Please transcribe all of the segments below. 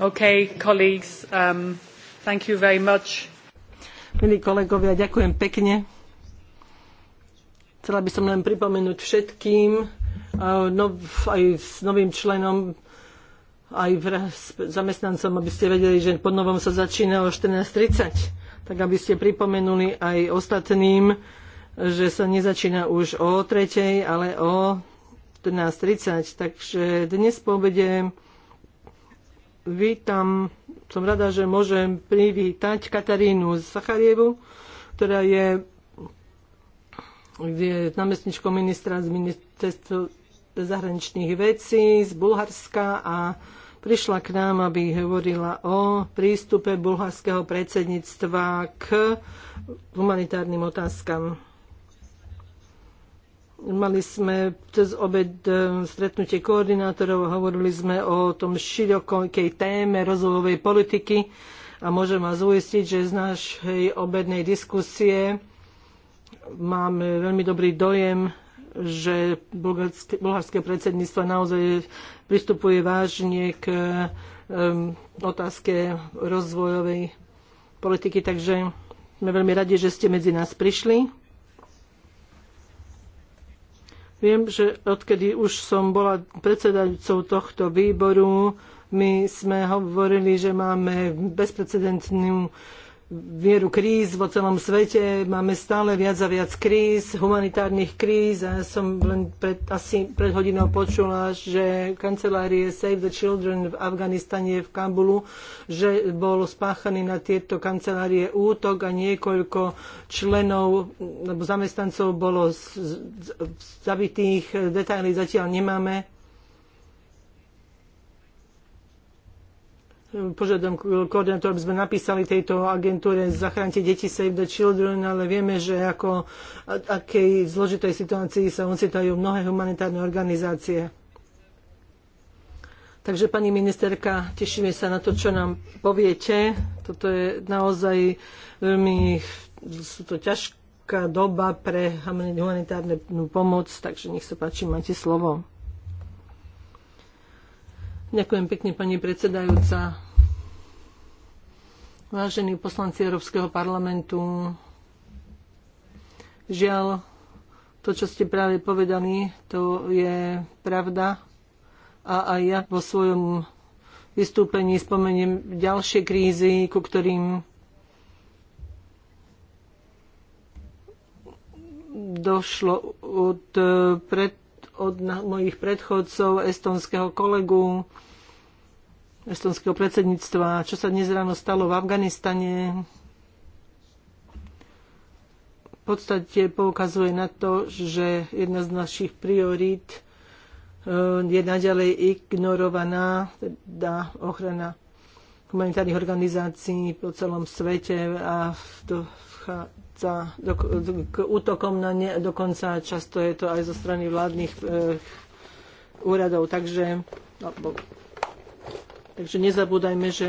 Okay, colleagues, um, thank you very much. Milí kolegovia, ďakujem pekne. Chcela by som len pripomenúť všetkým, uh, aj s novým členom, aj zamestnancom, aby ste vedeli, že pod novom sa začína o 14.30, tak aby ste pripomenuli aj ostatným, že sa nezačína už o tretej, ale o 14.30. Takže dnes po obede vítam, som rada, že môžem privítať Katarínu Sacharievu, ktorá je, je namestničkou ministra z ministerstva zahraničných vecí z Bulharska a prišla k nám, aby hovorila o prístupe bulharského predsedníctva k humanitárnym otázkam. Mali sme cez obed e, stretnutie koordinátorov a hovorili sme o tom širokej téme rozvojovej politiky a môžem vás uistiť, že z našej obednej diskusie máme veľmi dobrý dojem, že bulharské, bulharské predsedníctvo naozaj pristupuje vážne k um, otázke rozvojovej politiky, takže sme veľmi radi, že ste medzi nás prišli. Viem, že odkedy už som bola predsedajúcou tohto výboru, my sme hovorili, že máme bezprecedentnú vieru kríz vo celom svete. Máme stále viac a viac kríz, humanitárnych kríz. A ja som len pred, asi pred hodinou počula, že kancelárie Save the Children v Afganistane v Kabulu, že bol spáchaný na tieto kancelárie útok a niekoľko členov alebo zamestnancov bolo z, z, z, zabitých. Detaily zatiaľ nemáme požiadam koordinátor, aby sme napísali tejto agentúre Zachránte deti Save the Children, ale vieme, že ako akej zložitej situácii sa ocitajú mnohé humanitárne organizácie. Takže pani ministerka, tešíme sa na to, čo nám poviete. Toto je naozaj veľmi sú to ťažká doba pre humanitárnu pomoc, takže nech sa páči, máte slovo. Ďakujem pekne, pani predsedajúca. Vážení poslanci Európskeho parlamentu, žiaľ, to, čo ste práve povedali, to je pravda. A aj ja vo svojom vystúpení spomeniem ďalšie krízy, ku ktorým došlo od pred od mojich predchodcov, estonského kolegu, estonského predsedníctva, čo sa dnes ráno stalo v Afganistane, v podstate poukazuje na to, že jedna z našich priorít eh, je naďalej ignorovaná teda ochrana humanitárnych organizácií po celom svete a to v dochádza do, do, k útokom na ne, dokonca často je to aj zo strany vládnych e, úradov. Takže, no, bo, takže nezabúdajme, že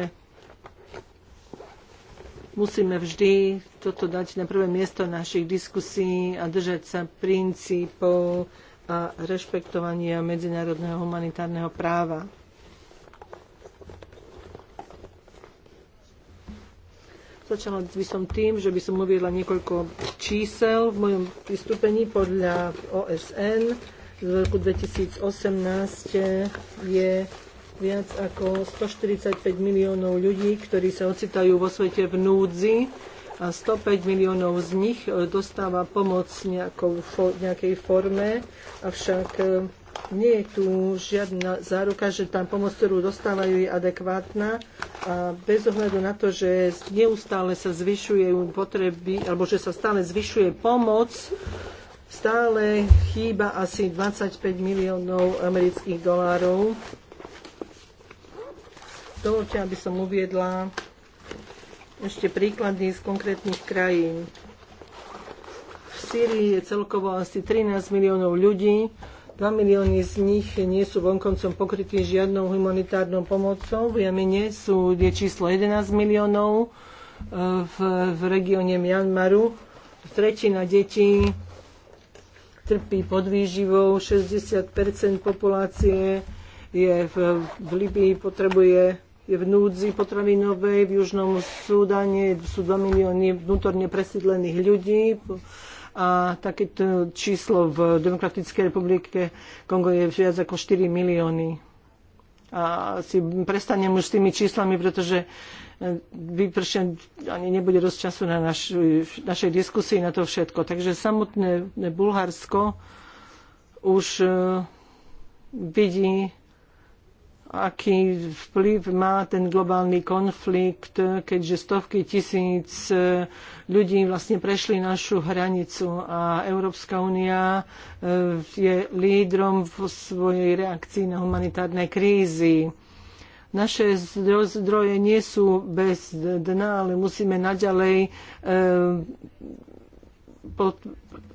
musíme vždy toto dať na prvé miesto našich diskusí a držať sa princípov a rešpektovania medzinárodného humanitárneho práva. Začala by som tým, že by som uviedla niekoľko čísel v mojom vystúpení podľa OSN. Z roku 2018 je viac ako 145 miliónov ľudí, ktorí sa ocitajú vo svete v núdzi a 105 miliónov z nich dostáva pomoc v nejakej forme, avšak nie je tu žiadna záruka, že tá pomoc, ktorú dostávajú, je adekvátna a bez ohľadu na to, že neustále sa zvyšujú potreby, alebo že sa stále zvyšuje pomoc, stále chýba asi 25 miliónov amerických dolárov. Dovolte, aby som uviedla ešte príklady z konkrétnych krajín. V Sýrii je celkovo asi 13 miliónov ľudí, 2 milióny z nich nie sú vonkoncom pokrytí žiadnou humanitárnou pomocou. V Jemene sú, je číslo 11 miliónov e, v, v regióne Mianmaru. Tretina detí trpí pod výživou, 60 populácie je v, v Libii, potrebuje je v núdzi potravinovej, v Južnom Súdane sú 2 milióny vnútorne presídlených ľudí, a takéto číslo v Demokratickej republike Kongo je viac ako 4 milióny. A si prestanem už s tými číslami, pretože e, vypršen, ani nebude dosť času na naš, našej diskusii na to všetko. Takže samotné Bulharsko už e, vidí aký vplyv má ten globálny konflikt, keďže stovky tisíc e, ľudí vlastne prešli našu hranicu a Európska únia e, je lídrom v svojej reakcii na humanitárne krízy. Naše zdroje nie sú bez dna, ale musíme naďalej e, pod,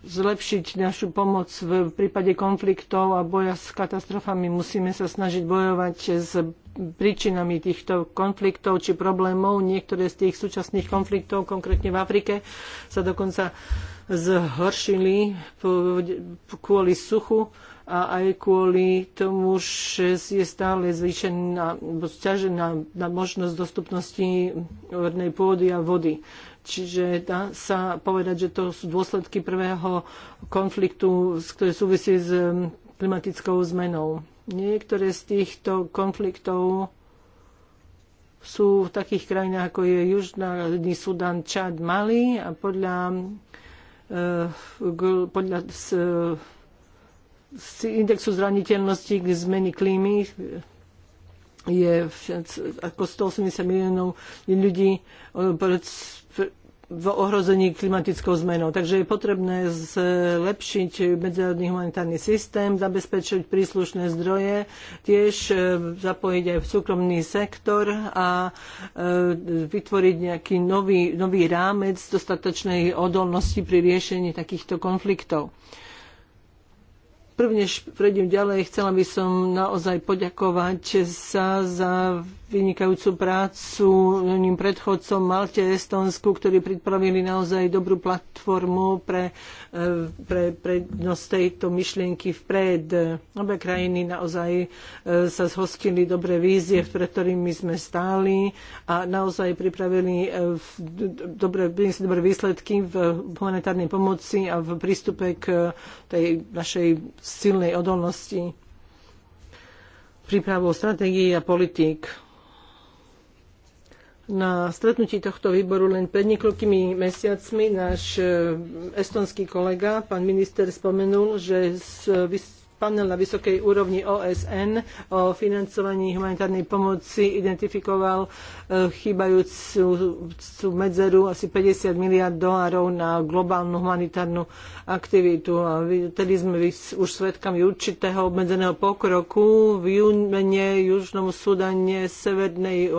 zlepšiť našu pomoc v prípade konfliktov a boja s katastrofami. Musíme sa snažiť bojovať s príčinami týchto konfliktov či problémov. Niektoré z tých súčasných konfliktov, konkrétne v Afrike, sa dokonca zhoršili kvôli suchu a aj kvôli tomu, že je stále zvýšená, zťažená na možnosť dostupnosti ornej pôdy a vody. Čiže dá sa povedať, že to sú dôsledky prvého konfliktu, ktoré súvisí s um, klimatickou zmenou. Niektoré z týchto konfliktov sú v takých krajinách ako je Južný Sudan, Čad, Mali a podľa, eh, podľa z, z eh, indexu zraniteľnosti k zmeny klímy je ako 180 miliónov ľudí eh, v ohrození klimatickou zmenou. Takže je potrebné zlepšiť medzinárodný humanitárny systém, zabezpečiť príslušné zdroje, tiež e, zapojiť aj v súkromný sektor a e, vytvoriť nejaký nový, nový rámec dostatočnej odolnosti pri riešení takýchto konfliktov. Prvnež prejdem ďalej, chcela by som naozaj poďakovať sa za vynikajúcu prácu ním predchodcom Malte Estonsku, ktorí pripravili naozaj dobrú platformu pre, e, pre tejto myšlienky vpred. Obe krajiny naozaj e, sa zhostili dobre vízie, pred ktorými sme stáli a naozaj pripravili e, dobre, výsledky v humanitárnej pomoci a v prístupe k tej našej silnej odolnosti prípravou stratégií a politík na stretnutí tohto výboru len pred niekoľkými mesiacmi náš e, estonský kolega, pán minister, spomenul, že panel na vysokej úrovni OSN o financovaní humanitárnej pomoci identifikoval e, chýbajúcu medzeru asi 50 miliard dolárov na globálnu humanitárnu aktivitu. A vtedy sme už svedkami určitého obmedzeného pokroku v Júmene, Južnom Sudane, Severnej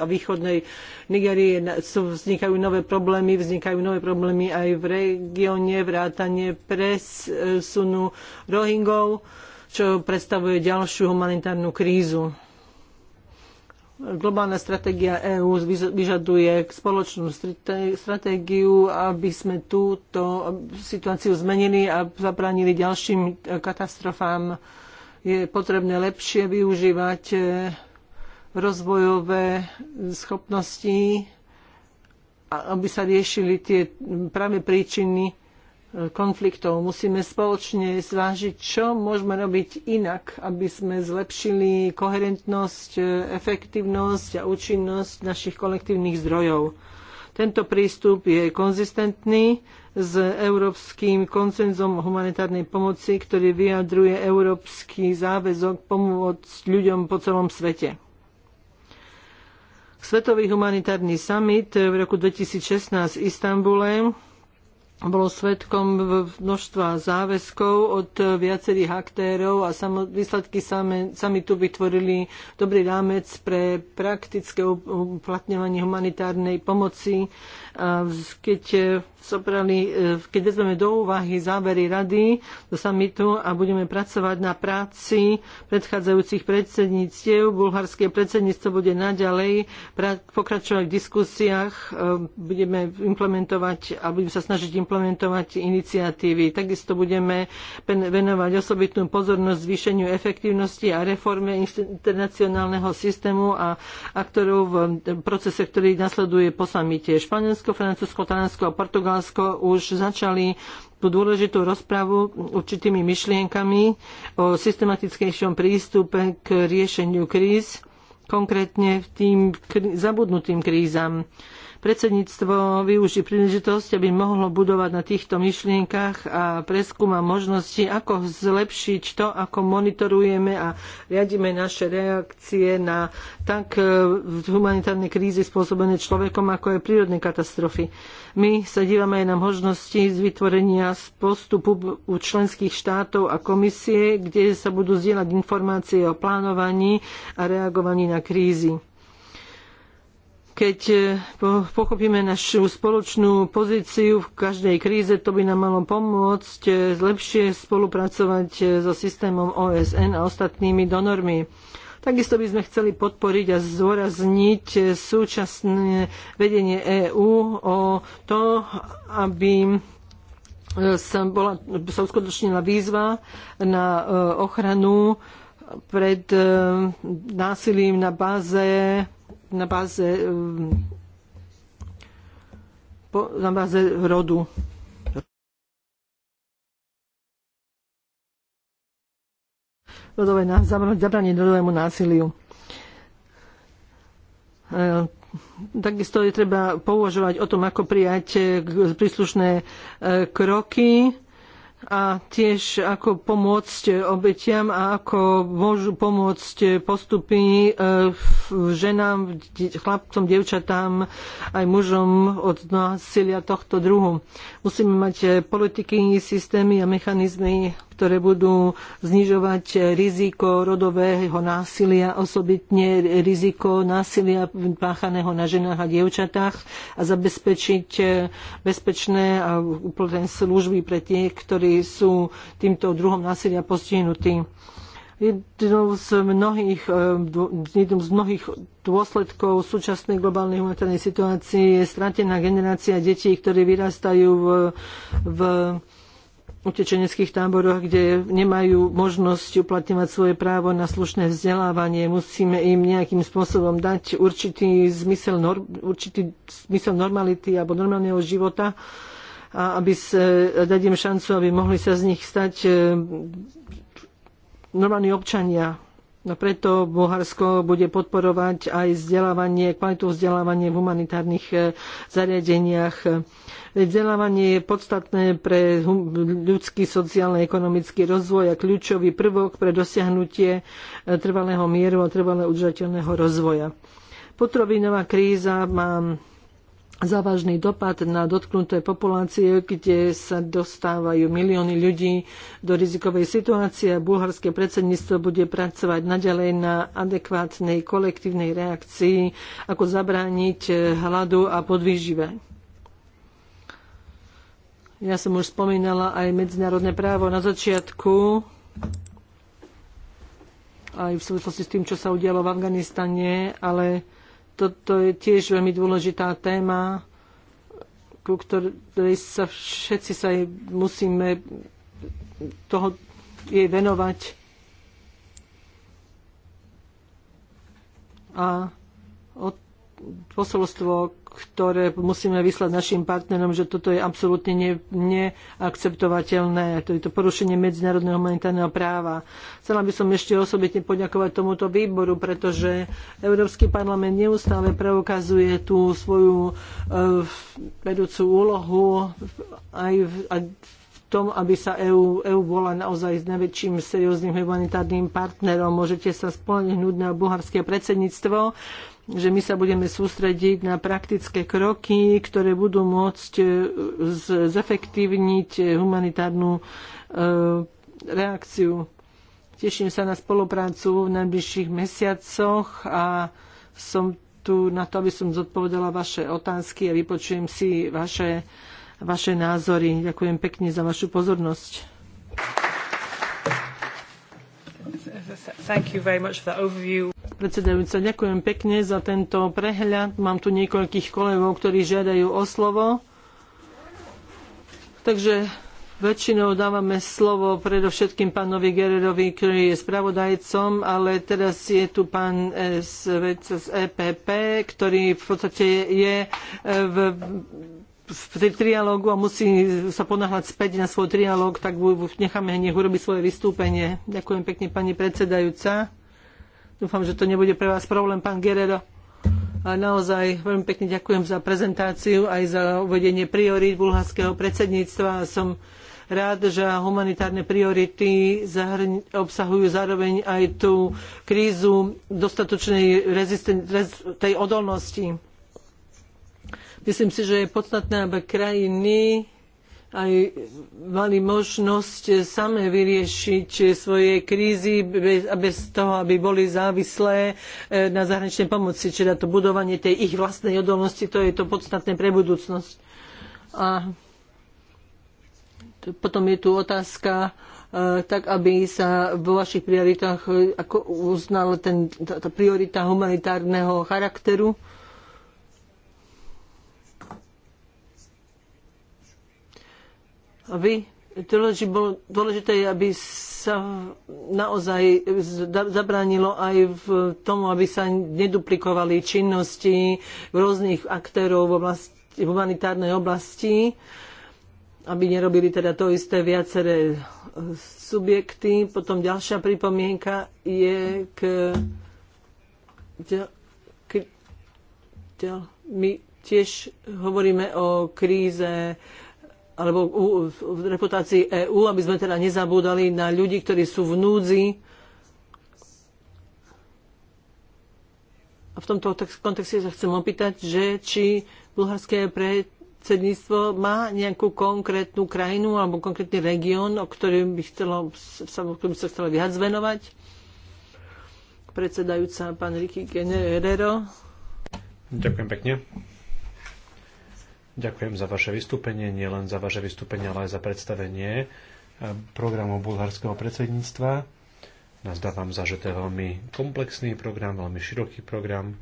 a východnej Nigérii, sú, vznikajú nové problémy, vznikajú nové problémy aj v regióne, vrátanie presunu Rohingov, čo predstavuje ďalšiu humanitárnu krízu. Globálna stratégia EÚ vyžaduje spoločnú stratégiu, aby sme túto situáciu zmenili a zabránili ďalším katastrofám. Je potrebné lepšie využívať rozvojové schopnosti, aby sa riešili tie práve príčiny e, konfliktov. Musíme spoločne zvážiť, čo môžeme robiť inak, aby sme zlepšili koherentnosť, e, efektívnosť a účinnosť našich kolektívnych zdrojov. Tento prístup je konzistentný s Európskym koncenzom humanitárnej pomoci, ktorý vyjadruje európsky záväzok pomôcť ľuďom po celom svete. Svetový humanitárny summit v roku 2016 v Istambule bolo svetkom množstva záväzkov od viacerých aktérov a výsledky samitu vytvorili dobrý rámec pre praktické uplatňovanie humanitárnej pomoci, keď zobrali, e, keď vezmeme do úvahy závery rady do samitu a budeme pracovať na práci predchádzajúcich predsedníctiev, bulharské predsedníctvo bude naďalej pokračovať v diskusiách, e, budeme implementovať a budeme sa snažiť implementovať iniciatívy. Takisto budeme venovať osobitnú pozornosť zvýšeniu efektívnosti a reforme internacionálneho systému a aktorov v procese, ktorý nasleduje po samite. Španielsko, Francúzsko, Talánsko a Portugal Portugalsko už začali tú dôležitú rozpravu určitými myšlienkami o systematickejšom prístupe k riešeniu kríz, konkrétne tým zabudnutým krízam. Predsedníctvo využí príležitosť, aby mohlo budovať na týchto myšlienkach a preskúma možnosti, ako zlepšiť to, ako monitorujeme a riadíme naše reakcie na tak e, humanitárne krízy spôsobené človekom, ako aj prírodné katastrofy. My sa dívame aj na možnosti z vytvorenia postupu u členských štátov a komisie, kde sa budú zdieľať informácie o plánovaní a reagovaní na krízy keď e, pochopíme našu spoločnú pozíciu v každej kríze, to by nám malo pomôcť e, lepšie spolupracovať e, so systémom OSN a ostatnými donormi. Takisto by sme chceli podporiť a zdôrazniť súčasné vedenie EÚ o to, aby sa, bola, sa uskutočnila výzva na ochranu pred násilím na báze na báze eh, na báze rodu. Rodové, zabranie rodovému násiliu. Eh, takisto je treba pouvažovať o tom, ako prijať eh, príslušné kroky a tiež ako pomôcť obetiam a ako môžu pomôcť postupy e, ženám, chlapcom, devčatám, aj mužom od násilia tohto druhu. Musíme mať e, politiky, systémy a mechanizmy, ktoré budú znižovať riziko rodového násilia, osobitne riziko násilia páchaného na ženách a dievčatách a zabezpečiť eh, bezpečné a úplné služby pre tie, ktorí sú týmto druhom násilia postihnutí jednou z mnohých, eh, jednou z mnohých dôsledkov súčasnej globálnej humanitárnej situácie je stratená generácia detí, ktorí vyrastajú v, v utečeneckých táboroch, kde nemajú možnosť uplatňovať svoje právo na slušné vzdelávanie. Musíme im nejakým spôsobom dať určitý zmysel, určitý zmysel normality alebo normálneho života, a aby sa, dať im šancu, aby mohli sa z nich stať eh, normálni občania, No preto Bulharsko bude podporovať aj vzdelávanie, kvalitu vzdelávania v humanitárnych eh, zariadeniach. Vzdelávanie je podstatné pre ľudský, sociálny, ekonomický rozvoj a kľúčový prvok pre dosiahnutie eh, trvalého mieru a trvalého udržateľného rozvoja. Potrovinová kríza má závažný dopad na dotknuté populácie, kde sa dostávajú milióny ľudí do rizikovej situácie. Bulharské predsedníctvo bude pracovať naďalej na adekvátnej kolektívnej reakcii, ako zabrániť hladu a podvýžive. Ja som už spomínala aj medzinárodné právo na začiatku, aj v súvislosti s tým, čo sa udialo v Afganistane, ale toto je tiež veľmi dôležitá téma, ku ktorej sa všetci sa jej musíme toho jej venovať. A od posolstvo, ktoré musíme vyslať našim partnerom, že toto je absolútne ne, neakceptovateľné, to je to porušenie medzinárodného humanitárneho práva. Chcela by som ešte osobitne poďakovať tomuto výboru, pretože Európsky parlament neustále preukazuje tú svoju e, vedúcu úlohu aj v, a v tom, aby sa EU, EU bola naozaj s najväčším serióznym humanitárnym partnerom. Môžete sa spolahnúť na bulharské predsedníctvo že my sa budeme sústrediť na praktické kroky, ktoré budú môcť e, zefektívniť e, humanitárnu e, reakciu. Teším sa na spoluprácu v najbližších mesiacoch a som tu na to, aby som zodpovedala vaše otázky a vypočujem si vaše, vaše názory. Ďakujem pekne za vašu pozornosť. Predsedajúca, ďakujem pekne za tento prehľad. Mám tu niekoľkých kolegov, ktorí žiadajú o slovo. Takže väčšinou dávame slovo predovšetkým pánovi Gererovi, ktorý je spravodajcom, ale teraz je tu pán z, z EPP, ktorý v podstate je v v trialógu a musí sa ponáhľať späť na svoj trialóg, tak necháme nech urobiť svoje vystúpenie. Ďakujem pekne pani predsedajúca. Dúfam, že to nebude pre vás problém, pán Guerrero. A naozaj veľmi pekne ďakujem za prezentáciu aj za uvedenie priorít bulharského predsedníctva. Som rád, že humanitárne priority obsahujú zároveň aj tú krízu dostatočnej tej odolnosti Myslím si, že je podstatné, aby krajiny aj mali možnosť samé vyriešiť svoje krízy bez, bez toho, aby boli závislé e, na zahraničnej pomoci. Čiže to budovanie tej ich vlastnej odolnosti, to je to podstatné pre budúcnosť. A potom je tu otázka, e, tak aby sa vo vašich prioritách e, ako uznala ten, tá, tá priorita humanitárneho charakteru aby dôležité je, aby sa naozaj zabránilo aj v tomu, aby sa neduplikovali činnosti rôznych aktérov v, oblasti, v humanitárnej oblasti, aby nerobili teda to isté viaceré subjekty. Potom ďalšia pripomienka je k, k, my tiež hovoríme o kríze alebo v reputácii EÚ, aby sme teda nezabúdali na ľudí, ktorí sú v núdzi. A v tomto kontexte sa chcem opýtať, že či bulharské predsedníctvo má nejakú konkrétnu krajinu alebo konkrétny región, o ktorým by, chcelo, ktorým by sa chcelo viac venovať. Predsedajúca pán Riky Generero. Ďakujem pekne. Ďakujem za vaše vystúpenie, nielen za vaše vystúpenie, ale aj za predstavenie eh, programu bulharského predsedníctva. Nazdávam sa, že to je veľmi komplexný program, veľmi široký program.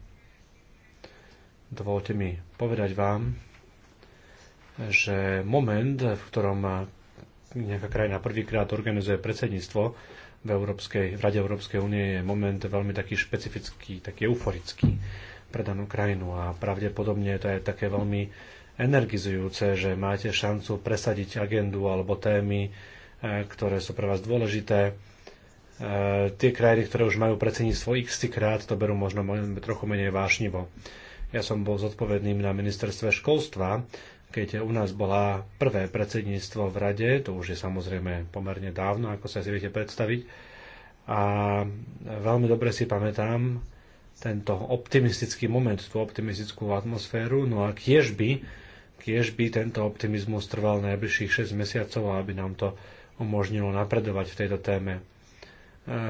Dovolte mi povedať vám, že moment, v ktorom eh, nejaká krajina prvýkrát organizuje predsedníctvo v, Európskej, v Rade Európskej únie, je moment veľmi taký špecifický, taký euforický pre danú krajinu a pravdepodobne to je také veľmi energizujúce, že máte šancu presadiť agendu alebo témy, e, ktoré sú pre vás dôležité. E, tie krajiny, ktoré už majú predsedníctvo x krát, to berú možno trochu menej vášnivo. Ja som bol zodpovedným na ministerstve školstva, keď u nás bola prvé predsedníctvo v rade, to už je samozrejme pomerne dávno, ako sa si viete predstaviť. A veľmi dobre si pamätám tento optimistický moment, tú optimistickú atmosféru, no a tiež by kiež by tento optimizmus trval najbližších 6 mesiacov, aby nám to umožnilo napredovať v tejto téme. E,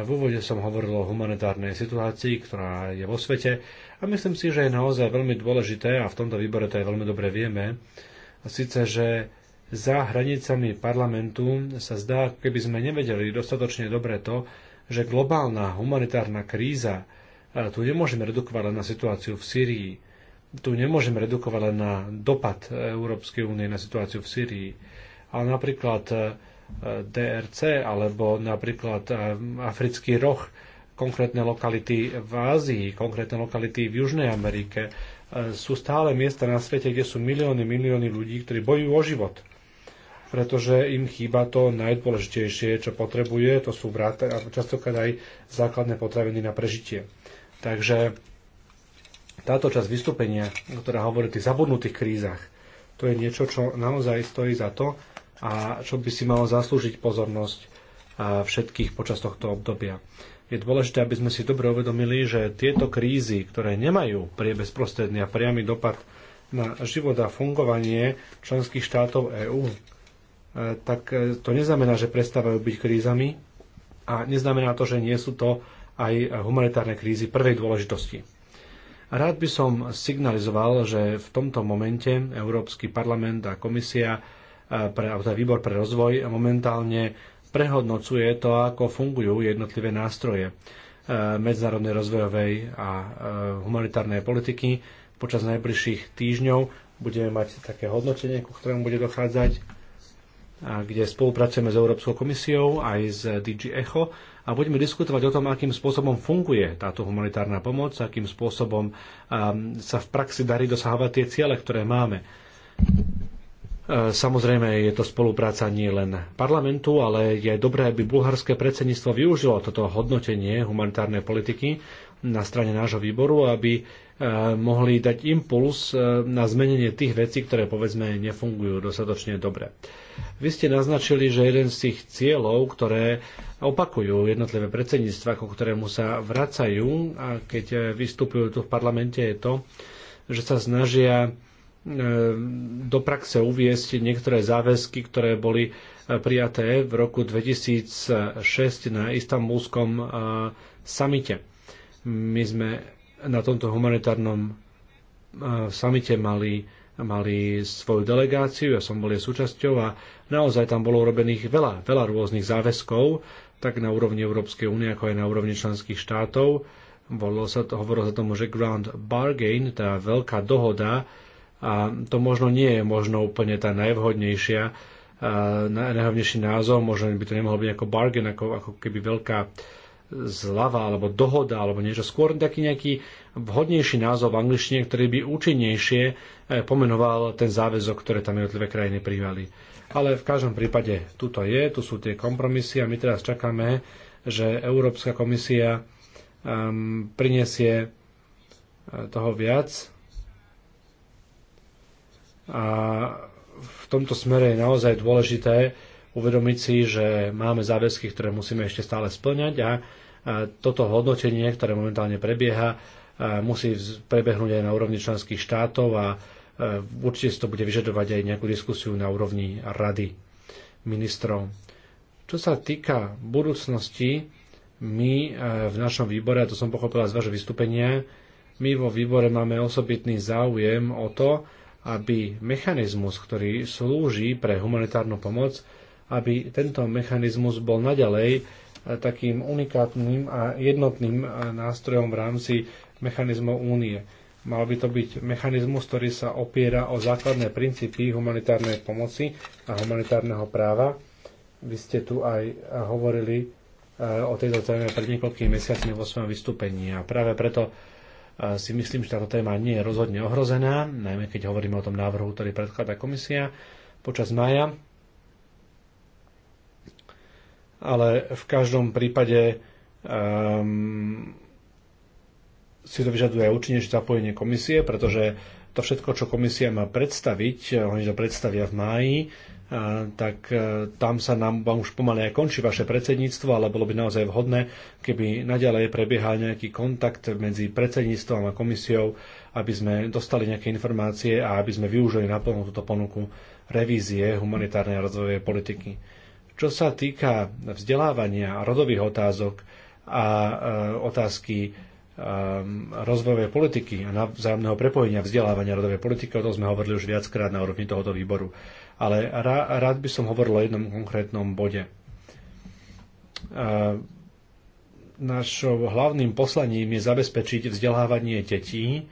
v úvode som hovoril o humanitárnej situácii, ktorá je vo svete a myslím si, že je naozaj veľmi dôležité a v tomto výbore to aj veľmi dobre vieme, a síce, že za hranicami parlamentu sa zdá, keby sme nevedeli dostatočne dobre to, že globálna humanitárna kríza e, tu nemôžeme redukovať len na situáciu v Sýrii tu nemôžeme redukovať len na dopad e, Európskej únie na situáciu v Syrii, ale napríklad e, DRC alebo napríklad e, Africký roh, konkrétne lokality v Ázii, konkrétne lokality v Južnej Amerike, sú stále miesta na svete, kde sú milióny, milióny ľudí, ktorí bojujú o život. Pretože im chýba to najdôležitejšie, čo potrebuje, to sú vrát, a častokrát aj základné potraviny na prežitie. Takže táto časť vystúpenia, ktorá hovorí o tých zabudnutých krízach, to je niečo, čo naozaj stojí za to a čo by si malo zaslúžiť pozornosť všetkých počas tohto obdobia. Je dôležité, aby sme si dobre uvedomili, že tieto krízy, ktoré nemajú bezprostredný a priamy dopad na život a fungovanie členských štátov EÚ, e, tak e, to neznamená, že prestávajú byť krízami a neznamená to, že nie sú to aj humanitárne krízy prvej dôležitosti. Rád by som signalizoval, že v tomto momente Európsky parlament a komisia, pre, teda výbor pre rozvoj momentálne prehodnocuje to, ako fungujú jednotlivé nástroje e, medzinárodnej rozvojovej a e, humanitárnej politiky. Počas najbližších týždňov budeme mať také hodnotenie, ku ktorému bude dochádzať, kde spolupracujeme s Európskou komisiou aj s DG ECHO a budeme diskutovať o tom, akým spôsobom funguje táto humanitárna pomoc, akým spôsobom ehm, sa v praxi darí dosahovať tie ciele, ktoré máme. Ehm, samozrejme, je to spolupráca nie len parlamentu, ale je dobré, aby bulharské predsedníctvo využilo toto hodnotenie humanitárnej politiky na strane nášho výboru, aby ehm, mohli dať impuls na zmenenie tých vecí, ktoré povedzme nefungujú dostatočne dobre. Vy ste naznačili, že jeden z tých cieľov, ktoré opakujú jednotlivé predsedníctva, ku ktorému sa vracajú, a keď vystupujú tu v parlamente, je to, že sa snažia e, do praxe uviesť niektoré záväzky, ktoré boli e, prijaté v roku 2006 na istambulskom e, samite. My sme na tomto humanitárnom samite mali mali svoju delegáciu, ja som bol jej súčasťou a naozaj tam bolo urobených veľa, veľa rôznych záväzkov, tak na úrovni Európskej únie, ako aj na úrovni členských štátov. Bolo sa to, hovorilo sa tomu, že Grand Bargain, tá veľká dohoda, a to možno nie je možno úplne tá najvhodnejšia, najvhodnejší názov, možno by to nemohlo byť ako bargain, ako, ako keby veľká zľava alebo dohoda alebo niečo. Skôr taký nejaký vhodnejší názov v angličtine, ktorý by účinnejšie e, pomenoval ten záväzok, ktoré tam jednotlivé krajiny prijali. Ale v každom prípade tu to je, tu sú tie kompromisy a my teraz čakáme, že Európska komisia um, prinesie e, toho viac. A v tomto smere je naozaj dôležité uvedomiť si, že máme záväzky, ktoré musíme ešte stále splňať a toto hodnotenie, ktoré momentálne prebieha, musí prebehnúť aj na úrovni členských štátov a určite si to bude vyžadovať aj nejakú diskusiu na úrovni rady ministrov. Čo sa týka budúcnosti, my e, v našom výbore, a to som pochopila z vašho vystúpenia, my vo výbore máme osobitný záujem o to, aby mechanizmus, ktorý slúži pre humanitárnu pomoc, aby tento mechanizmus bol naďalej takým unikátnym a jednotným nástrojom v rámci mechanizmov únie. Mal by to byť mechanizmus, ktorý sa opiera o základné princípy humanitárnej pomoci a humanitárneho práva. Vy ste tu aj hovorili e, o tejto téme pred niekoľkými mesiacmi vo svojom vystúpení a práve preto e, si myslím, že táto téma nie je rozhodne ohrozená, najmä keď hovoríme o tom návrhu, ktorý predkladá komisia počas maja ale v každom prípade um, si to vyžaduje účinnejšie zapojenie komisie, pretože to všetko, čo komisia má predstaviť, eh, oni to predstavia v máji, eh, tak eh, tam sa nám už pomaly aj končí vaše predsedníctvo, ale bolo by naozaj vhodné, keby naďalej prebiehal nejaký kontakt medzi predsedníctvom a komisiou, aby sme dostali nejaké informácie a aby sme využili naplno túto ponuku revízie humanitárnej a rozvojovej politiky čo sa týka vzdelávania rodových otázok a e, otázky e, rozvojovej politiky a vzájomného prepojenia vzdelávania rodovej politiky, o tom sme hovorili už viackrát na úrovni tohoto výboru. Ale rád by som hovoril o jednom konkrétnom bode. E, našou hlavným poslaním je zabezpečiť vzdelávanie detí,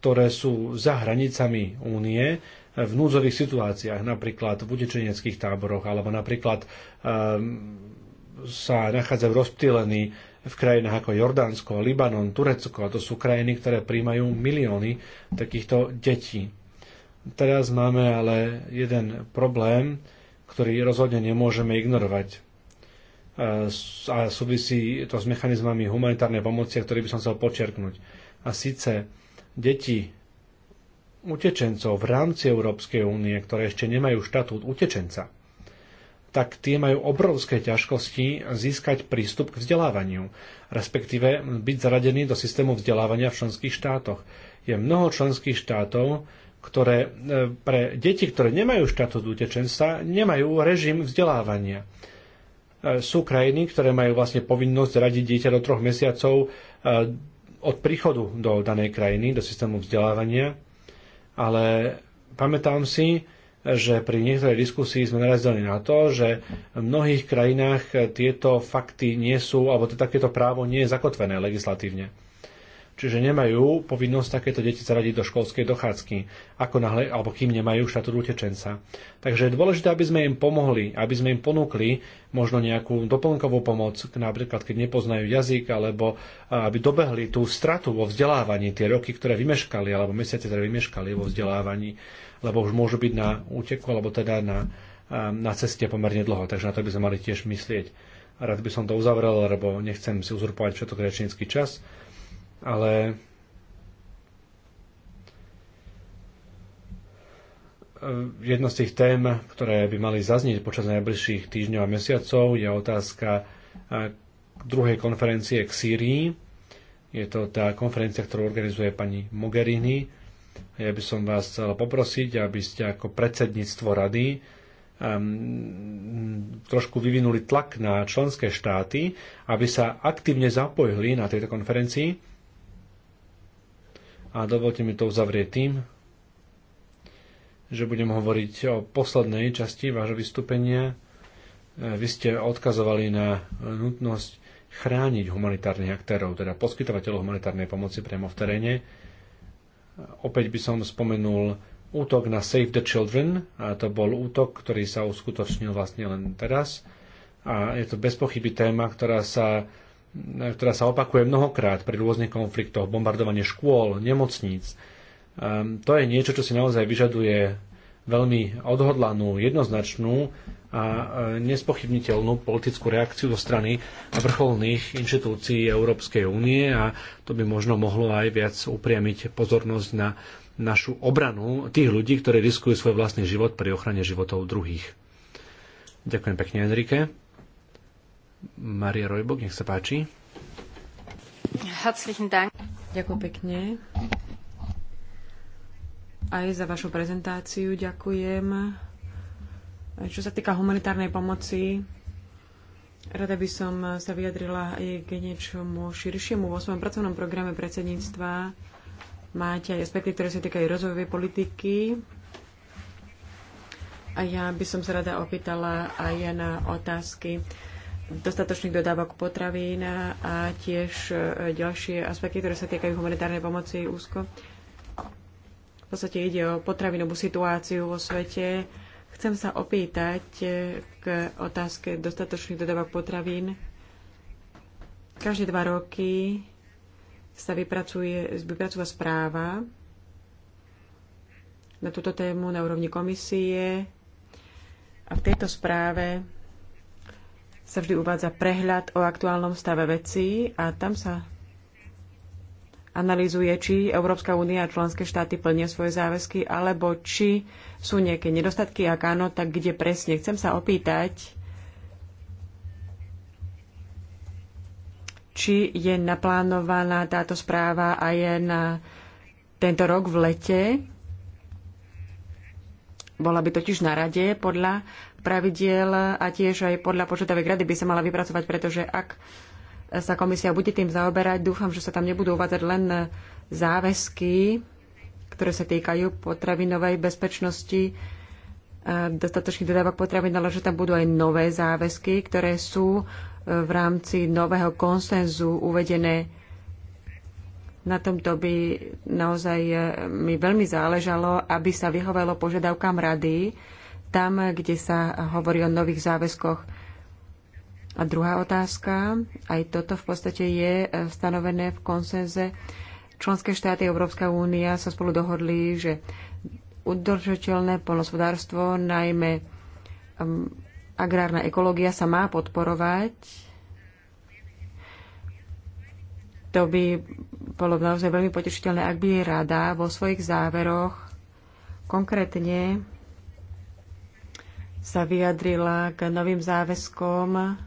ktoré sú za hranicami únie v núdzových situáciách, napríklad v utečeneckých táboroch, alebo napríklad ehm, sa nachádzajú rozptýlení v krajinách ako Jordánsko, Libanon, Turecko. A to sú krajiny, ktoré príjmajú milióny takýchto detí. Teraz máme ale jeden problém, ktorý rozhodne nemôžeme ignorovať. Ehm, a súvisí to s mechanizmami humanitárnej pomoci, ktorý by som chcel počerknúť. A síce deti utečencov v rámci Európskej únie, ktoré ešte nemajú štatút utečenca, tak tie majú obrovské ťažkosti získať prístup k vzdelávaniu, respektíve byť zaradený do systému vzdelávania v členských štátoch. Je mnoho členských štátov, ktoré e, pre deti, ktoré nemajú štatút utečenca, nemajú režim vzdelávania. E, sú krajiny, ktoré majú vlastne povinnosť radiť dieťa do troch mesiacov e, od príchodu do danej krajiny, do systému vzdelávania ale pamätám si, že pri niektorej diskusii sme narazili na to, že v mnohých krajinách tieto fakty nie sú, alebo to, teda takéto právo nie je zakotvené legislatívne čiže nemajú povinnosť takéto deti zaradiť do školskej dochádzky, ako nahle, alebo kým nemajú štatút utečenca. Takže je dôležité, aby sme im pomohli, aby sme im ponúkli možno nejakú doplnkovú pomoc, napríklad keď nepoznajú jazyk, alebo aby dobehli tú stratu vo vzdelávaní, tie roky, ktoré vymeškali, alebo mesiace, ktoré vymeškali vo vzdelávaní, lebo už môžu byť na úteku, alebo teda na, na ceste pomerne dlho, takže na to by sme mali tiež myslieť. Rád by som to uzavrel, lebo nechcem si uzurpovať všetok rečnícky čas ale e, jedna z tých tém, ktoré by mali zaznieť počas najbližších týždňov a mesiacov, je otázka e, druhej konferencie k Sýrii. Je to tá konferencia, ktorú organizuje pani Mogherini. Ja by som vás chcel poprosiť, aby ste ako predsedníctvo rady um, trošku vyvinuli tlak na členské štáty, aby sa aktívne zapojili na tejto konferencii a dovolte mi to uzavrieť tým, že budem hovoriť o poslednej časti vášho vystúpenia. E, vy ste odkazovali na nutnosť chrániť humanitárnych aktérov, teda poskytovateľov humanitárnej pomoci priamo v teréne. Opäť by som spomenul útok na Save the Children, a to bol útok, ktorý sa uskutočnil vlastne len teraz. A je to bez pochyby téma, ktorá sa E, ktorá sa opakuje mnohokrát pri rôznych konfliktoch, bombardovanie škôl, nemocníc. E, to je niečo, čo si naozaj vyžaduje veľmi odhodlanú, jednoznačnú a e, nespochybniteľnú politickú reakciu zo strany vrcholných inštitúcií Európskej únie a to by možno mohlo aj viac upriamiť pozornosť na našu obranu tých ľudí, ktorí riskujú svoj vlastný život pri ochrane životov druhých. Ďakujem pekne, Enrique. Maria Rojbok, nech sa páči. Herzlichen Dank. Ďakujem pekne. Aj za vašu prezentáciu ďakujem. Čo sa týka humanitárnej pomoci, rada by som sa vyjadrila aj k niečomu širšiemu. Vo svojom pracovnom programe predsedníctva máte aj aspekty, ktoré sa týkajú rozvojovej politiky. A ja by som sa rada opýtala aj na otázky dostatočných dodávok potravín a tiež e, ďalšie aspekty, ktoré sa týkajú humanitárnej pomoci úzko. V podstate ide o potravinovú situáciu vo svete. Chcem sa opýtať e, k otázke dostatočných dodávok potravín. Každé dva roky sa vypracuje, vypracuje správa na túto tému na úrovni komisie a v tejto správe sa vždy uvádza prehľad o aktuálnom stave vecí a tam sa analýzuje, či Európska únia a členské štáty plnia svoje záväzky, alebo či sú nejaké nedostatky, ak áno, tak kde presne. Chcem sa opýtať, či je naplánovaná táto správa aj na tento rok v lete. Bola by totiž na rade podľa pravidiel a tiež aj podľa požiadavek rady by sa mala vypracovať, pretože ak sa komisia bude tým zaoberať, dúfam, že sa tam nebudú uvádzať len záväzky, ktoré sa týkajú potravinovej bezpečnosti, e, dostatočných dodávok potravín, ale že tam budú aj nové záväzky, ktoré sú e, v rámci nového konsenzu uvedené. Na tomto by naozaj e, mi veľmi záležalo, aby sa vyhovelo požiadavkám rady, tam, kde sa hovorí o nových záväzkoch. A druhá otázka, aj toto v podstate je e, stanovené v konsenze. Členské štáty Európska únia sa spolu dohodli, že udržateľné polnospodárstvo, najmä agrárna ekológia sa má podporovať. To by bolo naozaj veľmi potešiteľné, ak by rada vo svojich záveroch konkrétne sa vyjadrila k novým záväzkom,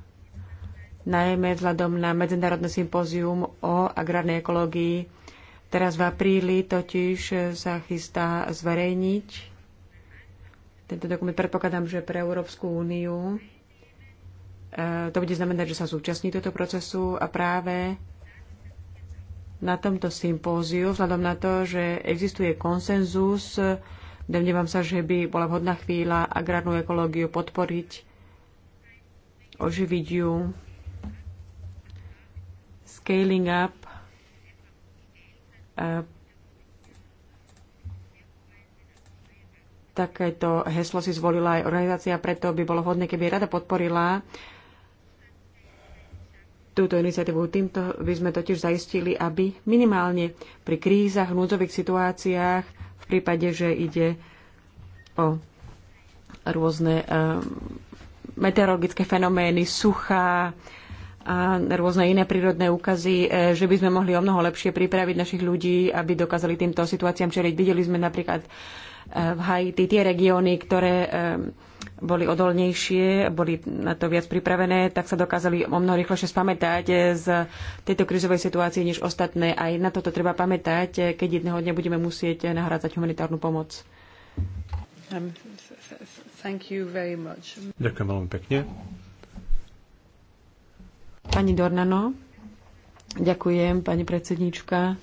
najmä vzhľadom na Medzinárodné sympózium o agrárnej ekológii. Teraz v apríli totiž sa chystá zverejniť tento dokument. Predpokladám, že pre Európsku úniu e, to bude znamenať, že sa zúčastní tohto procesu a práve na tomto sympóziu, vzhľadom na to, že existuje konsenzus Domnievam sa, že by bola vhodná chvíľa agrárnu ekológiu podporiť, oživiť ju, scaling up, e, takéto heslo si zvolila aj organizácia, preto by bolo vhodné, keby rada podporila túto iniciatívu. Týmto by sme totiž zaistili, aby minimálne pri krízach, núdzových situáciách prípade, že ide o rôzne eh, meteorologické fenomény, suchá a rôzne iné prírodné úkazy, eh, že by sme mohli o mnoho lepšie pripraviť našich ľudí, aby dokázali týmto situáciám čeliť. Videli sme napríklad v Haiti. Tie regióny, ktoré boli odolnejšie, boli na to viac pripravené, tak sa dokázali o mnoho rýchlejšie spamätať z tejto krizovej situácie než ostatné. Aj na toto treba pamätať, keď jedného dňa budeme musieť nahrádzať humanitárnu pomoc. Um, ďakujem veľmi pekne. Pani Dornano, ďakujem, pani predsedníčka.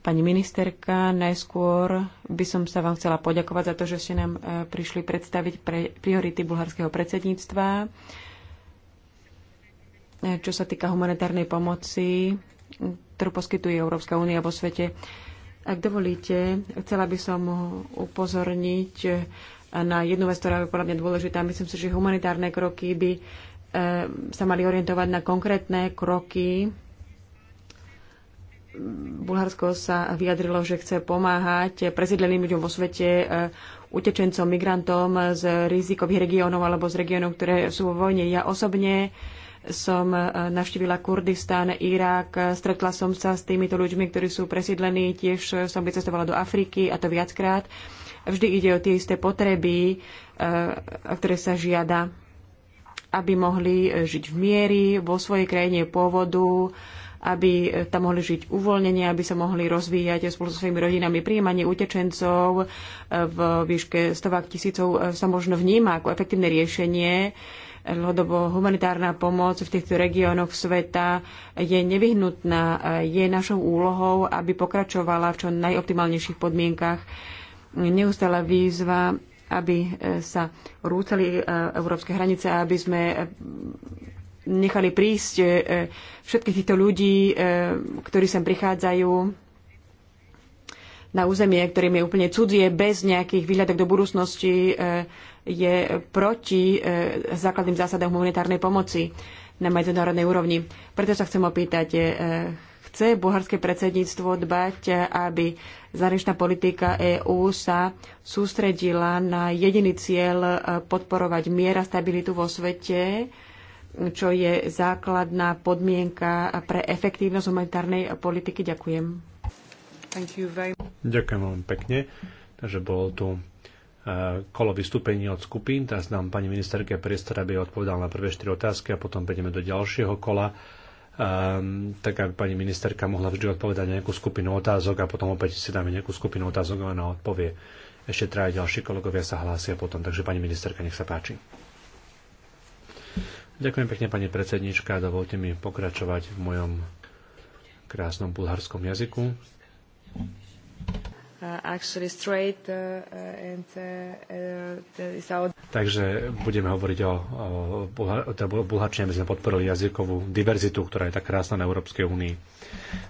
Pani ministerka, najskôr by som sa vám chcela poďakovať za to, že ste nám e, prišli predstaviť pre priority bulharského predsedníctva. E, čo sa týka humanitárnej pomoci, ktorú poskytuje Európska únia vo svete. Ak dovolíte, chcela by som upozorniť e, na jednu vec, ktorá je podľa mňa dôležitá. Myslím si, že humanitárne kroky by sa mali orientovať na konkrétne kroky Bulharsko sa vyjadrilo, že chce pomáhať prezidleným ľuďom vo svete, e, utečencom, migrantom z rizikových regiónov alebo z regiónov, ktoré sú vo vojne. Ja osobne som e, navštívila Kurdistan, Irak, e, stretla som sa s týmito ľuďmi, ktorí sú presídlení, tiež som vycestovala do Afriky a to viackrát. Vždy ide o tie isté potreby, ktoré sa žiada, aby mohli žiť v miery vo svojej krajine pôvodu, aby e, tam mohli žiť uvoľnenie, aby sa mohli rozvíjať spolu so svojimi rodinami. Príjmanie utečencov e, v výške stovák tisícov e, sa možno vníma ako efektívne riešenie. Dlhodobo humanitárna pomoc v týchto regiónoch sveta je nevyhnutná. Je našou úlohou, aby pokračovala v čo najoptimálnejších podmienkach. Neustála výzva aby sa rúcali európske hranice a aby sme nechali prísť e, e, všetkých týchto ľudí, e, ktorí sem prichádzajú na územie, ktorým je úplne cudzie, bez nejakých výhľadok do budúcnosti, je proti základným zásadám humanitárnej pomoci na medzinárodnej úrovni. Preto sa chcem opýtať, chce bulharské predsedníctvo dbať, aby zahraničná politika EÚ sa sústredila na jediný cieľ podporovať mier a stabilitu vo svete, čo je základná podmienka pre efektívnosť humanitárnej politiky. Ďakujem. Ďakujem veľmi pekne. Takže bolo tu eh, kolo vystúpení od skupín. Teraz nám pani ministerke priestor, aby odpovedal na prvé štyri otázky a potom prejdeme do ďalšieho kola. Um, tak aby pani ministerka mohla vždy odpovedať na nejakú skupinu otázok a potom opäť si dáme nejakú skupinu otázok a ona odpovie. Ešte traja ďalší kolegovia sa hlásia potom, takže pani ministerka, nech sa páči. Ďakujem pekne, pani predsednička. Dovolte mi pokračovať v mojom krásnom bulharskom jazyku. Uh, uh, uh, Takže budeme hovoriť o, o, o teda bulharčine, aby sme podporili jazykovú diverzitu, ktorá je tak krásna na Európskej únii.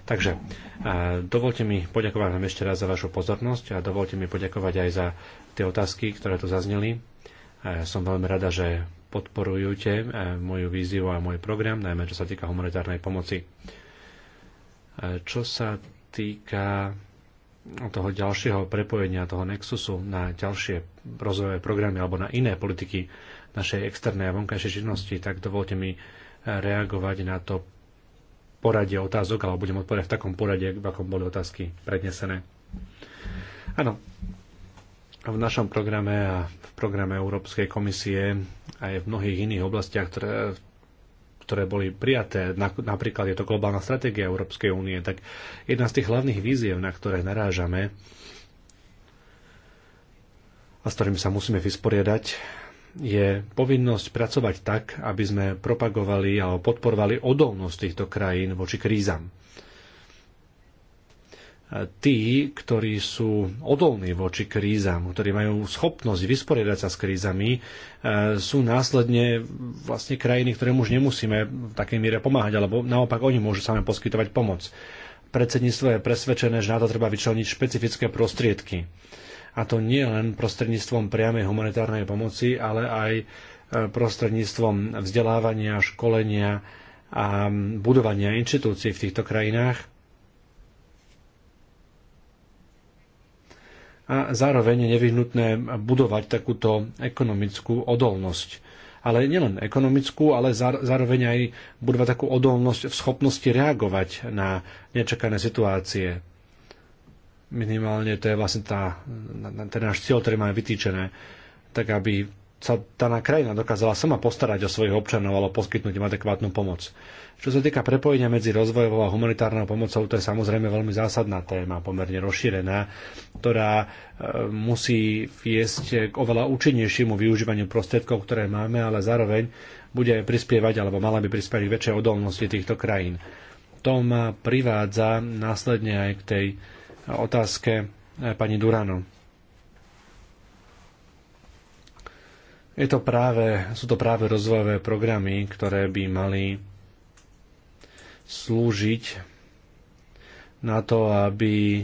Takže dovolte mi poďakovať vám ešte raz za vašu pozornosť a dovolte mi poďakovať aj za tie otázky, ktoré tu zazneli. A ja som veľmi rada, že podporujete eh, moju víziu a môj program, najmä čo sa týka humanitárnej pomoci. Eh, čo sa týka toho ďalšieho prepojenia toho nexusu na ďalšie rozvojové programy alebo na iné politiky našej externej a vonkajšej činnosti, tak dovolte mi eh, reagovať na to poradie otázok, alebo budem odpovedať v takom poradie, v akom boli otázky prednesené. Áno, v našom programe a v programe Európskej komisie aj v mnohých iných oblastiach, ktoré, ktoré boli prijaté, napríklad je to globálna stratégia Európskej únie, tak jedna z tých hlavných víziev, na ktoré narážame a s ktorým sa musíme vysporiadať, je povinnosť pracovať tak, aby sme propagovali alebo podporovali odolnosť týchto krajín voči krízam tí, ktorí sú odolní voči krízam, ktorí majú schopnosť vysporiadať sa s krízami, e, sú následne vlastne krajiny, ktoré už nemusíme v takej miere pomáhať, alebo naopak oni môžu sami poskytovať pomoc. Predsedníctvo je presvedčené, že na to treba vyčleniť špecifické prostriedky. A to nie len prostredníctvom priamej humanitárnej pomoci, ale aj e, prostredníctvom vzdelávania, školenia a budovania inštitúcií v týchto krajinách, a zároveň je nevyhnutné budovať takúto ekonomickú odolnosť. Ale nielen ekonomickú, ale zároveň aj budovať takú odolnosť v schopnosti reagovať na nečakané situácie. Minimálne to je vlastne tá, ten náš cieľ, ktorý máme vytýčené tak aby sa daná krajina dokázala sama postarať o svojich občanov alebo poskytnúť im adekvátnu pomoc. Čo sa týka prepojenia medzi rozvojovou a humanitárnou pomocou, to je samozrejme veľmi zásadná téma, pomerne rozšírená, ktorá e, musí viesť k oveľa účinnejšiemu využívaniu prostriedkov, ktoré máme, ale zároveň bude prispievať alebo mala by prispievať k väčšej odolnosti týchto krajín. To ma privádza následne aj k tej otázke e, pani Durano Je to práve, sú to práve rozvojové programy, ktoré by mali slúžiť na to, aby e,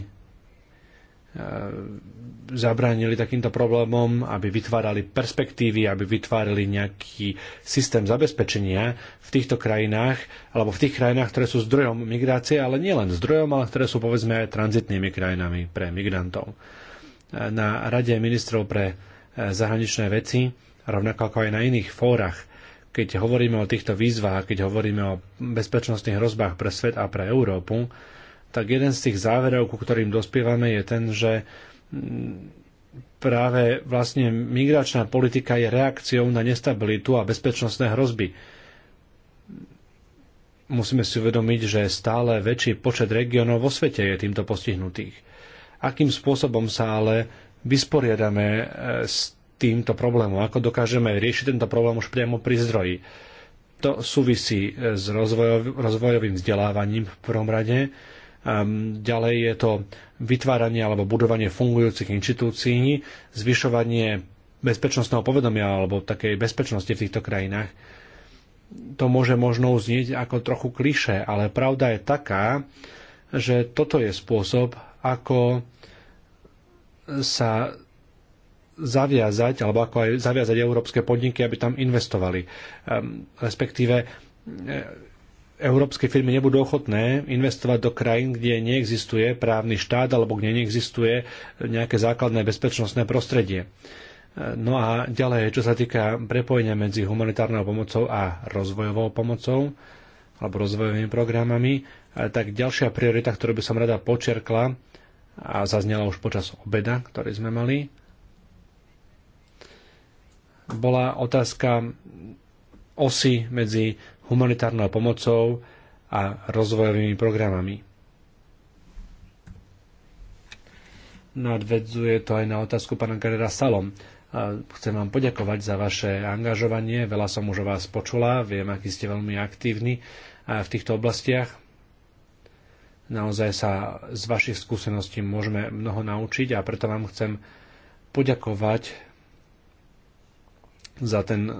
zabránili takýmto problémom, aby vytvárali perspektívy, aby vytvárali nejaký systém zabezpečenia v týchto krajinách, alebo v tých krajinách, ktoré sú zdrojom migrácie, ale nielen zdrojom, ale ktoré sú povedzme aj tranzitnými krajinami pre migrantov. E, na Rade ministrov pre e, zahraničné veci rovnako ako aj na iných fórach. Keď hovoríme o týchto výzvach, keď hovoríme o bezpečnostných hrozbách pre svet a pre Európu, tak jeden z tých záverov, ku ktorým dospievame, je ten, že mm, práve vlastne migračná politika je reakciou na nestabilitu a bezpečnostné hrozby musíme si uvedomiť, že stále väčší počet regiónov vo svete je týmto postihnutých. Akým spôsobom sa ale vysporiadame e, s týmto problémom, ako dokážeme riešiť tento problém už priamo pri zdroji. To súvisí e, s rozvojov, rozvojovým vzdelávaním v prvom rade. Ehm, ďalej je to vytváranie alebo budovanie fungujúcich inštitúcií, zvyšovanie bezpečnostného povedomia alebo takej bezpečnosti v týchto krajinách. To môže možno znieť ako trochu kliše, ale pravda je taká, že toto je spôsob, ako sa zaviazať, alebo ako aj zaviazať európske podniky, aby tam investovali. Ehm, respektíve e, európske firmy nebudú ochotné investovať do krajín, kde neexistuje právny štát alebo kde neexistuje nejaké základné bezpečnostné prostredie. E, no a ďalej, čo sa týka prepojenia medzi humanitárnou pomocou a rozvojovou pomocou alebo rozvojovými programami, e, tak ďalšia priorita, ktorú by som rada počerkla a zaznela už počas obeda, ktorý sme mali, bola otázka osy medzi humanitárnou pomocou a rozvojovými programami. Nadvedzuje to aj na otázku pána Karera Salom. Chcem vám poďakovať za vaše angažovanie. Veľa som už o vás počula. Viem, aký ste veľmi aktívni v týchto oblastiach. Naozaj sa z vašich skúseností môžeme mnoho naučiť a preto vám chcem poďakovať za, ten,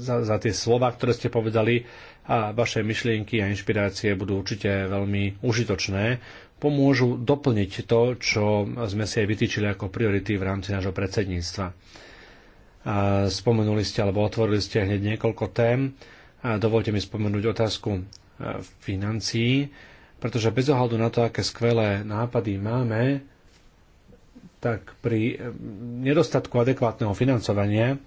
za, za tie slova, ktoré ste povedali a vaše myšlienky a inšpirácie budú určite veľmi užitočné. Pomôžu doplniť to, čo sme si aj vytýčili ako priority v rámci nášho predsedníctva. A spomenuli ste alebo otvorili ste hneď niekoľko tém. A dovolte mi spomenúť otázku e, financií, pretože bez ohľadu na to, aké skvelé nápady máme, tak pri e, nedostatku adekvátneho financovania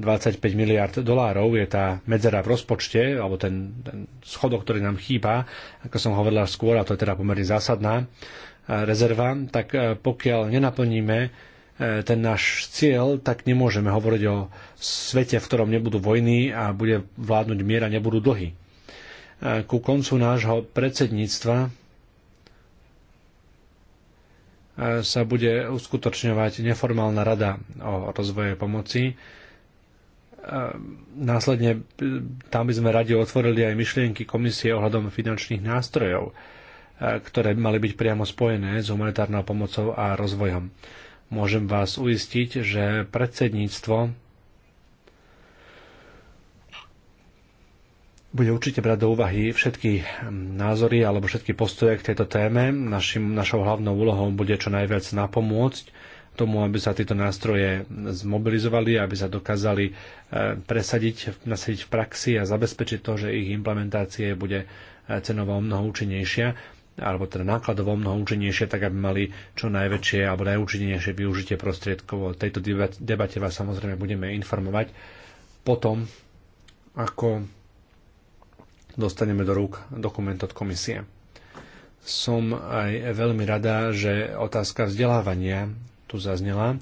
25 miliard dolárov je tá medzera v rozpočte, alebo ten, ten schodok, ktorý nám chýba, ako som hovorila skôr, a to je teda pomerne zásadná e, rezerva, tak e, pokiaľ nenaplníme e, ten náš cieľ, tak nemôžeme hovoriť o svete, v ktorom nebudú vojny a bude vládnuť miera, nebudú dlhy. Ku koncu nášho predsedníctva sa bude uskutočňovať neformálna rada o rozvoje pomoci, E, následne e, tam by sme radi otvorili aj myšlienky komisie ohľadom finančných nástrojov, e, ktoré mali byť priamo spojené s humanitárnou pomocou a rozvojom. Môžem vás uistiť, že predsedníctvo bude určite brať do úvahy všetky názory alebo všetky postoje k tejto téme. Našim, našou hlavnou úlohou bude čo najviac napomôcť tomu, aby sa tieto nástroje zmobilizovali, aby sa dokázali e, presadiť, nasadiť v praxi a zabezpečiť to, že ich implementácie bude e, cenovo mnoho účinnejšia alebo teda nákladovo mnoho účinnejšie, tak aby mali čo najväčšie alebo najúčinnejšie využitie prostriedkov. O tejto debate vás samozrejme budeme informovať potom, ako dostaneme do rúk dokument od komisie. Som aj veľmi rada, že otázka vzdelávania tu zaznela, e,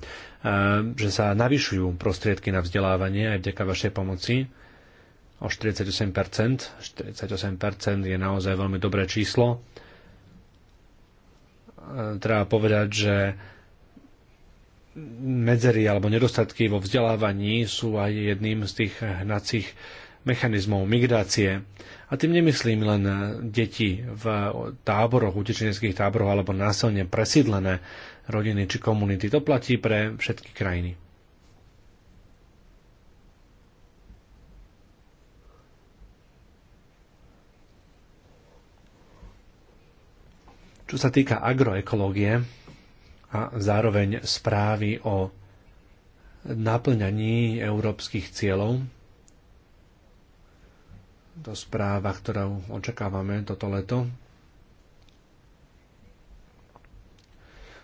že sa navyšujú prostriedky na vzdelávanie aj vďaka vašej pomoci o 48%. 48% je naozaj veľmi dobré číslo. E, treba povedať, že medzery alebo nedostatky vo vzdelávaní sú aj jedným z tých hnacích mechanizmov migrácie. A tým nemyslím len deti v táboroch, utečeneckých táboroch alebo násilne presídlené rodiny či komunity. To platí pre všetky krajiny. Čo sa týka agroekológie a zároveň správy o naplňaní európskych cieľov, to správa, ktorú očakávame toto leto,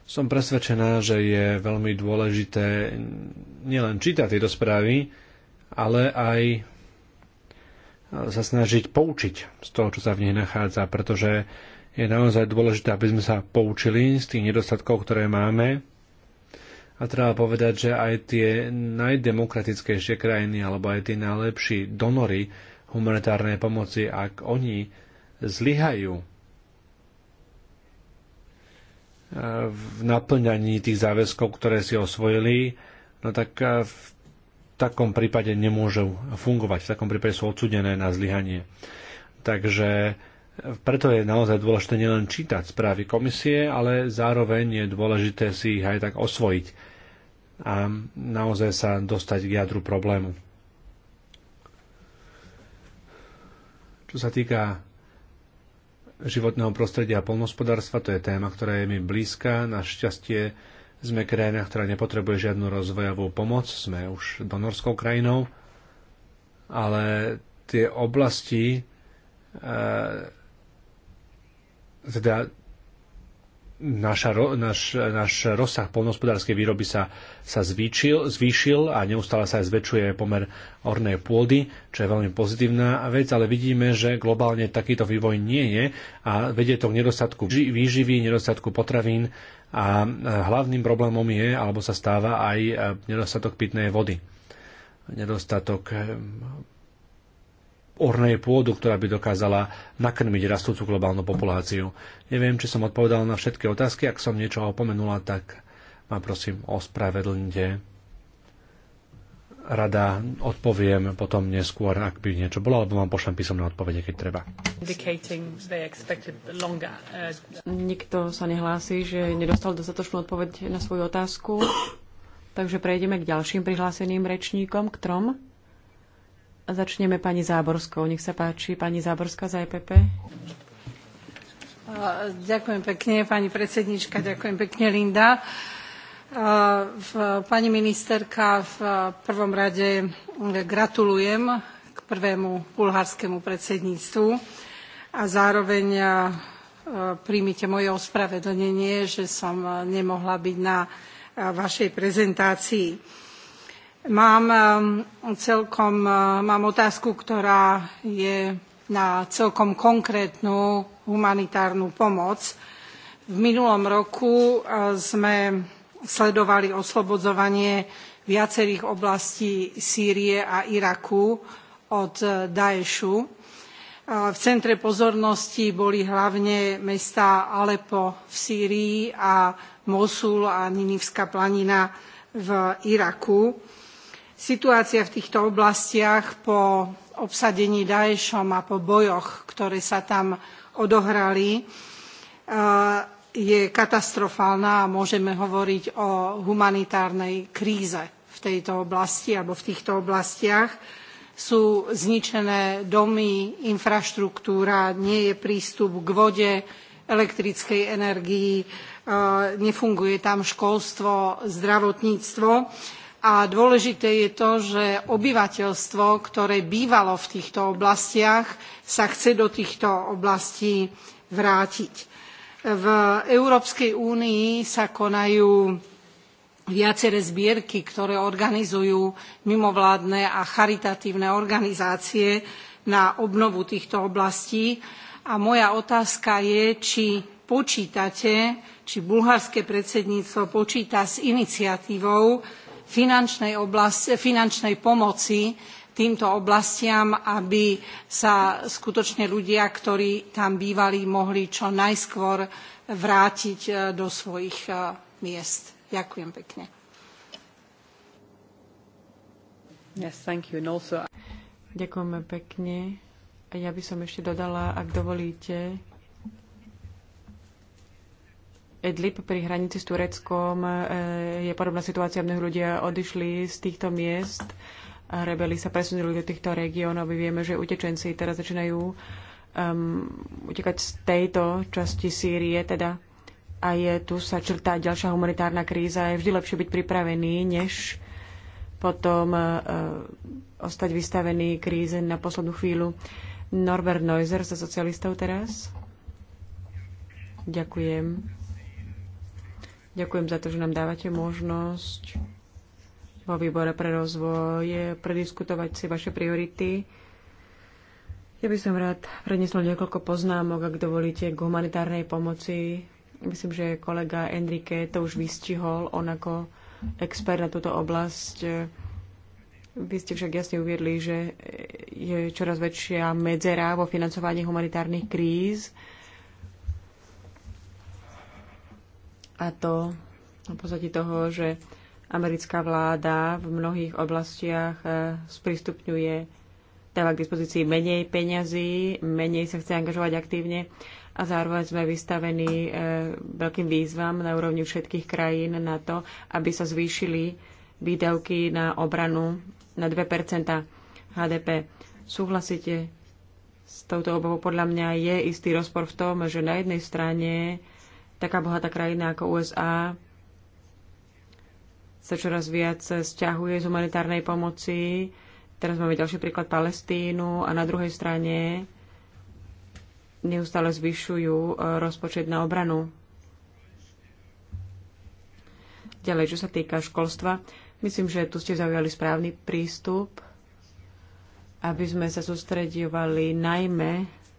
Som presvedčená, že je veľmi dôležité nielen čítať tieto správy, ale aj sa snažiť poučiť z toho, čo sa v nich nachádza, pretože je naozaj dôležité, aby sme sa poučili z tých nedostatkov, ktoré máme. A treba povedať, že aj tie najdemokratickejšie krajiny alebo aj tie najlepší donory humanitárnej pomoci, ak oni zlyhajú v naplňaní tých záväzkov, ktoré si osvojili, no tak e, v takom prípade nemôžu fungovať. V takom prípade sú odsudené na zlyhanie. Takže e, preto je naozaj dôležité nielen čítať správy komisie, ale zároveň je dôležité si ich aj tak osvojiť a naozaj sa dostať k jadru problému. Čo sa týka životného prostredia a polnospodárstva, to je téma, ktorá je mi blízka. Našťastie sme krajina, ktorá nepotrebuje žiadnu rozvojovú pomoc, sme už donorskou krajinou, ale tie oblasti, e, teda naša, naš, naš rozsah polnohospodárskej výroby sa, sa zvýšil, zvýšil a neustále sa aj zväčšuje pomer ornej pôdy, čo je veľmi pozitívna vec, ale vidíme, že globálne takýto vývoj nie je a vedie to k nedostatku výživy, nedostatku potravín a hlavným problémom je, alebo sa stáva aj e, nedostatok pitnej vody nedostatok ornej pôdu, ktorá by dokázala nakrmiť rastúcu globálnu populáciu. Neviem, či som odpovedal na všetky otázky. Ak som niečo opomenula, tak ma prosím ospravedlňte. Rada odpoviem potom neskôr, ak by niečo bolo, alebo vám pošlem písomné odpovede, keď treba. Uh, Nikto sa nehlási, že nedostal dostatočnú odpoveď na svoju otázku. Takže prejdeme k ďalším prihláseným rečníkom, k trom. Začneme pani Záborskou. Nech sa páči, pani Záborská za EPP. Ďakujem pekne, pani predsednička, ďakujem pekne, Linda. Pani ministerka, v prvom rade gratulujem k prvému bulharskému predsedníctvu a zároveň príjmite moje ospravedlnenie, že som nemohla byť na vašej prezentácii Um, uh, mám, otázku, ktorá je na celkom konkrétnu humanitárnu pomoc. V minulom roku uh, sme sledovali oslobodzovanie viacerých oblastí Sýrie a Iraku od uh, Daešu. V centre pozornosti boli hlavne mestá aleppo v Sýrii a Mosul a Ninivská planina v Iraku Situácia v týchto oblastiach po obsadení Daešom a po bojoch, ktoré sa tam odohrali, e, je katastrofálna a môžeme hovoriť o humanitárnej kríze v tejto oblasti alebo v týchto oblastiach. Sú zničené domy, infraštruktúra, nie je prístup k vode, elektrickej energii, e, nefunguje tam školstvo, zdravotníctvo a dôležité je to, že obyvateľstvo, ktoré bývalo v týchto oblastiach, sa chce do týchto oblastí vrátiť. V Európskej únii sa konajú viaceré zbierky, ktoré organizujú mimovládne a charitatívne organizácie na obnovu týchto oblastí. A moja otázka je, či počítate, či bulharské predsedníctvo počíta s iniciatívou, finančnej, pomoci týmto oblastiam, aby sa skutočne ľudia, ktorí tam bývali, mohli čo najskôr vrátiť e, do svojich e, miest. Ďakujem pekne. Yes, also... Ďakujeme pekne. Ja by som ešte dodala, ak dovolíte, Idlib pri hranici s Tureckom e, je podobná situácia. Mnohí ľudia odišli z týchto miest a rebeli sa presunuli do týchto regiónov. My vieme, že utečenci teraz začínajú um, utekať z tejto časti Sýrie, teda a je tu sa črtá ďalšia humanitárna kríza. Je vždy lepšie byť pripravený, než potom uh, ostať vystavený kríze na poslednú chvíľu. Norbert Neuser za socialistov teraz. Ďakujem. Ďakujem za to, že nám dávate možnosť vo výbore pre rozvoj prediskutovať si vaše priority. Ja by som rád prednesol niekoľko poznámok, ak dovolíte, k humanitárnej pomoci. Myslím, že kolega Enrique to už vystihol, on ako expert na túto oblasť. Vy ste však jasne uviedli, že je čoraz väčšia medzera vo financovaní humanitárnych kríz A to na podstate toho, že americká vláda v mnohých oblastiach eh, sprístupňuje, dáva k dispozícii menej peňazí, menej sa chce angažovať aktívne a zároveň sme vystavení eh, veľkým výzvam na úrovni všetkých krajín na to, aby sa zvýšili výdavky na obranu na 2 HDP. Súhlasíte s touto obavou? Podľa mňa je istý rozpor v tom, že na jednej strane taká bohatá krajina ako USA sa čoraz viac sťahuje z humanitárnej pomoci. Teraz máme ďalší príklad Palestínu a na druhej strane neustále zvyšujú e, rozpočet na obranu. Ďalej, čo sa týka školstva, myslím, že tu ste zaujali správny prístup, aby sme sa sústredovali najmä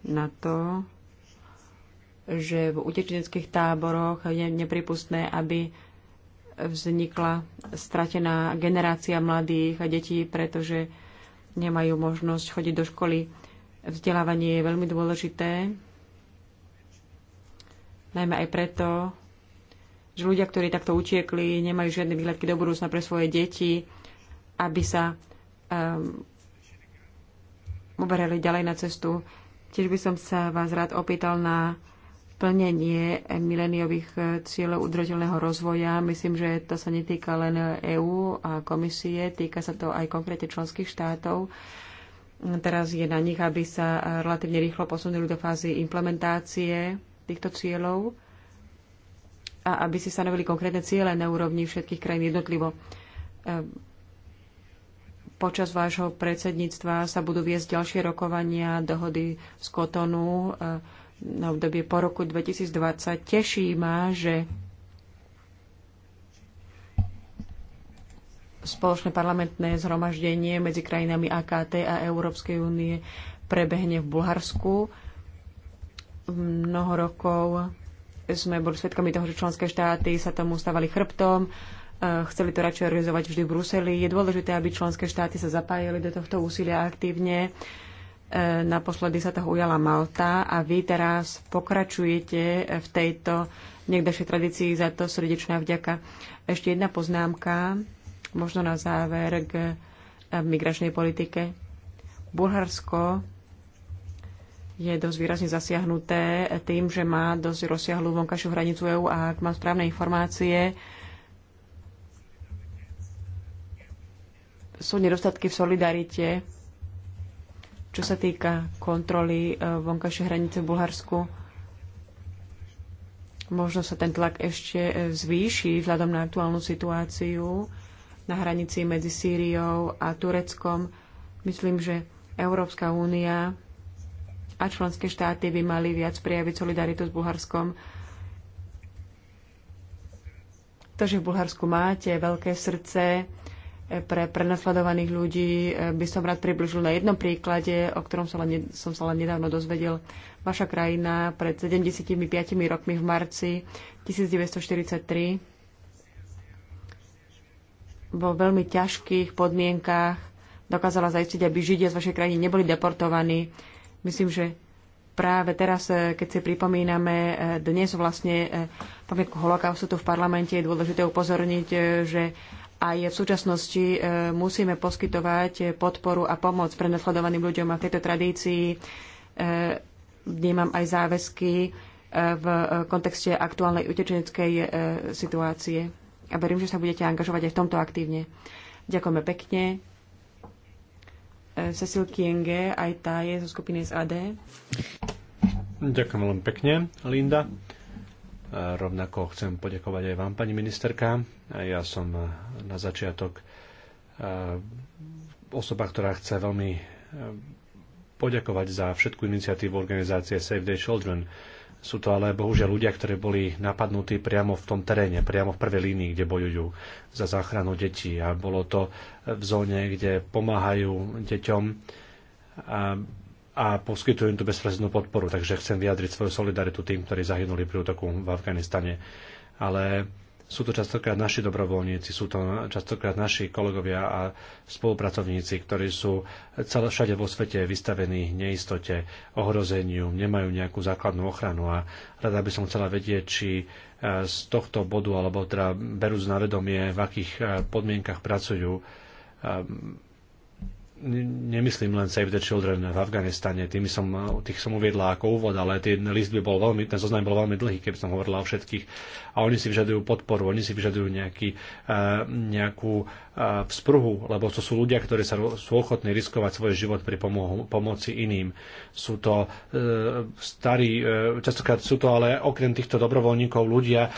na to, že v utečeneckých táboroch je nepripustné, aby vznikla stratená generácia mladých a detí, pretože nemajú možnosť chodiť do školy. Vzdelávanie je veľmi dôležité, najmä aj preto, že ľudia, ktorí takto utiekli, nemajú žiadne výhľadky do budúcna pre svoje deti, aby sa um, uberali ďalej na cestu. Tiež by som sa vás rád opýtal na plnenie mileniových e, cieľov udržateľného rozvoja. Myslím, že to sa netýka len EÚ a komisie, týka sa to aj konkrétne členských štátov. Teraz je na nich, aby sa relatívne rýchlo posunuli do fázy implementácie týchto cieľov a aby si stanovili konkrétne ciele na úrovni všetkých krajín jednotlivo. E, počas vášho predsedníctva sa budú viesť ďalšie rokovania dohody z Kotonu, e, na obdobie po roku 2020. Teší ma, že spoločné parlamentné zhromaždenie medzi krajinami AKT a Európskej únie prebehne v Bulharsku. Mnoho rokov sme boli svedkami toho, že členské štáty sa tomu stávali chrbtom, eh, chceli to radšej organizovať vždy v Bruseli. Je dôležité, aby členské štáty sa zapájali do tohto úsilia aktívne. E, naposledy sa toho ujala Malta a vy teraz pokračujete v tejto niekdejšej tradícii za to srdečná vďaka. Ešte jedna poznámka, možno na záver k e, migračnej politike. Bulharsko je dosť výrazne zasiahnuté tým, že má dosť rozsiahlú vonkašiu hranicu EU a ak mám správne informácie, sú nedostatky v solidarite čo sa týka kontroly e, vonkajšej hranice v Bulharsku, možno sa ten tlak ešte e, zvýši vzhľadom na aktuálnu situáciu na hranici medzi Sýriou a Tureckom. Myslím, že Európska únia a členské štáty by mali viac prijaviť solidaritu s Bulharskom. To, že v Bulharsku máte veľké srdce, pre prenasledovaných ľudí e, by som rád približil na jednom príklade, o ktorom sa len, som sa len nedávno dozvedel. Vaša krajina pred 75 rokmi v marci 1943 vo veľmi ťažkých podmienkách dokázala zaistiť, aby Židia z vašej krajiny neboli deportovaní. Myslím, že práve teraz, e, keď si pripomíname e, dnes vlastne pamätku holokaustu tu v parlamente, je dôležité upozorniť, že aj v súčasnosti e, musíme poskytovať podporu a pomoc pre nasledovaným ľuďom. A v tejto tradícii e, vnímam aj záväzky e, v kontexte aktuálnej utečeneckej situácie. A verím, že sa budete angažovať aj v tomto aktívne. Ďakujeme pekne. Cecil Kienge, aj tá je zo skupiny SAD. Ďakujem veľmi pekne, Linda. Rovnako chcem poďakovať aj vám, pani ministerka. Ja som na začiatok osoba, ktorá chce veľmi poďakovať za všetku iniciatívu organizácie Save the Children. Sú to ale bohužiaľ ľudia, ktorí boli napadnutí priamo v tom teréne, priamo v prvej línii, kde bojujú za záchranu detí. A bolo to v zóne, kde pomáhajú deťom. A a poskytujú im tú bezprostrednú podporu. Takže chcem vyjadriť svoju solidaritu tým, ktorí zahynuli pri útoku v Afganistane. Ale sú to častokrát naši dobrovoľníci, sú to častokrát naši kolegovia a spolupracovníci, ktorí sú celé všade vo svete vystavení neistote, ohrozeniu, nemajú nejakú základnú ochranu a rada by som chcela vedieť, či e, z tohto bodu, alebo teda berú z navedomie, v akých e, podmienkach pracujú e, nemyslím len Save the Children v Afganistane, Tým som, tých som uviedla ako úvod, ale ten list by bol veľmi, ten zoznam bol veľmi dlhý, keby som hovorila o všetkých. A oni si vyžadujú podporu, oni si vyžadujú nejaký, eh, nejakú v spruhu, lebo to sú ľudia, ktorí sa sú ochotní riskovať svoj život pri pomoci iným. Sú to e, starí, e, častokrát sú to ale okrem týchto dobrovoľníkov ľudia, e,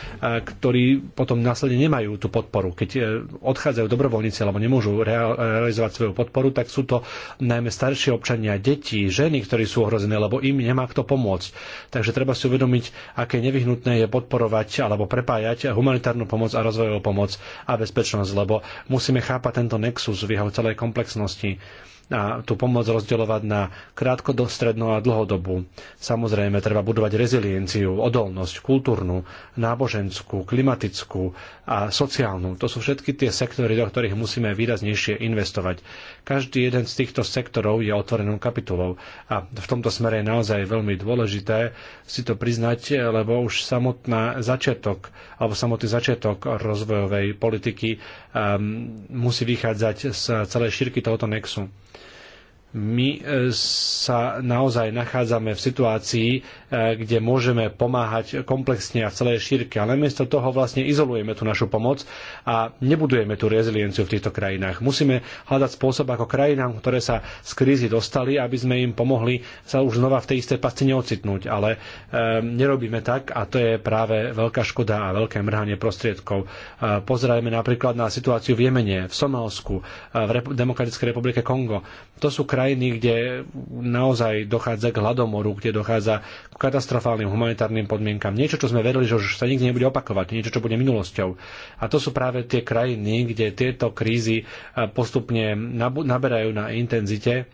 ktorí potom následne nemajú tú podporu. Keď e, odchádzajú dobrovoľníci alebo nemôžu realizovať svoju podporu, tak sú to najmä staršie občania, deti, ženy, ktorí sú ohrozené, lebo im nemá kto pomôcť. Takže treba si uvedomiť, aké nevyhnutné je podporovať alebo prepájať humanitárnu pomoc a rozvojovú pomoc a bezpečnosť, lebo musí musíme chápať tento nexus v jeho celej komplexnosti na tú pomoc rozdeľovať na krátkodostrednú a dlhodobú. Samozrejme, treba budovať rezilienciu, odolnosť, kultúrnu, náboženskú, klimatickú a sociálnu. To sú všetky tie sektory, do ktorých musíme výraznejšie investovať. Každý jeden z týchto sektorov je otvorenou kapitulou a v tomto smere je naozaj veľmi dôležité si to priznať, lebo už samotná začiatok alebo samotný začiatok rozvojovej politiky um, musí vychádzať z celej šírky tohoto nexu my e, sa naozaj nachádzame v situácii, e, kde môžeme pomáhať komplexne a v celej šírke, ale miesto toho vlastne izolujeme tú našu pomoc a nebudujeme tú rezilienciu v týchto krajinách. Musíme hľadať spôsob, ako krajinám, ktoré sa z krízy dostali, aby sme im pomohli sa už znova v tej istej pasti neocitnúť, ale e, nerobíme tak a to je práve veľká škoda a veľké mrhanie prostriedkov. Pozerajme napríklad na situáciu v Jemene, v Somálsku, v Demokratickej republike Kongo. To sú krajiny, krajiny, kde naozaj dochádza k hladomoru, kde dochádza k katastrofálnym humanitárnym podmienkam. Niečo, čo sme verili, že už sa nikdy nebude opakovať, niečo, čo bude minulosťou. A to sú práve tie krajiny, kde tieto krízy eh, postupne naberajú na intenzite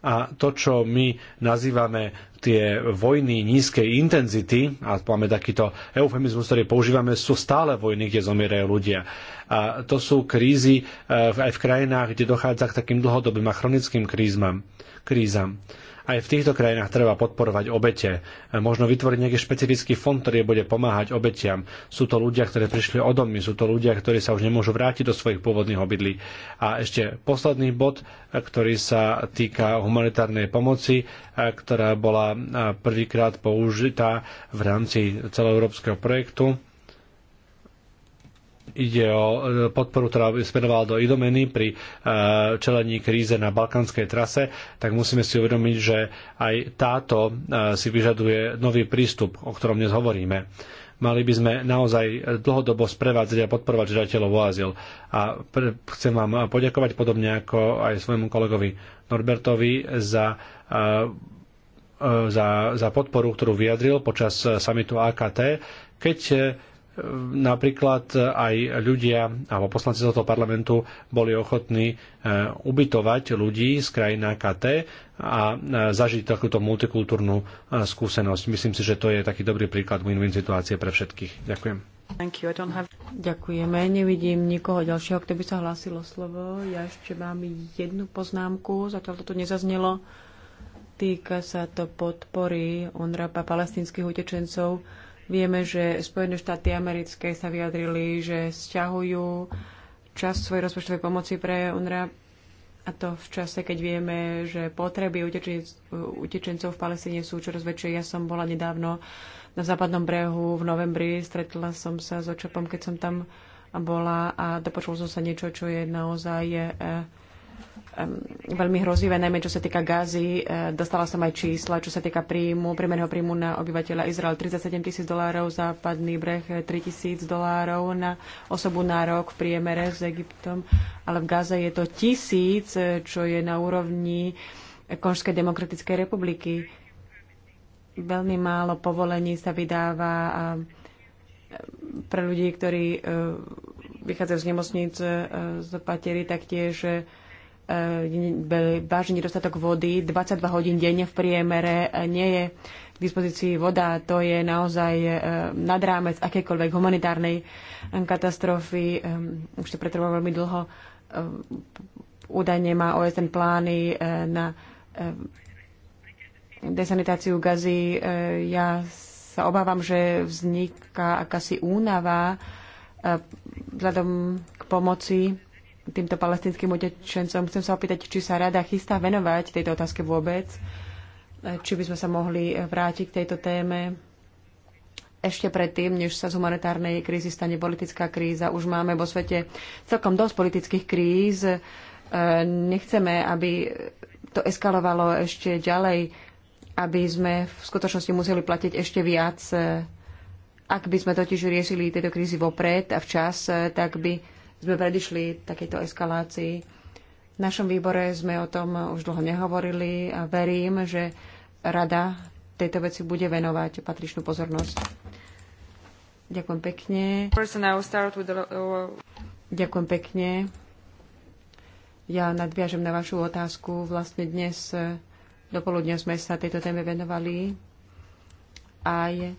a to, čo my nazývame tie vojny nízkej intenzity, a máme takýto eufemizmus, ktorý používame, sú stále vojny, kde zomierajú ľudia. A to sú krízy e, aj v krajinách, kde dochádza k takým dlhodobým a chronickým krízmam, krízam. Aj v týchto krajinách treba podporovať obete. E, možno vytvoriť nejaký špecifický fond, ktorý bude pomáhať obetiam. Sú to ľudia, ktorí prišli o domy, sú to ľudia, ktorí sa už nemôžu vrátiť do svojich pôvodných obydlí. A ešte posledný bod, e, ktorý sa týka humanitárnej pomoci, ktorá bola prvýkrát použitá v rámci celoeurópskeho projektu Ide o e, podporu, ktorá smerovala do Idomeny pri e, čelení kríze na balkánskej trase, tak musíme si uvedomiť, že aj táto e, si vyžaduje nový prístup, o ktorom dnes hovoríme mali by sme naozaj dlhodobo sprevádzať a podporovať žiadateľov o azyl. A chcem vám poďakovať podobne ako aj svojmu kolegovi Norbertovi za, za, za podporu, ktorú vyjadril počas samitu AKT, keď napríklad aj ľudia alebo poslanci tohto parlamentu boli ochotní e, ubytovať ľudí z krajín AKT a e, zažiť takúto multikultúrnu e, skúsenosť. Myslím si, že to je taký dobrý príklad win-win situácie pre všetkých. Ďakujem. Have... Ďakujeme. Nevidím nikoho ďalšieho, kto by sa hlásilo slovo. Ja ešte mám jednu poznámku, zatiaľ toto nezaznelo. Týka sa to podpory onrapa palestinských utečencov Vieme, že Spojené štáty americké sa vyjadrili, že sťahujú časť svojej rozpočtovej pomoci pre UNRWA a to v čase, keď vieme, že potreby utečencov v Palestíne sú čoraz väčšie. Ja som bola nedávno na západnom brehu v novembri, stretla som sa s očapom, keď som tam bola a dopočul som sa niečo, čo je naozaj je, eh, veľmi hrozivé, najmä čo sa týka Gázy, e, Dostala som aj čísla, čo sa týka príjmu, priemerného príjmu na obyvateľa Izrael 37 tisíc dolárov, západný breh 3 e, tisíc dolárov na osobu na rok v priemere s Egyptom, ale v Gaze je to tisíc, e, čo je na úrovni Konžskej demokratickej republiky. Veľmi málo povolení sa vydáva a pre ľudí, ktorí vychádzajú z nemocnic z tak taktiež E, vážny nedostatok vody. 22 hodín denne v priemere e, nie je k dispozícii voda. To je naozaj e, nad rámec akékoľvek humanitárnej katastrofy. Už to pretrvá veľmi dlho. Údajne má OSN plány na desanitáciu gazy. Ja sa obávam, že vzniká akási únava vzhľadom k pomoci týmto palestinským utečencom. Chcem sa opýtať, či sa rada chystá venovať tejto otázke vôbec, e, či by sme sa mohli vrátiť k tejto téme. Ešte predtým, než sa z humanitárnej krízy stane politická kríza, už máme vo svete celkom dosť politických kríz. E, nechceme, aby to eskalovalo ešte ďalej, aby sme v skutočnosti museli platiť ešte viac. E, ak by sme totiž riešili tieto krízy vopred a včas, tak by sme predišli takejto eskalácii. V našom výbore sme o tom už dlho nehovorili a verím, že rada tejto veci bude venovať patričnú pozornosť. Ďakujem pekne. Uh, Ďakujem pekne. Ja nadviažem na vašu otázku. Vlastne dnes e, dopoludne sme sa tejto téme venovali aj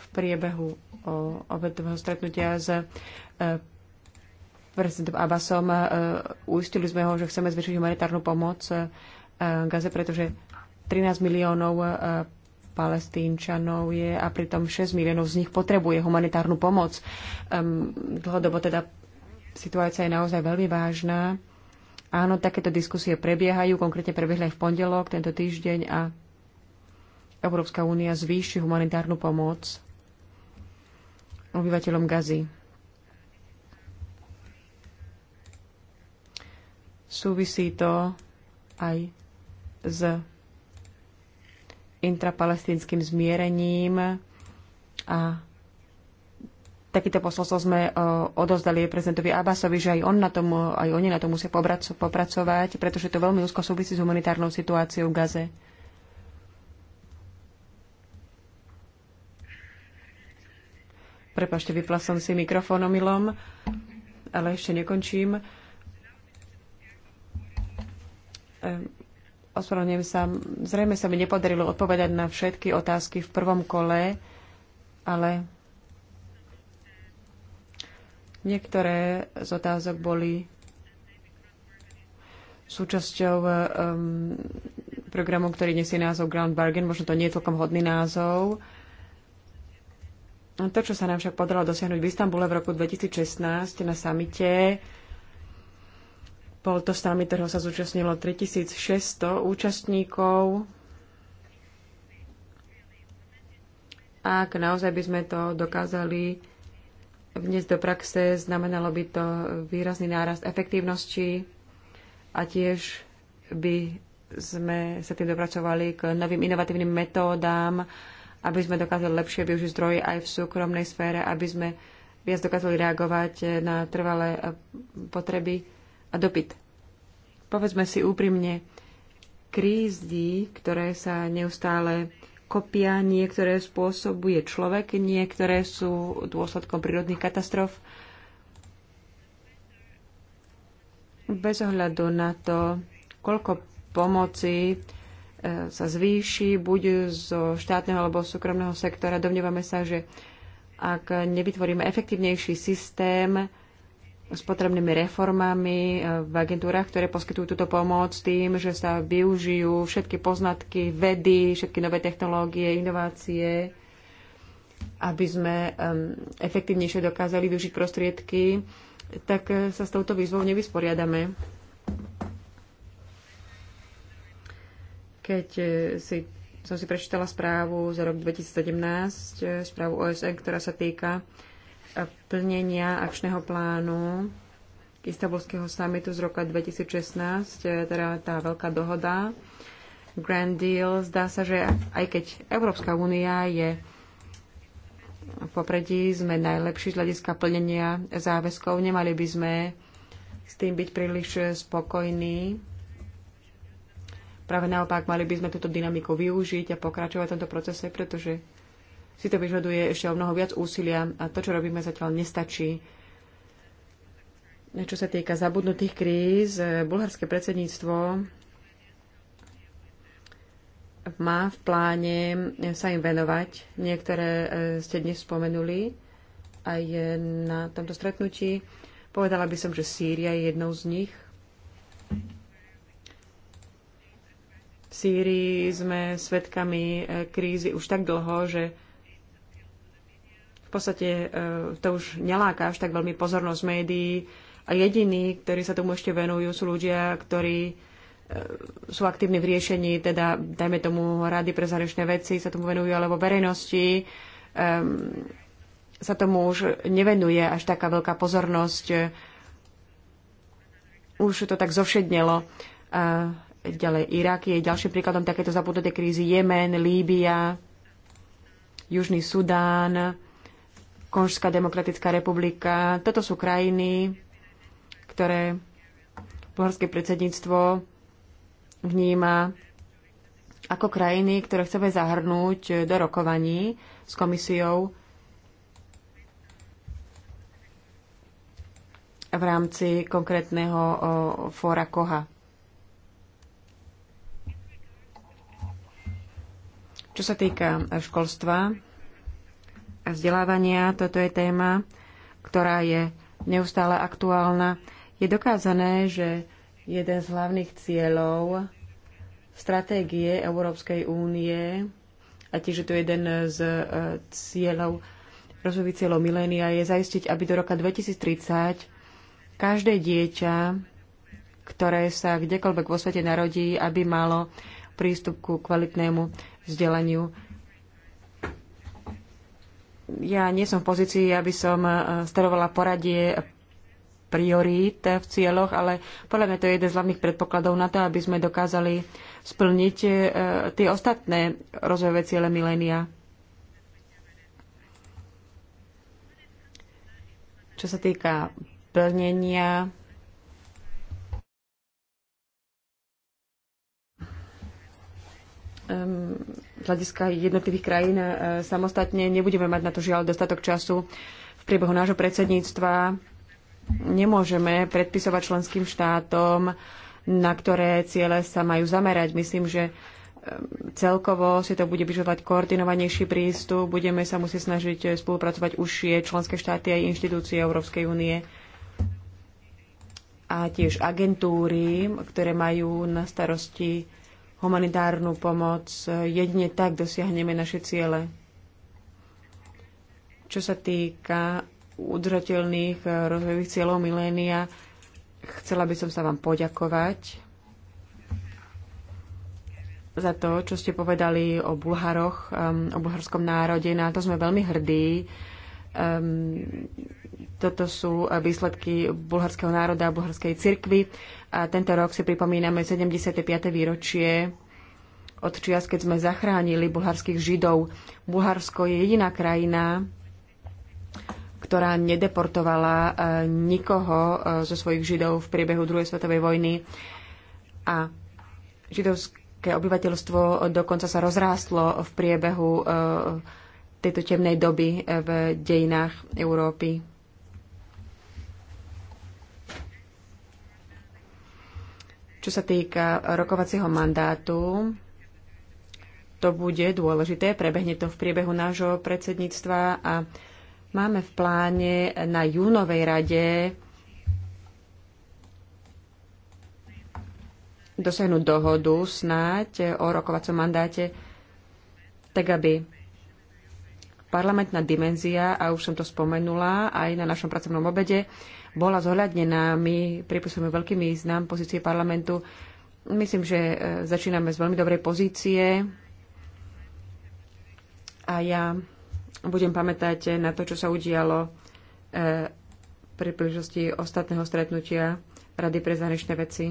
v priebehu obetového stretnutia s e, prezidentom Abbasom. E, uistili sme ho, že chceme zvyšiť humanitárnu pomoc e, Gaze, pretože 13 miliónov e, palestínčanov je a pritom 6 miliónov z nich potrebuje humanitárnu pomoc. Dlhodobo teda situácia je naozaj veľmi vážna. Áno, takéto diskusie prebiehajú, konkrétne prebehli aj v pondelok tento týždeň a Európska únia zvýši humanitárnu pomoc obyvateľom Gazy. Súvisí to aj s intrapalestinským zmierením a takýto posolstvo sme e, odozdali prezidentovi Abbasovi, že aj on na tom, aj oni na tom musia popracovať, pretože to veľmi úzko súvisí s humanitárnou situáciou v Gaze. Prepašte, vypla som si mikrofónom ale ešte nekončím. Ehm, ospravedlňujem sa. Zrejme sa mi nepodarilo odpovedať na všetky otázky v prvom kole, ale niektoré z otázok boli súčasťou um, programu, ktorý nesie názov Ground Bargain. Možno to nie je celkom hodný názov. To, čo sa nám však podarilo dosiahnuť v Istambule v roku 2016 na samite, bol to stámy ktorého sa zúčastnilo 3600 účastníkov. Ak naozaj by sme to dokázali vniesť do praxe, znamenalo by to výrazný nárast efektívnosti a tiež by sme sa tým dopracovali k novým inovatívnym metódám, aby sme dokázali lepšie využiť zdroje aj v súkromnej sfére, aby sme viac dokázali reagovať na trvalé potreby a dopyt. Povedzme si úprimne, krízdy, ktoré sa neustále kopia, niektoré spôsobuje človek, niektoré sú dôsledkom prírodných katastrof. Bez ohľadu na to, koľko pomoci e, sa zvýši, buď zo štátneho alebo súkromného sektora, domnievame sa, že ak nevytvoríme efektívnejší systém, s potrebnými reformami e, v agentúrach, ktoré poskytujú túto pomoc tým, že sa využijú všetky poznatky, vedy, všetky nové technológie, inovácie, aby sme efektívnejšie dokázali využiť prostriedky, tak e, sa s touto výzvou nevysporiadame. Keď e, si, som si prečítala správu za rok 2017, správu OSN, ktorá sa týka plnenia akčného plánu Istanbulského samitu z roka 2016, e, teda tá veľká dohoda, Grand Deal. Zdá sa, že aj keď Európska únia je v popredí, sme najlepší z hľadiska plnenia záväzkov, nemali by sme s tým byť príliš spokojní. Práve naopak, mali by sme túto dynamiku využiť a pokračovať v tomto procese, pretože si to vyžaduje ešte o mnoho viac úsilia a to, čo robíme zatiaľ, nestačí. Čo sa týka zabudnutých kríz, bulharské predsedníctvo má v pláne sa im venovať. Niektoré eh, ste dnes spomenuli aj na tomto stretnutí. Povedala by som, že Sýria je jednou z nich. V Sýrii sme svedkami eh, krízy už tak dlho, že v podstate e, to už neláka až tak veľmi pozornosť médií a jediní, ktorí sa tomu ešte venujú, sú ľudia, ktorí e, sú aktívni v riešení, teda dajme tomu rady pre zahraničné veci sa tomu venujú, alebo verejnosti um, sa tomu už nevenuje až taká veľká pozornosť. Už to tak zovšednelo. Uh, ďalej Irak je ďalším príkladom takéto zabudnuté krízy. Jemen, Líbia, Južný Sudán Konžská demokratická republika. Toto sú krajiny, ktoré bulharské predsedníctvo vníma ako krajiny, ktoré chceme zahrnúť do rokovaní s komisiou v rámci konkrétneho fóra KOHA. Čo sa týka školstva, a vzdelávania. Toto je téma, ktorá je neustále aktuálna. Je dokázané, že jeden z hlavných cieľov stratégie Európskej únie a tiež je to jeden z e, cieľov rozvojových cieľov milénia je zaistiť, aby do roka 2030 každé dieťa, ktoré sa kdekoľvek vo svete narodí, aby malo prístup ku kvalitnému vzdelaniu ja nie som v pozícii, aby som e, starovala poradie priorít v cieľoch, ale podľa mňa to je jeden z hlavných predpokladov na to, aby sme dokázali splniť e, tie ostatné rozvojové ciele milénia. Čo sa týka plnenia z hľadiska jednotlivých krajín e, samostatne. Nebudeme mať na to žiaľ dostatok času. V priebehu nášho predsedníctva nemôžeme predpisovať členským štátom, na ktoré ciele sa majú zamerať. Myslím, že celkovo si to bude vyžadovať koordinovanejší prístup. Budeme sa musieť snažiť e, spolupracovať užšie členské štáty aj inštitúcie Európskej únie a tiež agentúry, ktoré majú na starosti humanitárnu pomoc. Jedne tak dosiahneme naše ciele. Čo sa týka udržateľných rozvojových cieľov milénia, chcela by som sa vám poďakovať za to, čo ste povedali o Bulharoch, um, o bulharskom národe. Na to sme veľmi hrdí. Um, toto sú eh, výsledky bulharského národa a bulharskej cirkvy. A tento rok si pripomíname 75. výročie od čias, keď sme zachránili bulharských židov. Bulharsko je jediná krajina, ktorá nedeportovala eh, nikoho eh, zo svojich židov v priebehu druhej svetovej vojny. A židovské obyvateľstvo dokonca sa rozrástlo v priebehu tejto temnej doby v dejinách Európy. Čo sa týka rokovacieho mandátu, to bude dôležité, prebehne to v priebehu nášho predsedníctva a máme v pláne na júnovej rade dosiahnuť dohodu snáď o rokovacom mandáte, tak aby parlamentná dimenzia, a už som to spomenula aj na našom pracovnom obede, bola zohľadnená. My pripisujeme veľký význam pozície parlamentu. Myslím, že začíname z veľmi dobrej pozície a ja budem pamätať na to, čo sa udialo pri príležitosti ostatného stretnutia Rady pre zahraničné veci.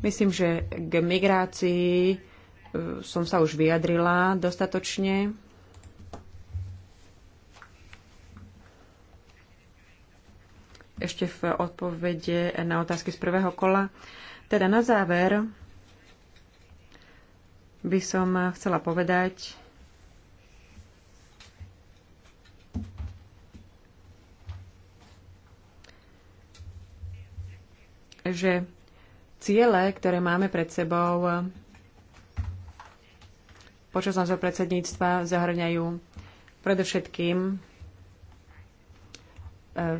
Myslím, že k migrácii som sa už vyjadrila dostatočne. Ešte v odpovede na otázky z prvého kola. Teda na záver by som chcela povedať, že ciele, ktoré máme pred sebou, počas nášho predsedníctva zahrňajú predovšetkým eh,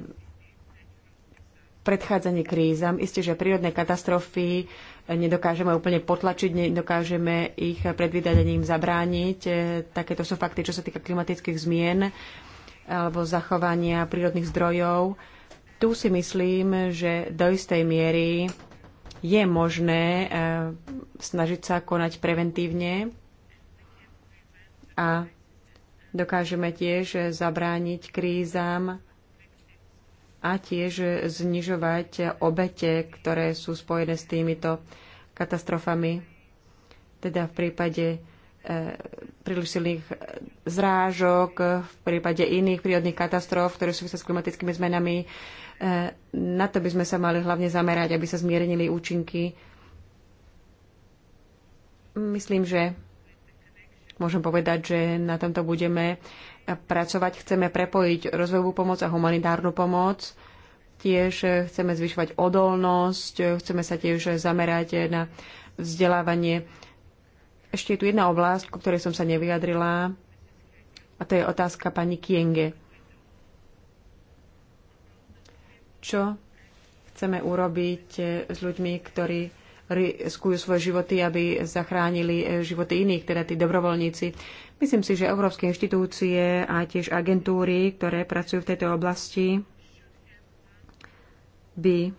predchádzanie krízam. Isté, že prírodné katastrofy nedokážeme úplne potlačiť, nedokážeme ich predvídať zabrániť. Eh, takéto sú fakty, čo sa týka klimatických zmien eh, alebo zachovania prírodných zdrojov. Tu si myslím, že do istej miery je možné snažiť sa konať preventívne a dokážeme tiež zabrániť krízam a tiež znižovať obete, ktoré sú spojené s týmito katastrofami. Teda v prípade e, príliš silných zrážok, v prípade iných prírodných katastrof, ktoré súvisia s klimatickými zmenami. E, na to by sme sa mali hlavne zamerať, aby sa zmiernili účinky. Myslím, že Môžem povedať, že na tomto budeme pracovať. Chceme prepojiť rozvojovú pomoc a humanitárnu pomoc. Tiež chceme zvyšovať odolnosť, chceme sa tiež zamerať na vzdelávanie. Ešte je tu jedna oblasť, ku ktorej som sa nevyjadrila, a to je otázka pani Kienge. Čo chceme urobiť eh, s ľuďmi, ktorí riskujú svoje životy, aby zachránili e, životy iných, teda tí dobrovoľníci. Myslím si, že európske inštitúcie a tiež agentúry, ktoré pracujú v tejto oblasti, by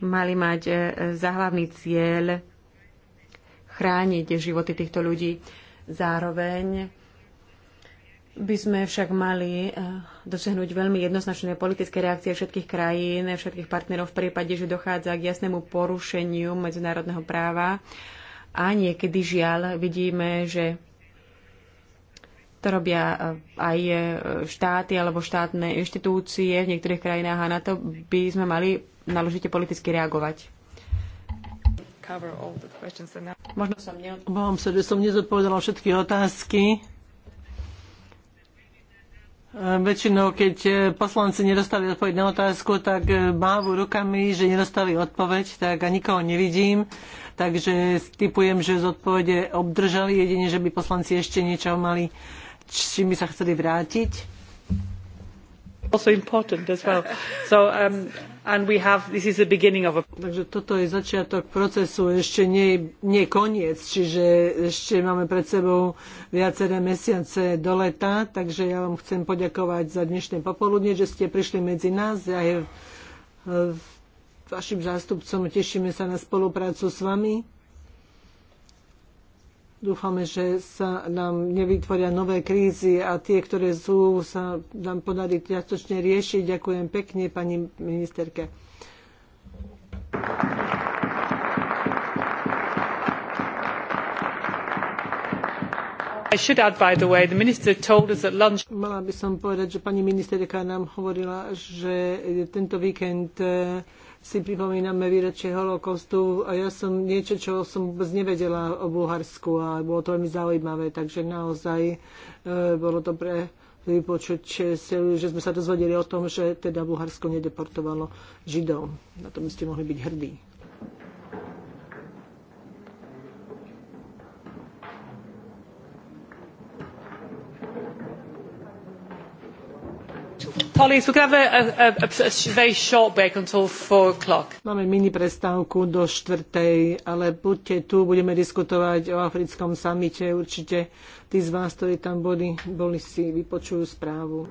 mali mať e, za hlavný cieľ chrániť životy týchto ľudí. Zároveň by sme však mali e, dosiahnuť veľmi jednoznačné politické reakcie všetkých krajín, všetkých partnerov v prípade, že dochádza k jasnému porušeniu medzinárodného práva. A niekedy žiaľ vidíme, že to robia eh, aj eh, štáty alebo štátne inštitúcie v niektorých krajinách a na to by sme mali naložite politicky reagovať. Možno som neodpovedala. Obávam sa, že som nezodpovedala všetky otázky. Väčšinou, keď e, poslanci nedostali odpoveď na otázku, tak e, mávu rukami, že nedostali odpoveď, tak a nikoho nevidím. Takže typujem, že z odpovede obdržali, jedine, že by poslanci ešte niečo mali, čím by sa chceli vrátiť. Also important as well. So, um, and we have this is the beginning of a Takže toto je začiatok procesu, ešte nie, nie koniec, čiže ešte máme pred sebou viaceré mesiace do leta, takže ja vám chcem poďakovať za dnešné popoludne, že ste prišli medzi nás. Ja je e, vašim zástupcom tešíme sa na spoluprácu s vami. Dúfame, že sa nám nevytvoria nové krízy a tie, ktoré sú, sa nám podarí čiastočne riešiť. Ďakujem pekne pani ministerke. Mala by som povedať, že pani ministerka nám hovorila, že tento víkend eh, si pripomíname výročie holokaustu a ja som niečo, čo som vôbec nevedela o Bulharsku a bolo to veľmi zaujímavé, takže naozaj e, bolo dobre vypočuť, že sme sa dozvedeli o tom, že teda Bulharsko nedeportovalo Židov. Na to by ste mohli byť hrdí. Máme mini prestávku do štvrtej, ale buďte tu, budeme diskutovať o africkom samite. Určite tí z vás, ktorí tam boli, boli si vypočujú správu.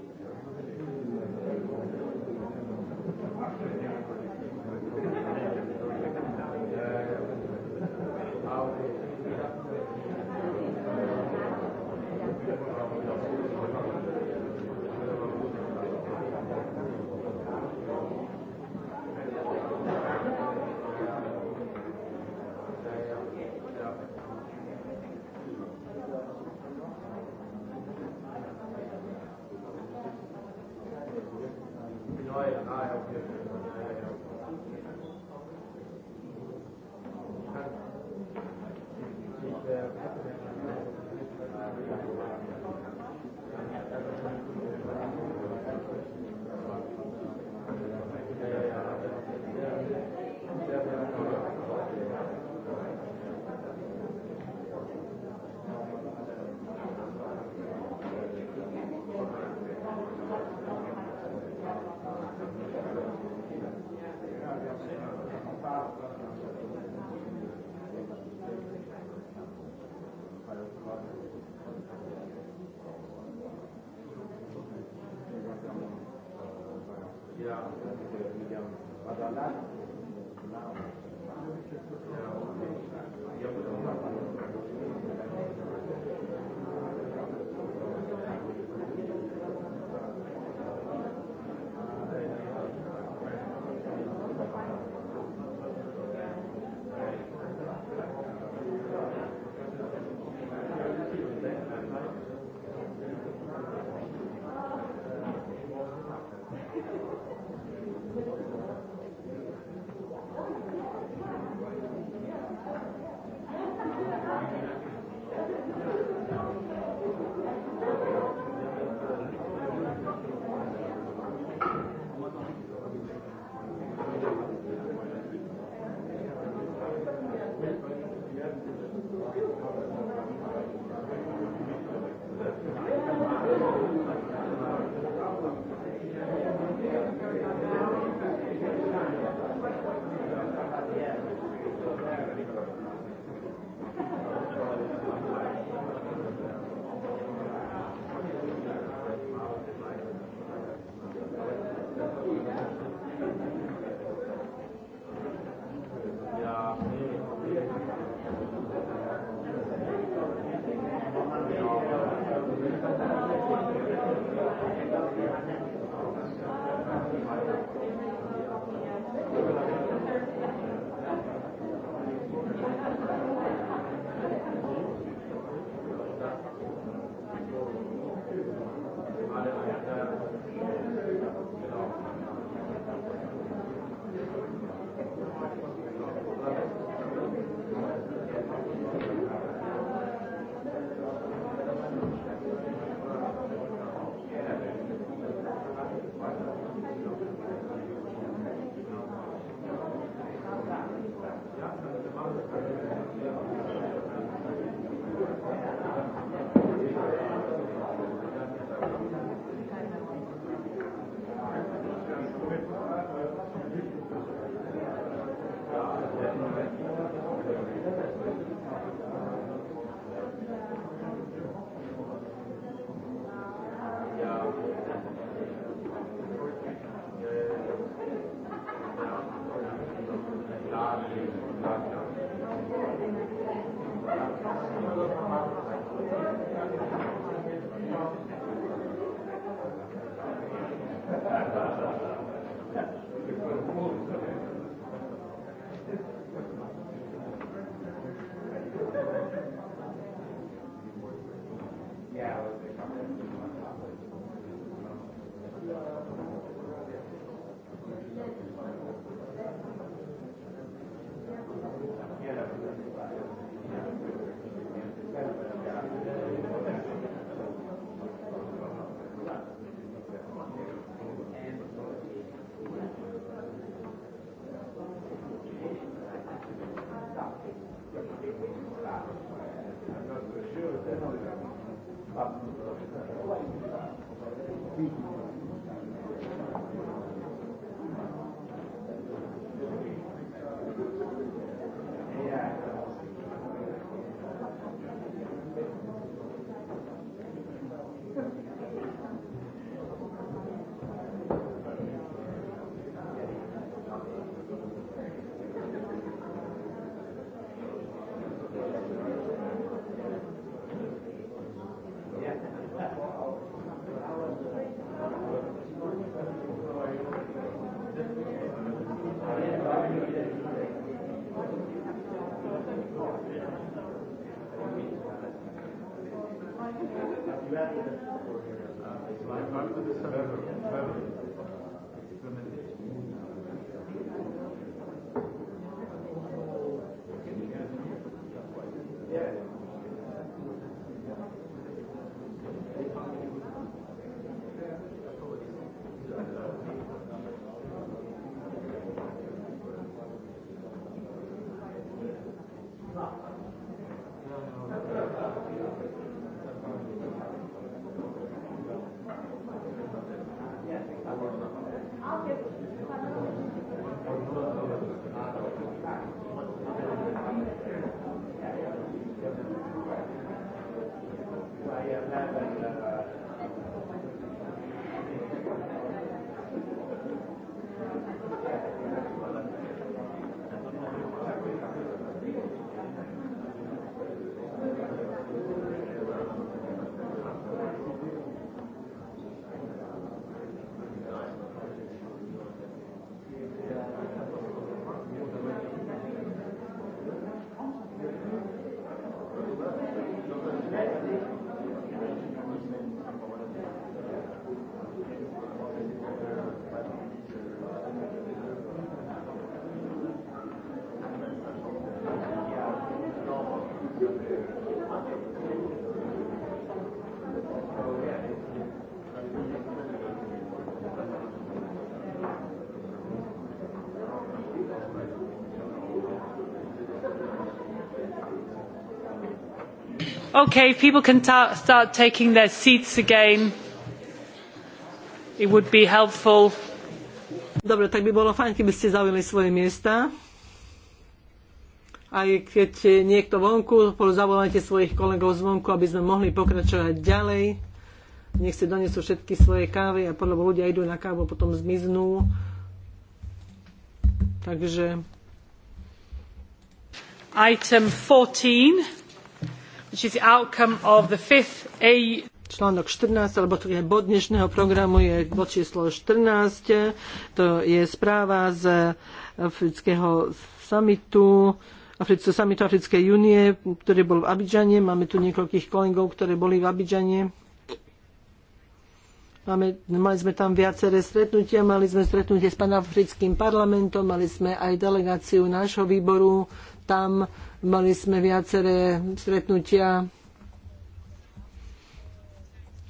Okay, if people can ta start taking their seats again, it would be helpful. Dobre, tak by bolo fajn, keby ste zaujali svoje miesta. Aj keď je niekto vonku, zavolajte svojich kolegov zvonku, aby sme mohli pokračovať ďalej. Nech si donesú všetky svoje kávy a podľa ľudia idú na kávu, potom zmiznú. Takže... Item 14 článok 14, alebo to je bod dnešného programu, je bod číslo 14. To je správa z afrického samitu, Afrického samitu Africkej únie, ktorý bol v Abidžane. Máme tu niekoľkých kolegov, ktoré boli v Abidžane. Máme, mali sme tam viaceré stretnutia, mali sme stretnutie s panafrickým parlamentom, mali sme aj delegáciu nášho výboru tam Mali sme viaceré stretnutia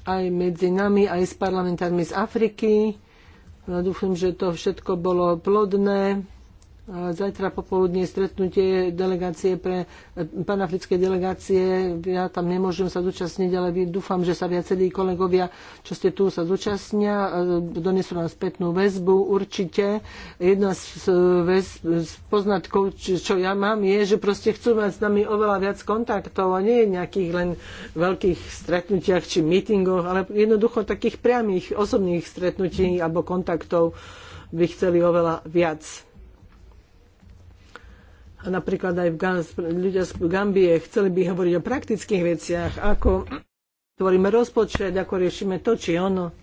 aj medzi nami, aj s parlamentármi z Afriky. No, dúfam, že to všetko bolo plodné. Zajtra popoludne stretnutie delegácie pre eh, panafrické delegácie. Ja tam nemôžem sa zúčastniť, ale dúfam, že sa viacerí kolegovia, čo ste tu, sa zúčastnia. Eh, donesú nám spätnú väzbu určite. Jedna z, väz, z poznatkov, čo ja mám, je, že proste chcú mať s nami oveľa viac kontaktov a nie nejakých len veľkých stretnutiach či mítingoch, ale jednoducho takých priamých osobných stretnutí alebo kontaktov by chceli oveľa viac. A napríklad aj v ľudia z Gambie chceli by hovoriť o praktických veciach, ako tvoríme rozpočet, ako riešime to či ono.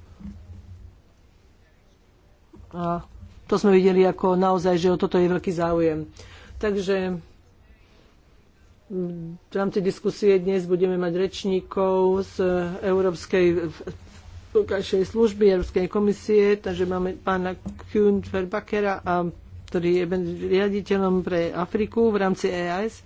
A to sme videli ako naozaj, že o toto je veľký záujem. Takže v rámci diskusie dnes budeme mať rečníkov z Európskej služby Európskej komisie, takže máme pána Kuhn ferbakera a ktorý je riaditeľom pre Afriku v rámci EAS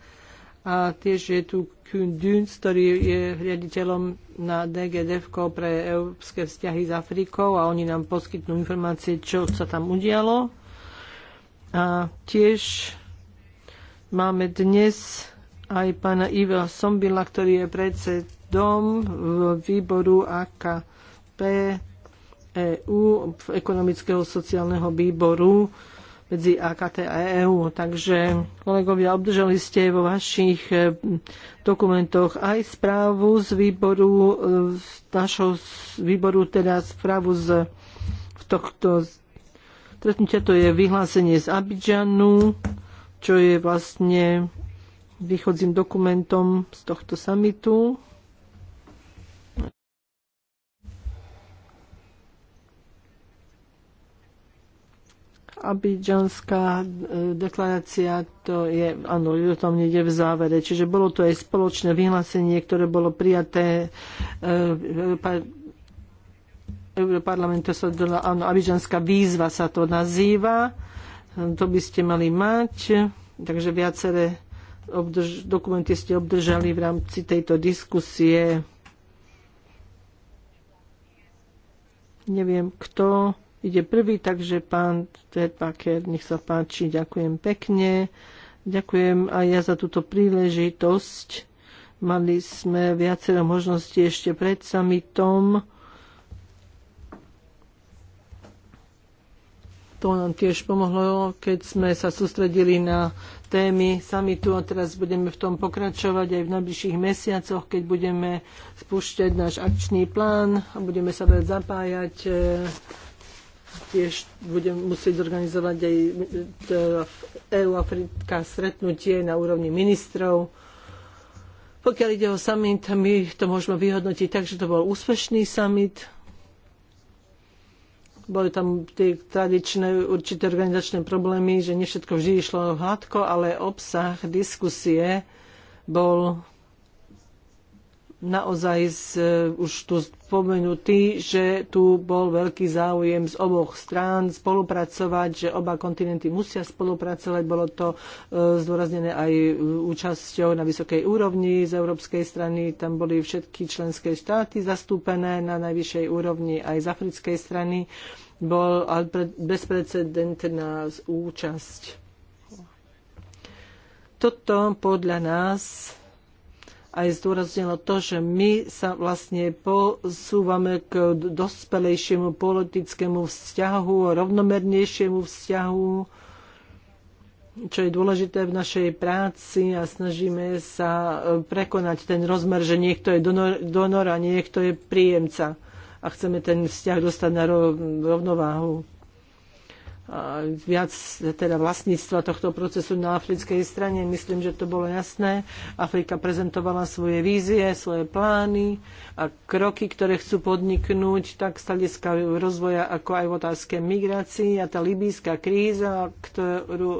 a tiež je tu Kuhn Duns, ktorý je riaditeľom na DGDF pre európske vzťahy s Afrikou a oni nám poskytnú informácie, čo sa tam udialo. A tiež máme dnes aj pána Iva Sombila, ktorý je predsedom výboru AKP EU ekonomického sociálneho výboru medzi AKT a EÚ. Takže, kolegovia, obdržali ste vo vašich eh, dokumentoch aj správu z výboru, eh, z našho výboru, teda správu z tohto stretnutia. To je vyhlásenie z Abidžanu, čo je vlastne východzím dokumentom z tohto samitu. Abidžanská e, deklarácia, to je, áno, o tom nejde v závere. Čiže bolo to aj spoločné vyhlásenie, ktoré bolo prijaté e, Európarlamentu sa áno, Abidžanská výzva sa to nazýva. To by ste mali mať. Takže viaceré obdrž, dokumenty ste obdržali v rámci tejto diskusie. Neviem, kto ide prvý, takže pán Terpaker, nech sa páči, ďakujem pekne. Ďakujem aj ja za túto príležitosť. Mali sme viacero možností ešte pred summitom. To nám tiež pomohlo, keď sme sa sústredili na témy samitu a teraz budeme v tom pokračovať aj v najbližších mesiacoch, keď budeme spúšťať náš akčný plán a budeme sa zapájať eh, tiež budem musieť zorganizovať aj e, e, e, EU-Afrika stretnutie na úrovni ministrov. Pokiaľ ide o summit, my to môžeme vyhodnotiť tak, že to bol úspešný summit. Boli tam tie tradičné určité organizačné problémy, že nevšetko všetko vždy išlo hladko, ale obsah diskusie bol naozaj z, e, už tu spomenutý, že tu bol veľký záujem z oboch strán spolupracovať, že oba kontinenty musia spolupracovať. Bolo to e, zdôraznené aj e, účasťou na vysokej úrovni z európskej strany. Tam boli všetky členské štáty zastúpené na najvyššej úrovni aj z africkej strany. Bol bezprecedentná účasť. Toto podľa nás aj zdôraznilo to, že my sa vlastne posúvame k dospelejšiemu politickému vzťahu, rovnomernejšiemu vzťahu, čo je dôležité v našej práci a snažíme sa e, prekonať ten rozmer, že niekto je donor, donor a niekto je príjemca a chceme ten vzťah dostať na rovnováhu viac teda vlastníctva tohto procesu na africkej strane. Myslím, že to bolo jasné. Afrika prezentovala svoje vízie, svoje plány a kroky, ktoré chcú podniknúť, tak z hľadiska rozvoja, ako aj v otázke migrácií a tá libijská kríza, ktorú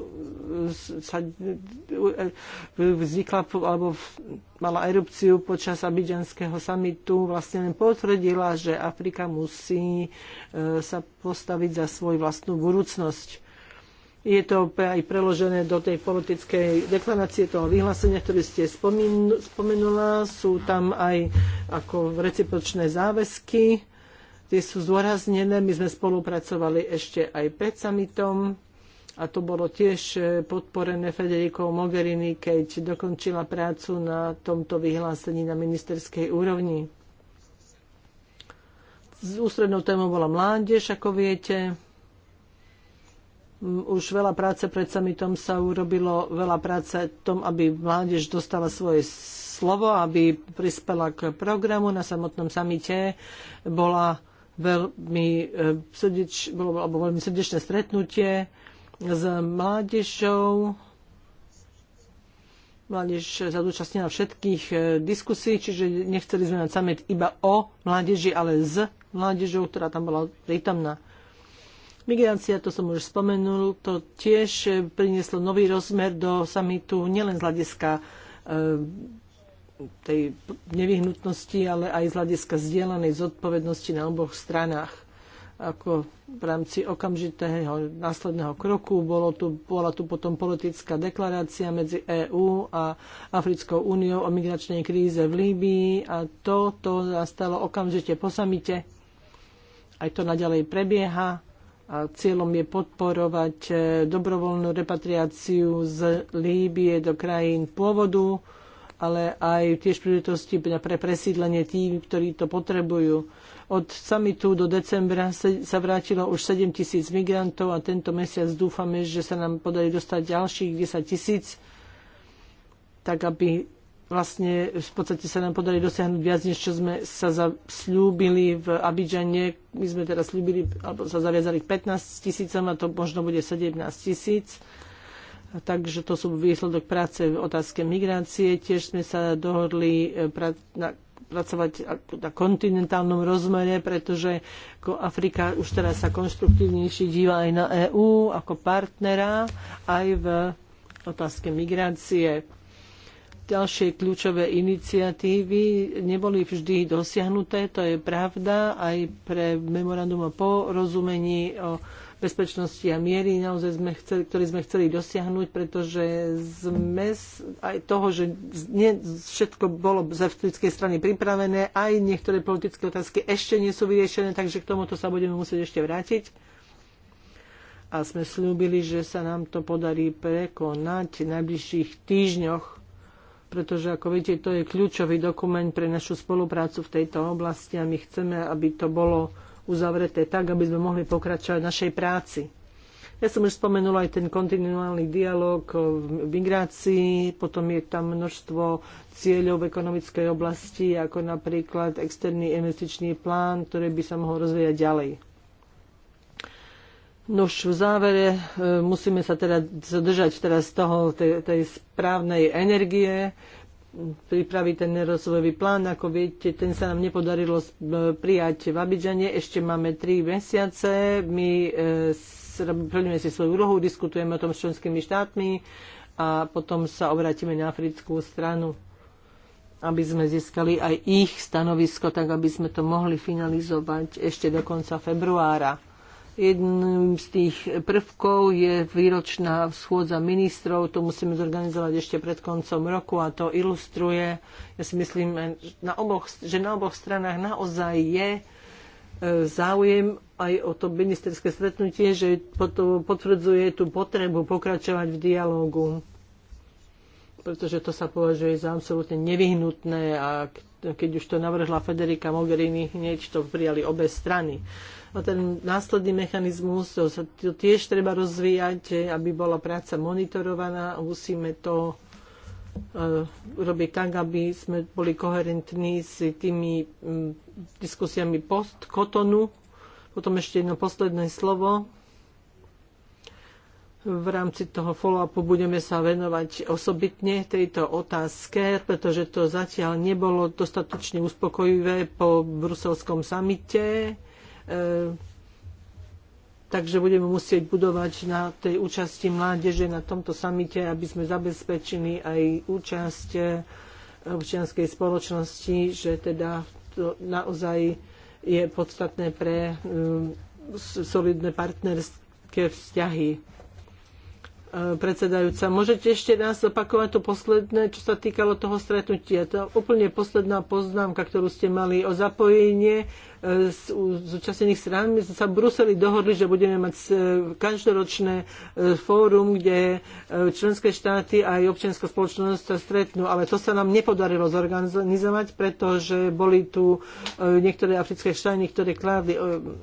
sa e, vznikla alebo mala erupciu počas abidžanského samitu, vlastne len potvrdila, že Afrika musí e, sa postaviť za svoju vlastnú budúcnosť. Je to aj preložené do tej politickej deklarácie toho vyhlásenia, ktoré ste spomenula. Sú tam aj ako recipročné záväzky. Tie sú zdôraznené. My sme spolupracovali ešte aj pred summitom a to bolo tiež e, podporené Federikou Mogherini, keď dokončila prácu na tomto vyhlásení na ministerskej úrovni. Z ústrednou témou bola mládež, ako viete. Mm, už veľa práce pred samitom sa urobilo, veľa práce tom, aby mládež dostala svoje slovo, aby prispela k programu. Na samotnom samite bola veľmi, e, srdeč, bolo, bolo veľmi srdečné stretnutie s mládežou. Mládež sa zúčastnila všetkých e, diskusí, čiže nechceli sme mať samet iba o mládeži, ale s mládežou, ktorá tam bola prítomná. Migrácia, to som už spomenul, to tiež e, prinieslo nový rozmer do samitu nielen z hľadiska e, tej nevyhnutnosti, ale aj z hľadiska zdieľanej zodpovednosti na oboch stranách ako v rámci okamžitého následného kroku. Bolo tu, bola tu potom politická deklarácia medzi EÚ a Africkou úniou o migračnej kríze v Líbii a to, to nastalo okamžite po samite. Aj to naďalej prebieha a cieľom je podporovať e, dobrovoľnú repatriáciu z Líbie do krajín pôvodu ale aj tiež príležitosti pre presídlenie tým, ktorí to potrebujú. Od samitu do decembra sa vrátilo už 7 tisíc migrantov a tento mesiac dúfame, že sa nám podarí dostať ďalších 10 tisíc, tak aby vlastne v podstate sa nám podarí dosiahnuť viac, než čo sme sa slúbili v Abidžane. My sme teraz slúbili, alebo sa zaviazali k 15 tisícom a to možno bude 17 tisíc. 000 takže to sú výsledok práce v otázke migrácie. Tiež sme sa dohodli eh, na pracovať na kontinentálnom rozmere, pretože ako Afrika už teraz sa konštruktívnejšie díva aj na EÚ ako partnera, aj v otázke migrácie. Ďalšie kľúčové iniciatívy neboli vždy dosiahnuté, to je pravda, aj pre memorandum o porozumení o bezpečnosti a miery, naozaj sme chceli, ktorý sme chceli dosiahnuť, pretože sme aj toho, že nie všetko bolo z africkej strany pripravené, aj niektoré politické otázky ešte nie sú vyriešené, takže k tomuto sa budeme musieť ešte vrátiť a sme slúbili, že sa nám to podarí prekonať v najbližších týždňoch, pretože ako viete, to je kľúčový dokument pre našu spoluprácu v tejto oblasti a my chceme, aby to bolo uzavreté tak, aby sme mohli pokračovať v našej práci. Ja som už spomenula aj ten kontinuálny dialog eh, v migrácii, potom je tam množstvo cieľov v ekonomickej oblasti, ako napríklad externý investičný plán, ktorý by sa mohol rozvíjať ďalej. Nož v závere eh, musíme sa teda držať teraz toho, tej, tej správnej energie, pripraviť ten rozvojový plán. Ako viete, ten sa nám nepodarilo prijať v Abidžane. Ešte máme tri mesiace. My e, plníme si svoju úlohu, diskutujeme o tom s členskými štátmi a potom sa obrátime na africkú stranu, aby sme získali aj ich stanovisko, tak aby sme to mohli finalizovať ešte do konca februára. Jedným z tých prvkov je výročná schôdza ministrov, to musíme zorganizovať ešte pred koncom roku a to ilustruje, ja si myslím, na oboch, že na oboch stranách naozaj je e, záujem aj o to ministerské stretnutie, že potvrdzuje tú potrebu pokračovať v dialógu, pretože to sa považuje za absolútne nevyhnutné a keď už to navrhla Federica Mogherini, hneď to prijali obe strany. A ten následný mechanizmus, to sa to tiež treba rozvíjať, aby bola práca monitorovaná. Musíme to eh, robiť tak, aby sme boli koherentní s tými mm, diskusiami post-kotonu. Potom ešte jedno posledné slovo v rámci toho follow-upu budeme sa venovať osobitne tejto otázke, pretože to zatiaľ nebolo dostatočne uspokojivé po bruselskom samite. E, takže budeme musieť budovať na tej účasti mládeže na tomto samite, aby sme zabezpečili aj účasť e, občianskej spoločnosti, že teda to naozaj je podstatné pre um, solidné partnerské vzťahy predsedajúca. Môžete ešte raz opakovať to posledné, čo sa týkalo toho stretnutia. To úplne posledná poznámka, ktorú ste mali o zapojenie e, z zúčastnených strán. My sme sa v Bruseli dohodli, že budeme mať e, každoročné e, fórum, kde členské štáty a aj občianská spoločnosť sa stretnú, ale to sa nám nepodarilo zorganizovať, pretože boli tu niektoré africké štáty, ktoré kládli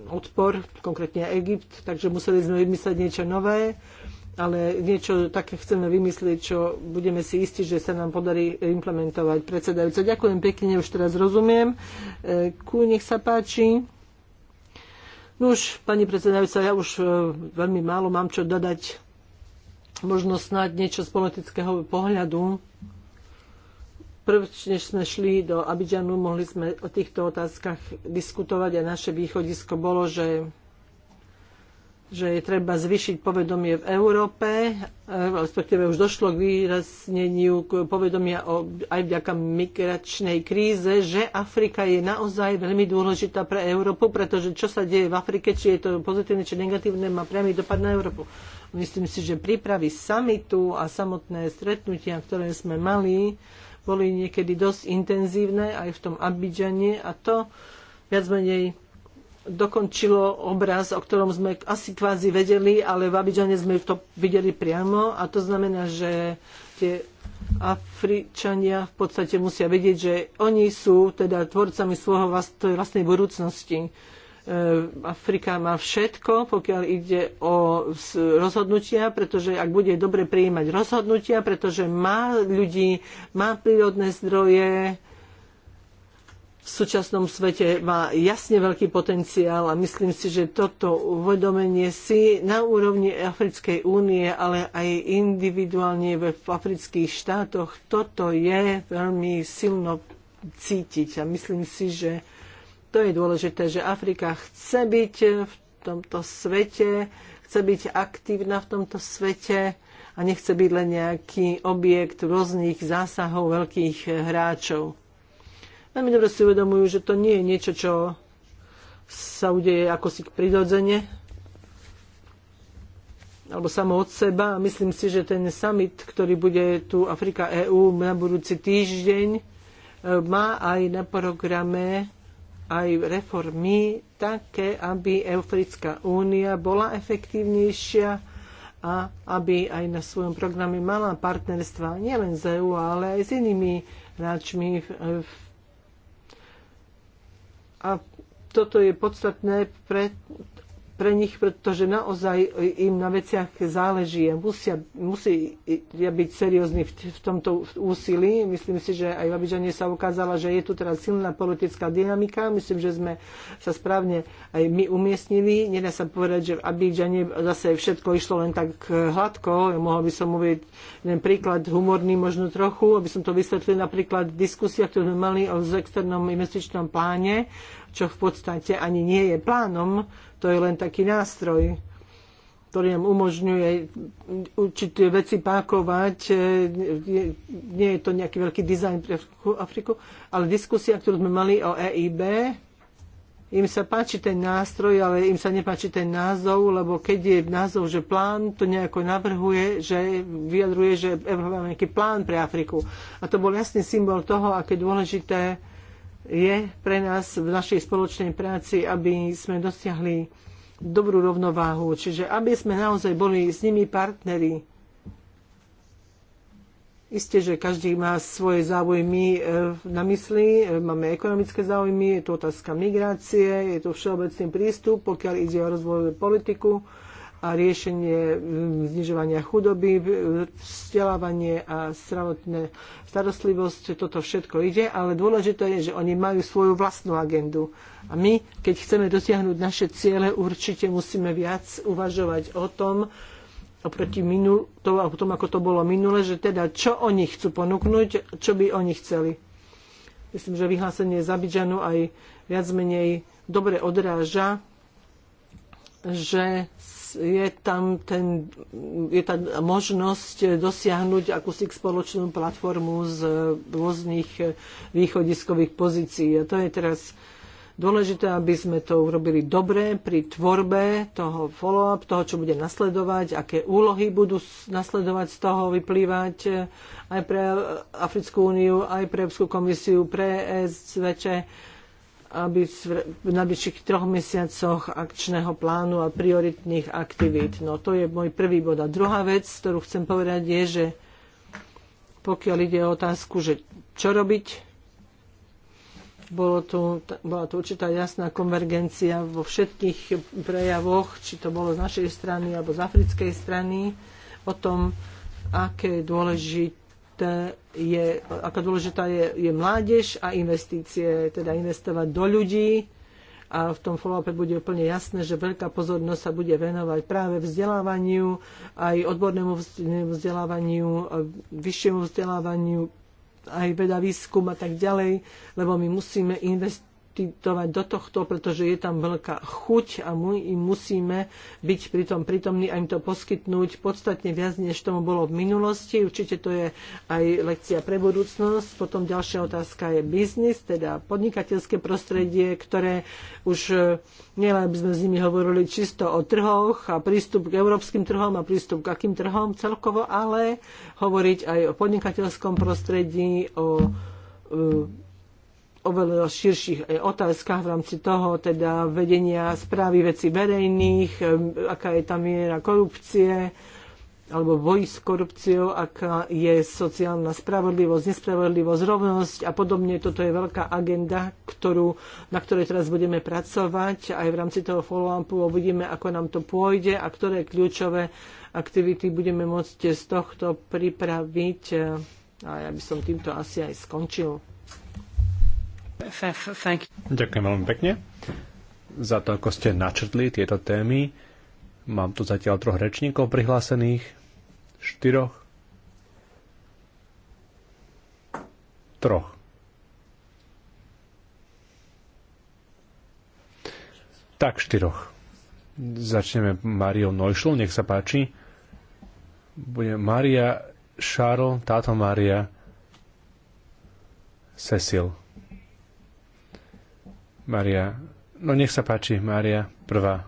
odpor, konkrétne Egypt, takže museli sme vymyslieť niečo nové ale niečo také chceme vymyslieť, čo budeme si istiť, že sa nám podarí implementovať. Predsedajúca, ďakujem pekne, už teraz rozumiem. E, Ku, nech sa páči. No už, pani predsedajúca, ja už e, veľmi málo mám čo dodať. Možno snáď niečo z politického pohľadu. Prv, než sme šli do Abidžanu, mohli sme o týchto otázkach diskutovať a naše východisko bolo, že že je treba zvyšiť povedomie v Európe, e, respektíve už došlo k výrazneniu k povedomia o, aj vďaka migračnej kríze, že Afrika je naozaj veľmi dôležitá pre Európu, pretože čo sa deje v Afrike, či je to pozitívne, či negatívne, má priamy dopad na Európu. Myslím si, že prípravy samitu a samotné stretnutia, ktoré sme mali, boli niekedy dosť intenzívne aj v tom Abidžane a to viac menej dokončilo obraz, o ktorom sme asi kvázi vedeli, ale v Abidžane sme to videli priamo a to znamená, že tie Afričania v podstate musia vedieť, že oni sú teda tvorcami svojho vlastnej budúcnosti. E, Afrika má všetko, pokiaľ ide o rozhodnutia, pretože ak bude dobre prijímať rozhodnutia, pretože má ľudí, má prírodné zdroje, v súčasnom svete má jasne veľký potenciál a myslím si, že toto uvedomenie si na úrovni Africkej únie, ale aj individuálne v afrických štátoch, toto je veľmi silno cítiť a myslím si, že to je dôležité, že Afrika chce byť v tomto svete, chce byť aktívna v tomto svete a nechce byť len nejaký objekt rôznych zásahov veľkých hráčov. Veľmi dobre si uvedomujú, že to nie je niečo, čo sa udeje ako si prirodzene, alebo samo od seba. Myslím si, že ten summit, ktorý bude tu Afrika EU na budúci týždeň, e, má aj na programe aj reformy také, aby Africká únia bola efektívnejšia a aby aj na svojom programe mala partnerstva nielen z EU, ale aj s inými hráčmi v, v a toto je podstatné pre pre nich, pretože naozaj im na veciach záleží a musia, musí byť seriózni v, v tomto úsilí. Myslím si, že aj v Abidžane sa ukázala, že je tu teraz silná politická dynamika. Myslím, že sme sa správne aj my umiestnili. Nedá sa povedať, že v Abidžane zase všetko išlo len tak hladko. Mohol by som uvieť ten príklad humorný možno trochu, aby som to vysvetlil napríklad v diskusiách, ktoré sme mali o externom investičnom pláne, čo v podstate ani nie je plánom, to je len taký nástroj, ktorý nám umožňuje určité veci pákovať. E, nie je to nejaký veľký dizajn pre Afriku, ale diskusia, ktorú sme mali o EIB, im sa páči ten nástroj, ale im sa nepáči ten názov, lebo keď je názov, že plán, to nejako navrhuje, že vyjadruje, že Európa má nejaký plán pre Afriku. A to bol jasný symbol toho, aké dôležité je pre nás v našej spoločnej práci, aby sme dosiahli dobrú rovnováhu, čiže aby sme naozaj boli s nimi partneri. Isté, že každý má svoje záujmy e, na mysli, e, máme ekonomické záujmy, je to otázka migrácie, je tu všeobecný prístup, pokiaľ ide o rozvojovú politiku, a riešenie mm, znižovania chudoby, vzdelávanie a zdravotné starostlivosť, toto všetko ide, ale dôležité je, že oni majú svoju vlastnú agendu. A my, keď chceme dosiahnuť naše ciele, určite musíme viac uvažovať o tom, oproti minul, to, tom, ako to bolo minule, že teda čo oni chcú ponúknuť, čo by oni chceli. Myslím, že vyhlásenie Zabidžanu aj viac menej dobre odráža, že je tam ten, je tá možnosť dosiahnuť akúsi spoločnú platformu z rôznych východiskových pozícií. A to je teraz dôležité, aby sme to urobili dobre pri tvorbe toho follow-up, toho, čo bude nasledovať, aké úlohy budú nasledovať z toho vyplývať eh, aj pre Africkú úniu, aj pre Európsku komisiu, pre SVČ aby v najbližších troch mesiacoch akčného plánu a prioritných aktivít. No to je môj prvý bod. A druhá vec, ktorú chcem povedať, je, že pokiaľ ide o otázku, že čo robiť, bolo tu, bola tu určitá jasná konvergencia vo všetkých prejavoch, či to bolo z našej strany alebo z africkej strany, o tom, aké dôležité dôležité je, aká dôležitá je, je mládež a investície, teda investovať do ľudí, a v tom follow bude úplne jasné, že veľká pozornosť sa bude venovať práve vzdelávaniu, aj odbornému vzdelávaniu, vyššiemu vzdelávaniu, aj veda, výskum a tak ďalej, lebo my musíme invest- investovať do tohto, pretože je tam veľká chuť a my im musíme byť pritom prítomní a im to poskytnúť podstatne viac, než tomu bolo v minulosti. Určite to je aj lekcia pre budúcnosť. Potom ďalšia otázka je biznis, teda podnikateľské prostredie, ktoré už e, nielen by sme s nimi hovorili čisto o trhoch a prístup k európskym trhom a prístup k akým trhom celkovo, ale hovoriť aj o podnikateľskom prostredí, o e, oveľa širších eh, otázkach v rámci toho teda vedenia správy veci verejných, eh, aká je tam miera korupcie, alebo boji s korupciou, aká je sociálna spravodlivosť, nespravodlivosť, rovnosť a podobne. Toto je veľká agenda, ktorú, na ktorej teraz budeme pracovať. Aj v rámci toho follow-upu uvidíme, ako nám to pôjde a ktoré kľúčové aktivity budeme môcť z tohto pripraviť. Eh, a ja by som týmto asi aj skončil. Ďakujem veľmi pekne za to, ako ste načrtli tieto témy. Mám tu zatiaľ troch rečníkov prihlásených, štyroch, troch. Tak štyroch. Začneme Mariou Nojšlou, nech sa páči. Bude Maria, Charles, táto Maria, Cecil. Maria. No nech sa páči, Maria, prvá.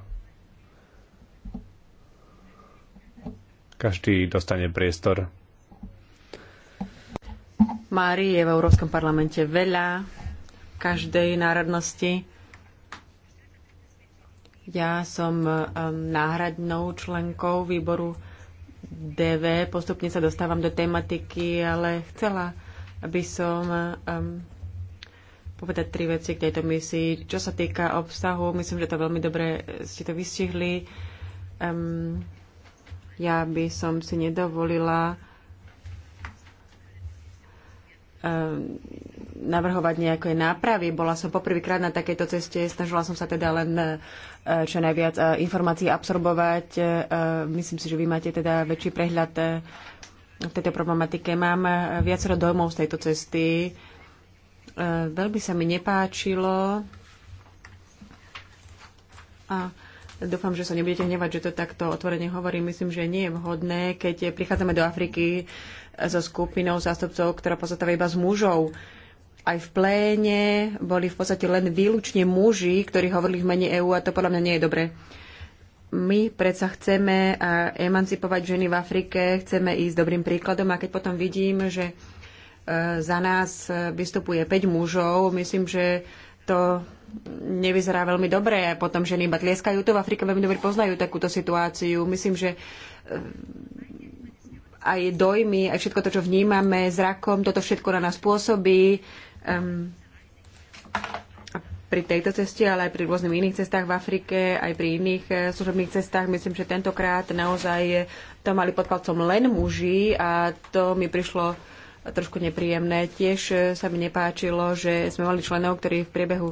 Každý dostane priestor. Mári je v Európskom parlamente veľa, každej národnosti. Ja som um, náhradnou členkou výboru DV. Postupne sa dostávam do tematiky, ale chcela aby som um, povedať tri veci k tejto misii. Čo sa týka obsahu, myslím, že to veľmi dobre ste to vystihli. Um, ja by som si nedovolila um, navrhovať nejaké nápravy. Bola som poprvýkrát na takejto ceste, snažila som sa teda len eh, čo najviac eh, informácií absorbovať. Eh, myslím si, že vy máte teda väčší prehľad v tejto problematike. Mám viacero dojmov z tejto cesty. E, veľmi sa mi nepáčilo a Dúfam, že sa nebudete hnevať, že to takto otvorene hovorím. Myslím, že nie je vhodné, keď prichádzame do Afriky so skupinou zástupcov, ktorá pozostáva iba z mužov. Aj v pléne boli v podstate len výlučne muži, ktorí hovorili v mene EÚ a to podľa mňa nie je dobre. My predsa chceme eh, emancipovať ženy v Afrike, chceme ísť dobrým príkladom a keď potom vidím, že E, za nás e, vystupuje 5 mužov. Myslím, že to nevyzerá veľmi dobre potom ženy iba tlieskajú. To v Afrike veľmi dobre poznajú takúto situáciu. Myslím, že e, aj dojmy, aj všetko to, čo vnímame zrakom, toto všetko na nás pôsobí. Um, pri tejto ceste, ale aj pri rôznych iných cestách v Afrike, aj pri iných služobných cestách. Myslím, že tentokrát naozaj to mali pod palcom len muži a to mi prišlo uh, trošku nepríjemné. Tiež e, sa mi nepáčilo, že sme mali členov, ktorí v priebehu,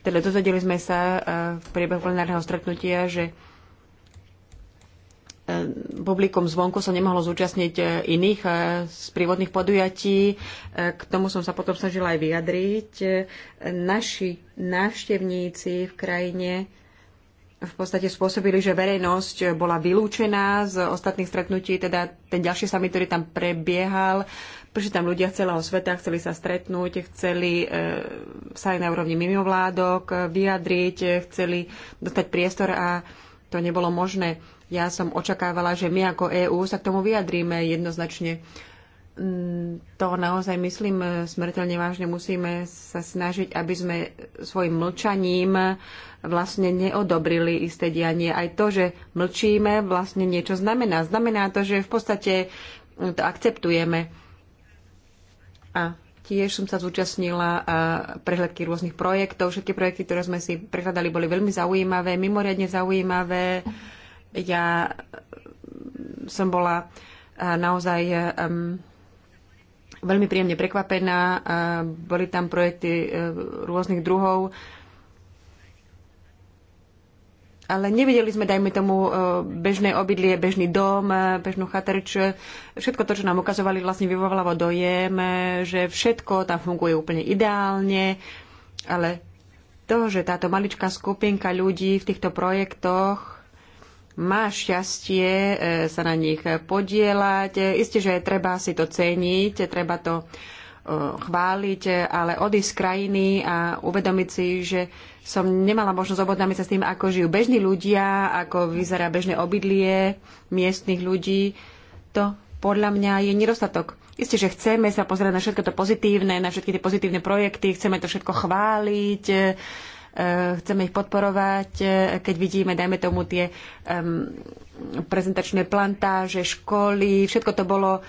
teda dozvedeli sme sa e, v priebehu plenárneho stretnutia, že e, publikom zvonku sa nemohlo zúčastniť iných z prívodných podujatí. K tomu som sa potom snažila aj vyjadriť. Naši návštevníci v krajine v podstate spôsobili, že verejnosť bola vylúčená z ostatných stretnutí, teda ten ďalší summit, ktorý tam prebiehal, Prišli tam ľudia z celého sveta, chceli sa stretnúť, chceli e, sa aj na úrovni mimovládok e, vyjadriť, e, chceli dostať priestor a to nebolo možné. Ja som očakávala, že my ako EÚ sa k tomu vyjadríme jednoznačne. Mm, to naozaj myslím smrteľne vážne. Musíme sa snažiť, aby sme svojim mlčaním vlastne neodobrili isté dianie. Aj to, že mlčíme, vlastne niečo znamená. Znamená to, že v podstate to akceptujeme. A tiež som sa zúčastnila prehľadky rôznych projektov. Všetky projekty, ktoré sme si prehľadali, boli veľmi zaujímavé, mimoriadne zaujímavé. Ja mm, som bola naozaj veľmi príjemne prekvapená. Boli tam projekty e, rôznych druhov ale nevideli sme, dajme tomu, e, bežné obydlie, bežný dom, e, bežnú chatrč. Všetko to, čo nám ukazovali, vlastne vyvolávalo dojem, e, že všetko tam funguje úplne ideálne, ale to, že táto maličká skupinka ľudí v týchto projektoch má šťastie sa na nich podielať. Isté, že treba si to ceniť, treba to chváliť, ale odísť z krajiny a uvedomiť si, že som nemala možnosť obodnámiť sa s tým, ako žijú bežní ľudia, ako vyzerá bežné obydlie miestnych ľudí, to podľa mňa je nedostatok. Isté, že chceme sa pozerať na všetko to pozitívne, na všetky tie pozitívne projekty, chceme to všetko chváliť, e, chceme ich podporovať, e, keď vidíme, dajme tomu, tie um, prezentačné plantáže, školy, všetko to bolo um,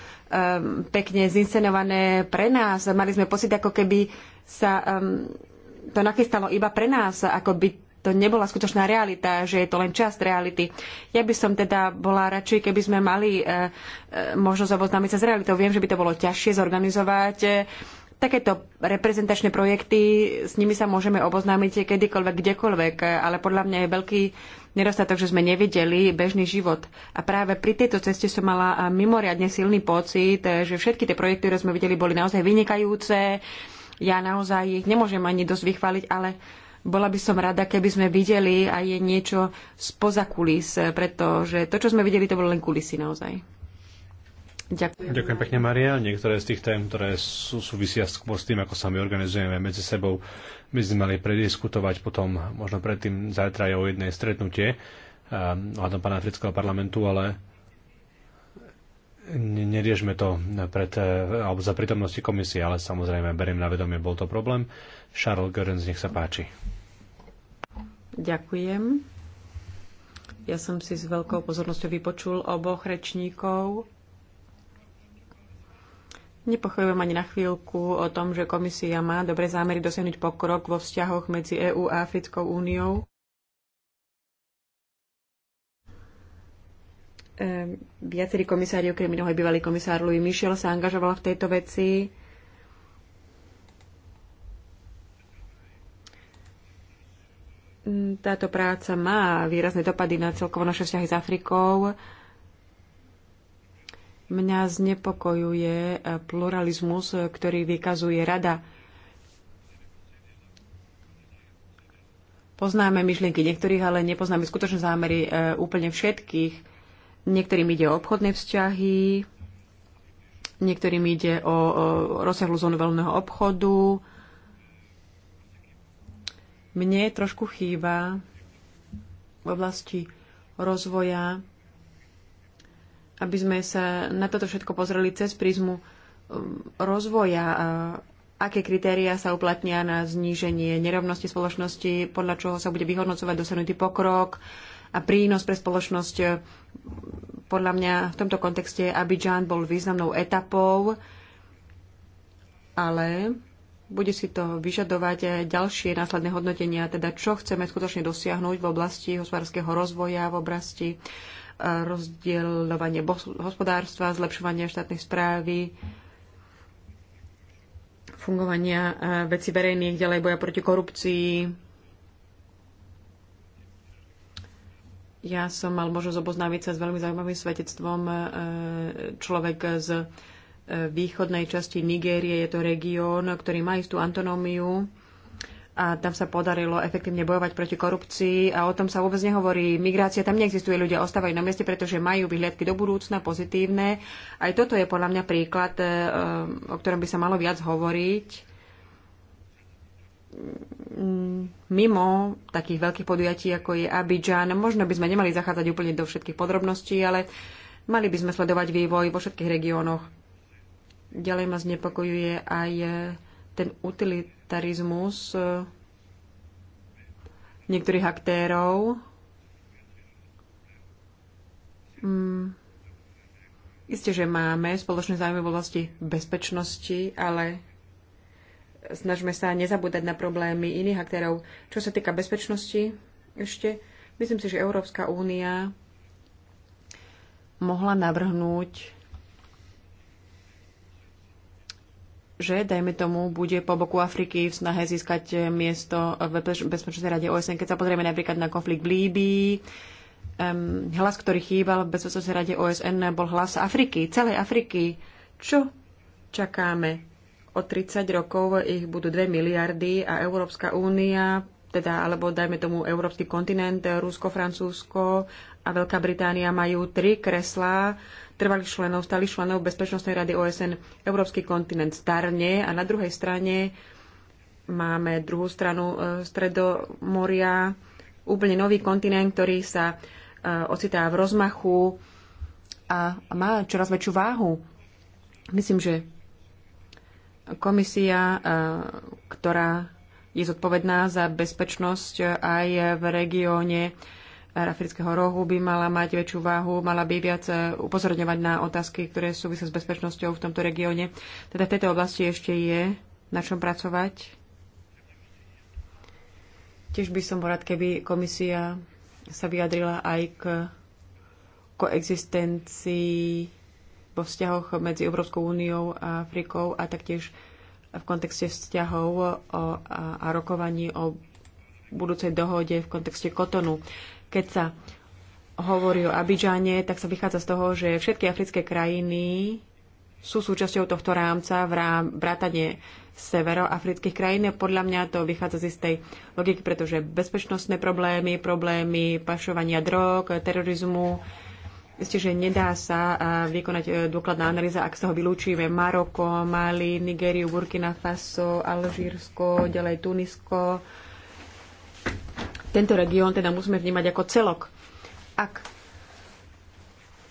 pekne zinscenované pre nás. Mali sme pocit, ako keby sa um, to nachystalo iba pre nás, ako by to nebola skutočná realita, že je to len časť reality. Ja by som teda bola radšej, keby sme mali e, e, možnosť oboznámiť sa s realitou. Viem, že by to bolo ťažšie zorganizovať. E, takéto reprezentačné projekty, s nimi sa môžeme oboznámiť kedykoľvek, kdekoľvek, ale podľa mňa je veľký nedostatok, že sme nevideli bežný život. A práve pri tejto ceste som mala mimoriadne silný pocit, že všetky tie projekty, ktoré sme videli, boli naozaj vynikajúce. Ja naozaj ich nemôžem ani dosť vychváliť, ale bola by som rada, keby sme videli aj niečo spoza kulis, pretože to, čo sme videli, to bolo len kulisy naozaj. Ďakujem. Ďakujem pekne, Maria. Niektoré z tých tém, ktoré sú, súvisia skôr s tým, ako sa my organizujeme medzi sebou, by sme mali prediskutovať potom, možno predtým zajtra je o jednej stretnutie um, ohľadom pána Afrického parlamentu, ale neriešme to pred, eh, alebo za prítomnosti komisie, ale samozrejme beriem na vedomie, bol to problém. Charles Görens, nech sa páči. Ďakujem. Ja som si s veľkou pozornosťou vypočul oboch rečníkov. Nepochybujem ani na chvíľku o tom, že komisia má dobre zámery dosiahnuť pokrok vo vzťahoch medzi EÚ a Africkou úniou. Ehm, viacerí komisári, okrem iného aj bývalý komisár Louis Michel, sa angažoval v tejto veci. Hm, táto práca má výrazné dopady na celkovo naše vzťahy s Afrikou Mňa znepokojuje eh, pluralizmus, eh, ktorý vykazuje rada. Poznáme myšlienky niektorých, ale nepoznáme skutočné zámery eh, úplne všetkých. Niektorým ide o obchodné vzťahy, niektorým ide o, o rozsiahlu zónu veľného obchodu. Mne trošku chýba v oblasti rozvoja aby sme sa na toto všetko pozreli cez prízmu um, rozvoja, aké kritéria sa uplatnia na zníženie nerovnosti spoločnosti, podľa čoho sa bude vyhodnocovať dosadnutý pokrok a prínos pre spoločnosť. Podľa mňa v tomto kontexte Abidžan bol významnou etapou, ale bude si to vyžadovať ďalšie následné hodnotenia, teda čo chceme skutočne dosiahnuť v oblasti hospodárskeho rozvoja, v oblasti rozdielovanie hospodárstva, zlepšovanie štátnej správy, fungovania e, veci verejných, ďalej boja proti korupcii. Ja som mal možnosť oboznámiť sa s veľmi zaujímavým svetectvom e, človek z e, východnej časti Nigérie. Je to región, ktorý má istú antonómiu a tam sa podarilo efektívne bojovať proti korupcii a o tom sa vôbec nehovorí. Migrácia tam neexistuje, ľudia ostávajú na mieste, pretože majú vyhliadky do budúcna pozitívne. Aj toto je podľa mňa príklad, e, o ktorom by sa malo viac hovoriť mm, mimo takých veľkých podujatí, ako je Abidžan. Možno by sme nemali zachádzať úplne do všetkých podrobností, ale mali by sme sledovať vývoj vo všetkých regiónoch. Ďalej ma znepokojuje aj ten utilit autoritarizmus e, niektorých aktérov. Mm. Isté, že máme spoločné záujmy v oblasti bezpečnosti, ale snažme sa nezabúdať na problémy iných aktérov. Čo sa týka bezpečnosti ešte, myslím si, že Európska únia mohla navrhnúť že, dajme tomu, bude po boku Afriky v snahe získať miesto v Bezpečnostnej rade OSN. Keď sa pozrieme napríklad na konflikt v Líbii, um, hlas, ktorý chýbal v Bezpečnostnej rade OSN, bol hlas Afriky, celej Afriky. Čo čakáme? O 30 rokov ich budú 2 miliardy a Európska únia, teda, alebo dajme tomu Európsky kontinent, Rusko, Francúzsko a Veľká Británia majú tri kreslá trvalých členov, stálych členov Bezpečnostnej rady OSN. Európsky kontinent starne a na druhej strane máme druhú stranu e, Stredomoria, úplne nový kontinent, ktorý sa e, ocitá v rozmachu a má čoraz väčšiu váhu. Myslím, že komisia, e, ktorá je zodpovedná za bezpečnosť aj v regióne Afrického rohu by mala mať väčšiu váhu, mala by viac eh, upozorňovať na otázky, ktoré súvisia s bezpečnosťou v tomto regióne. Teda v tejto oblasti ešte je na čom pracovať. Tiež by som bol rád, keby komisia sa vyjadrila aj k koexistencii vo vzťahoch medzi Európskou úniou a Afrikou a taktiež v kontexte vzťahov o, eh, a, a rokovaní o budúcej dohode v kontexte Kotonu. Keď sa hovorí o Abidžane, tak sa vychádza z toho, že všetky africké krajiny sú súčasťou tohto rámca vrátane severoafrických krajín. Podľa mňa to vychádza z istej logiky, pretože bezpečnostné problémy, problémy pašovania drog, terorizmu, Isté, že nedá sa vykonať e, dôkladná analýza, ak sa ho vylúčime. Maroko, Mali, Nigériu, Burkina Faso, Alžírsko, ďalej Tunisko, tento región teda musíme vnímať ako celok. Ak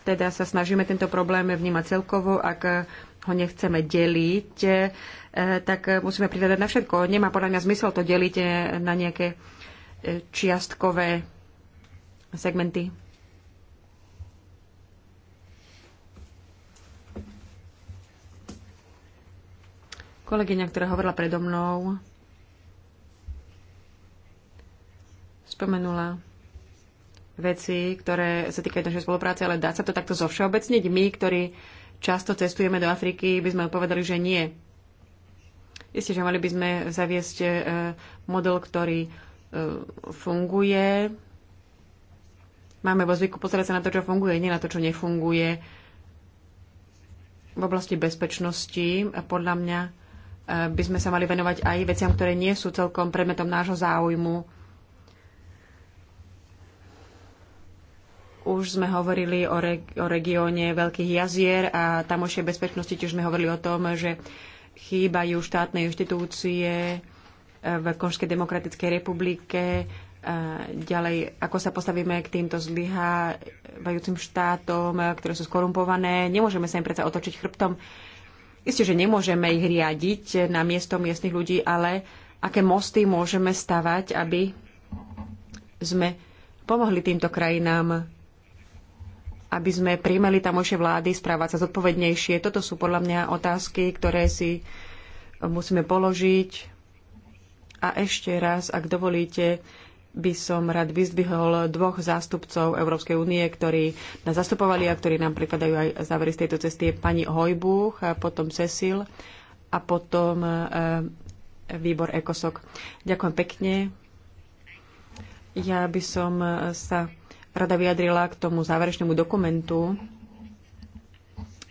teda sa snažíme tento problém vnímať celkovo, ak ho nechceme deliť, eh, tak musíme pridať na všetko. Nemá podľa mňa zmysel to deliť eh, na nejaké eh, čiastkové segmenty. Kolegyňa, ktorá hovorila predo mnou, spomenula veci, ktoré sa týkajú našej spolupráce, ale dá sa to takto všeobecniť? My, ktorí často cestujeme do Afriky, by sme povedali, že nie. Isté, že mali by sme zaviesť e, model, ktorý e, funguje. Máme vo zvyku pozerať sa na to, čo funguje, nie na to, čo nefunguje. V oblasti bezpečnosti e, podľa mňa by sme sa mali venovať aj veciam, ktoré nie sú celkom predmetom nášho záujmu Už sme hovorili o, re- o regióne Veľkých jazier a tamošej bezpečnosti, tiež sme hovorili o tom, že chýbajú štátne inštitúcie e, v Konžskej demokratickej republike. A e, ďalej, ako sa postavíme k týmto zlyhávajúcim štátom, e, ktoré sú skorumpované. Nemôžeme sa im predsa otočiť chrbtom. Isté, že nemôžeme ich riadiť na miesto miestnych ľudí, ale aké mosty môžeme stavať, aby sme pomohli týmto krajinám aby sme tam tamošie vlády správať sa zodpovednejšie. Toto sú podľa mňa otázky, ktoré si musíme položiť. A ešte raz, ak dovolíte, by som rád vyzdvihol dvoch zástupcov Európskej únie, ktorí nás zastupovali a ktorí nám prikladajú aj závery z tejto cesty. Pani Hojbuch, a potom Cecil a potom e, výbor ECOSOC. Ďakujem pekne. Ja by som sa rada vyjadrila k tomu záverečnému dokumentu.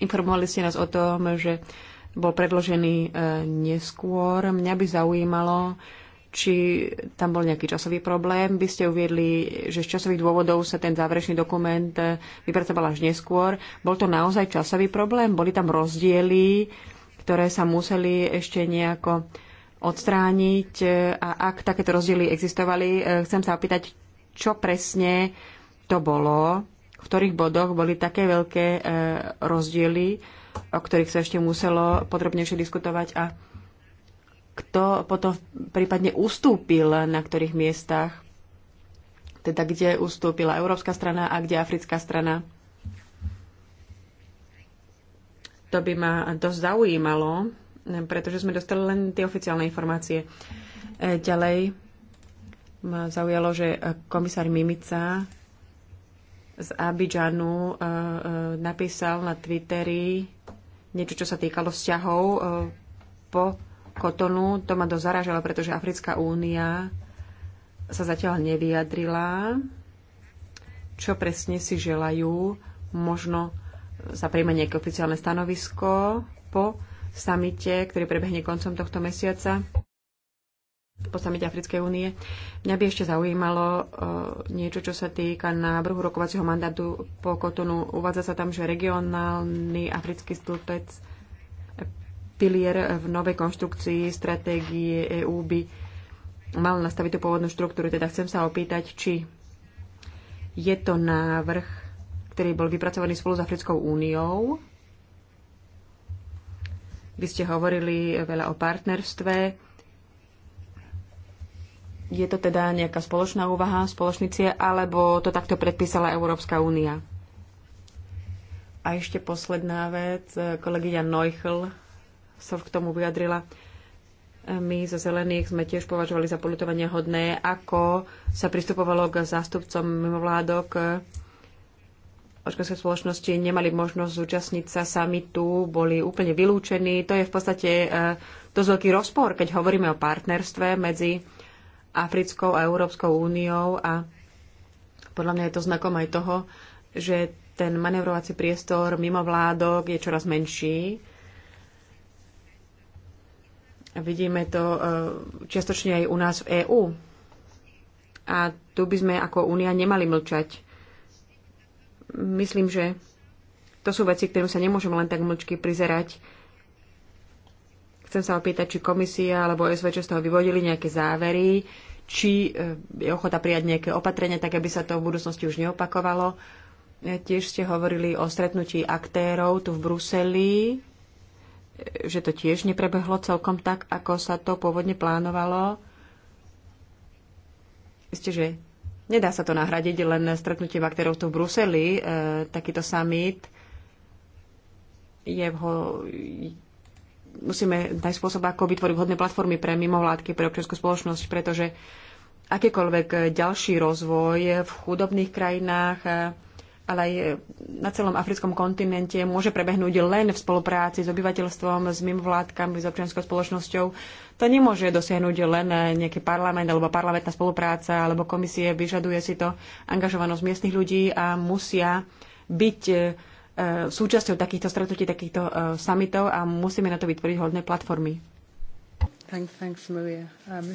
Informovali ste nás o tom, že bol predložený e, neskôr. Mňa by zaujímalo, či tam bol nejaký časový problém. By ste uviedli, že z časových dôvodov sa ten záverečný dokument e, vypracoval až neskôr. Bol to naozaj časový problém? Boli tam rozdiely, ktoré sa museli ešte nejako odstrániť? E, a ak takéto rozdiely existovali, chcem sa opýtať, čo presne to bolo, v ktorých bodoch boli také veľké e, rozdiely, o ktorých sa ešte muselo podrobnejšie diskutovať a kto potom prípadne ustúpil na ktorých miestach, teda kde ustúpila európska strana a kde africká strana. To by ma dosť zaujímalo, pretože sme dostali len tie oficiálne informácie. E, ďalej ma zaujalo, že komisár Mimica z Abidžanu e, e, napísal na Twitteri niečo, čo sa týkalo vzťahov e, po Kotonu. To ma dosť zaražalo, pretože Africká únia sa zatiaľ nevyjadrila, čo presne si želajú. Možno sa príjme nejaké oficiálne stanovisko po samite, ktorý prebehne koncom tohto mesiaca po samite Africkej únie. Mňa by ešte zaujímalo e, niečo, čo sa týka návrhu rokovacieho mandátu po Kotonu. Uvádza sa tam, že regionálny africký stĺpec e, pilier v novej konštrukcii stratégie EÚ by mal nastaviť tú pôvodnú štruktúru. Teda chcem sa opýtať, či je to návrh, ktorý bol vypracovaný spolu s Africkou úniou. Vy ste hovorili veľa o partnerstve je to teda nejaká spoločná úvaha, spoločný cieľ, alebo to takto predpísala Európska únia? A ešte posledná vec. Kolegyňa Neuchl sa k tomu vyjadrila. My zo Zelených sme tiež považovali za polutovanie hodné, ako sa pristupovalo k zástupcom mimovládok očkovské spoločnosti nemali možnosť zúčastniť sa sami tu, boli úplne vylúčení. To je v podstate eh, dosť veľký rozpor, keď hovoríme o partnerstve medzi Africkou a Európskou úniou a podľa mňa je to znakom aj toho, že ten manevrovací priestor mimo vládok je čoraz menší. Vidíme to e, čiastočne aj u nás v EÚ. A tu by sme ako únia nemali mlčať. Myslím, že to sú veci, ktorým sa nemôžeme len tak mlčky prizerať Chcem sa opýtať, či komisia alebo SVČ z toho vyvodili nejaké závery, či e, je ochota prijať nejaké opatrenia, tak aby sa to v budúcnosti už neopakovalo. E, tiež ste hovorili o stretnutí aktérov tu v Bruseli, e, že to tiež neprebehlo celkom tak, ako sa to pôvodne plánovalo. Isté, že nedá sa to nahradiť len stretnutím aktérov tu v Bruseli. E, takýto summit je, vho, musíme nájsť spôsob, ako vytvoriť vhodné platformy pre mimovládky, pre občianskú spoločnosť, pretože akýkoľvek ďalší rozvoj v chudobných krajinách, ale aj na celom africkom kontinente môže prebehnúť len v spolupráci s obyvateľstvom, s mimovládkami, s občianskou spoločnosťou. To nemôže dosiahnuť len nejaký parlament alebo parlamentná spolupráca alebo komisie. Vyžaduje si to angažovanosť miestnych ľudí a musia byť E, súčasťou takýchto stretnutí, takýchto e, summitov a musíme na to vytvoriť hodné platformy. thanks, Maria. Um...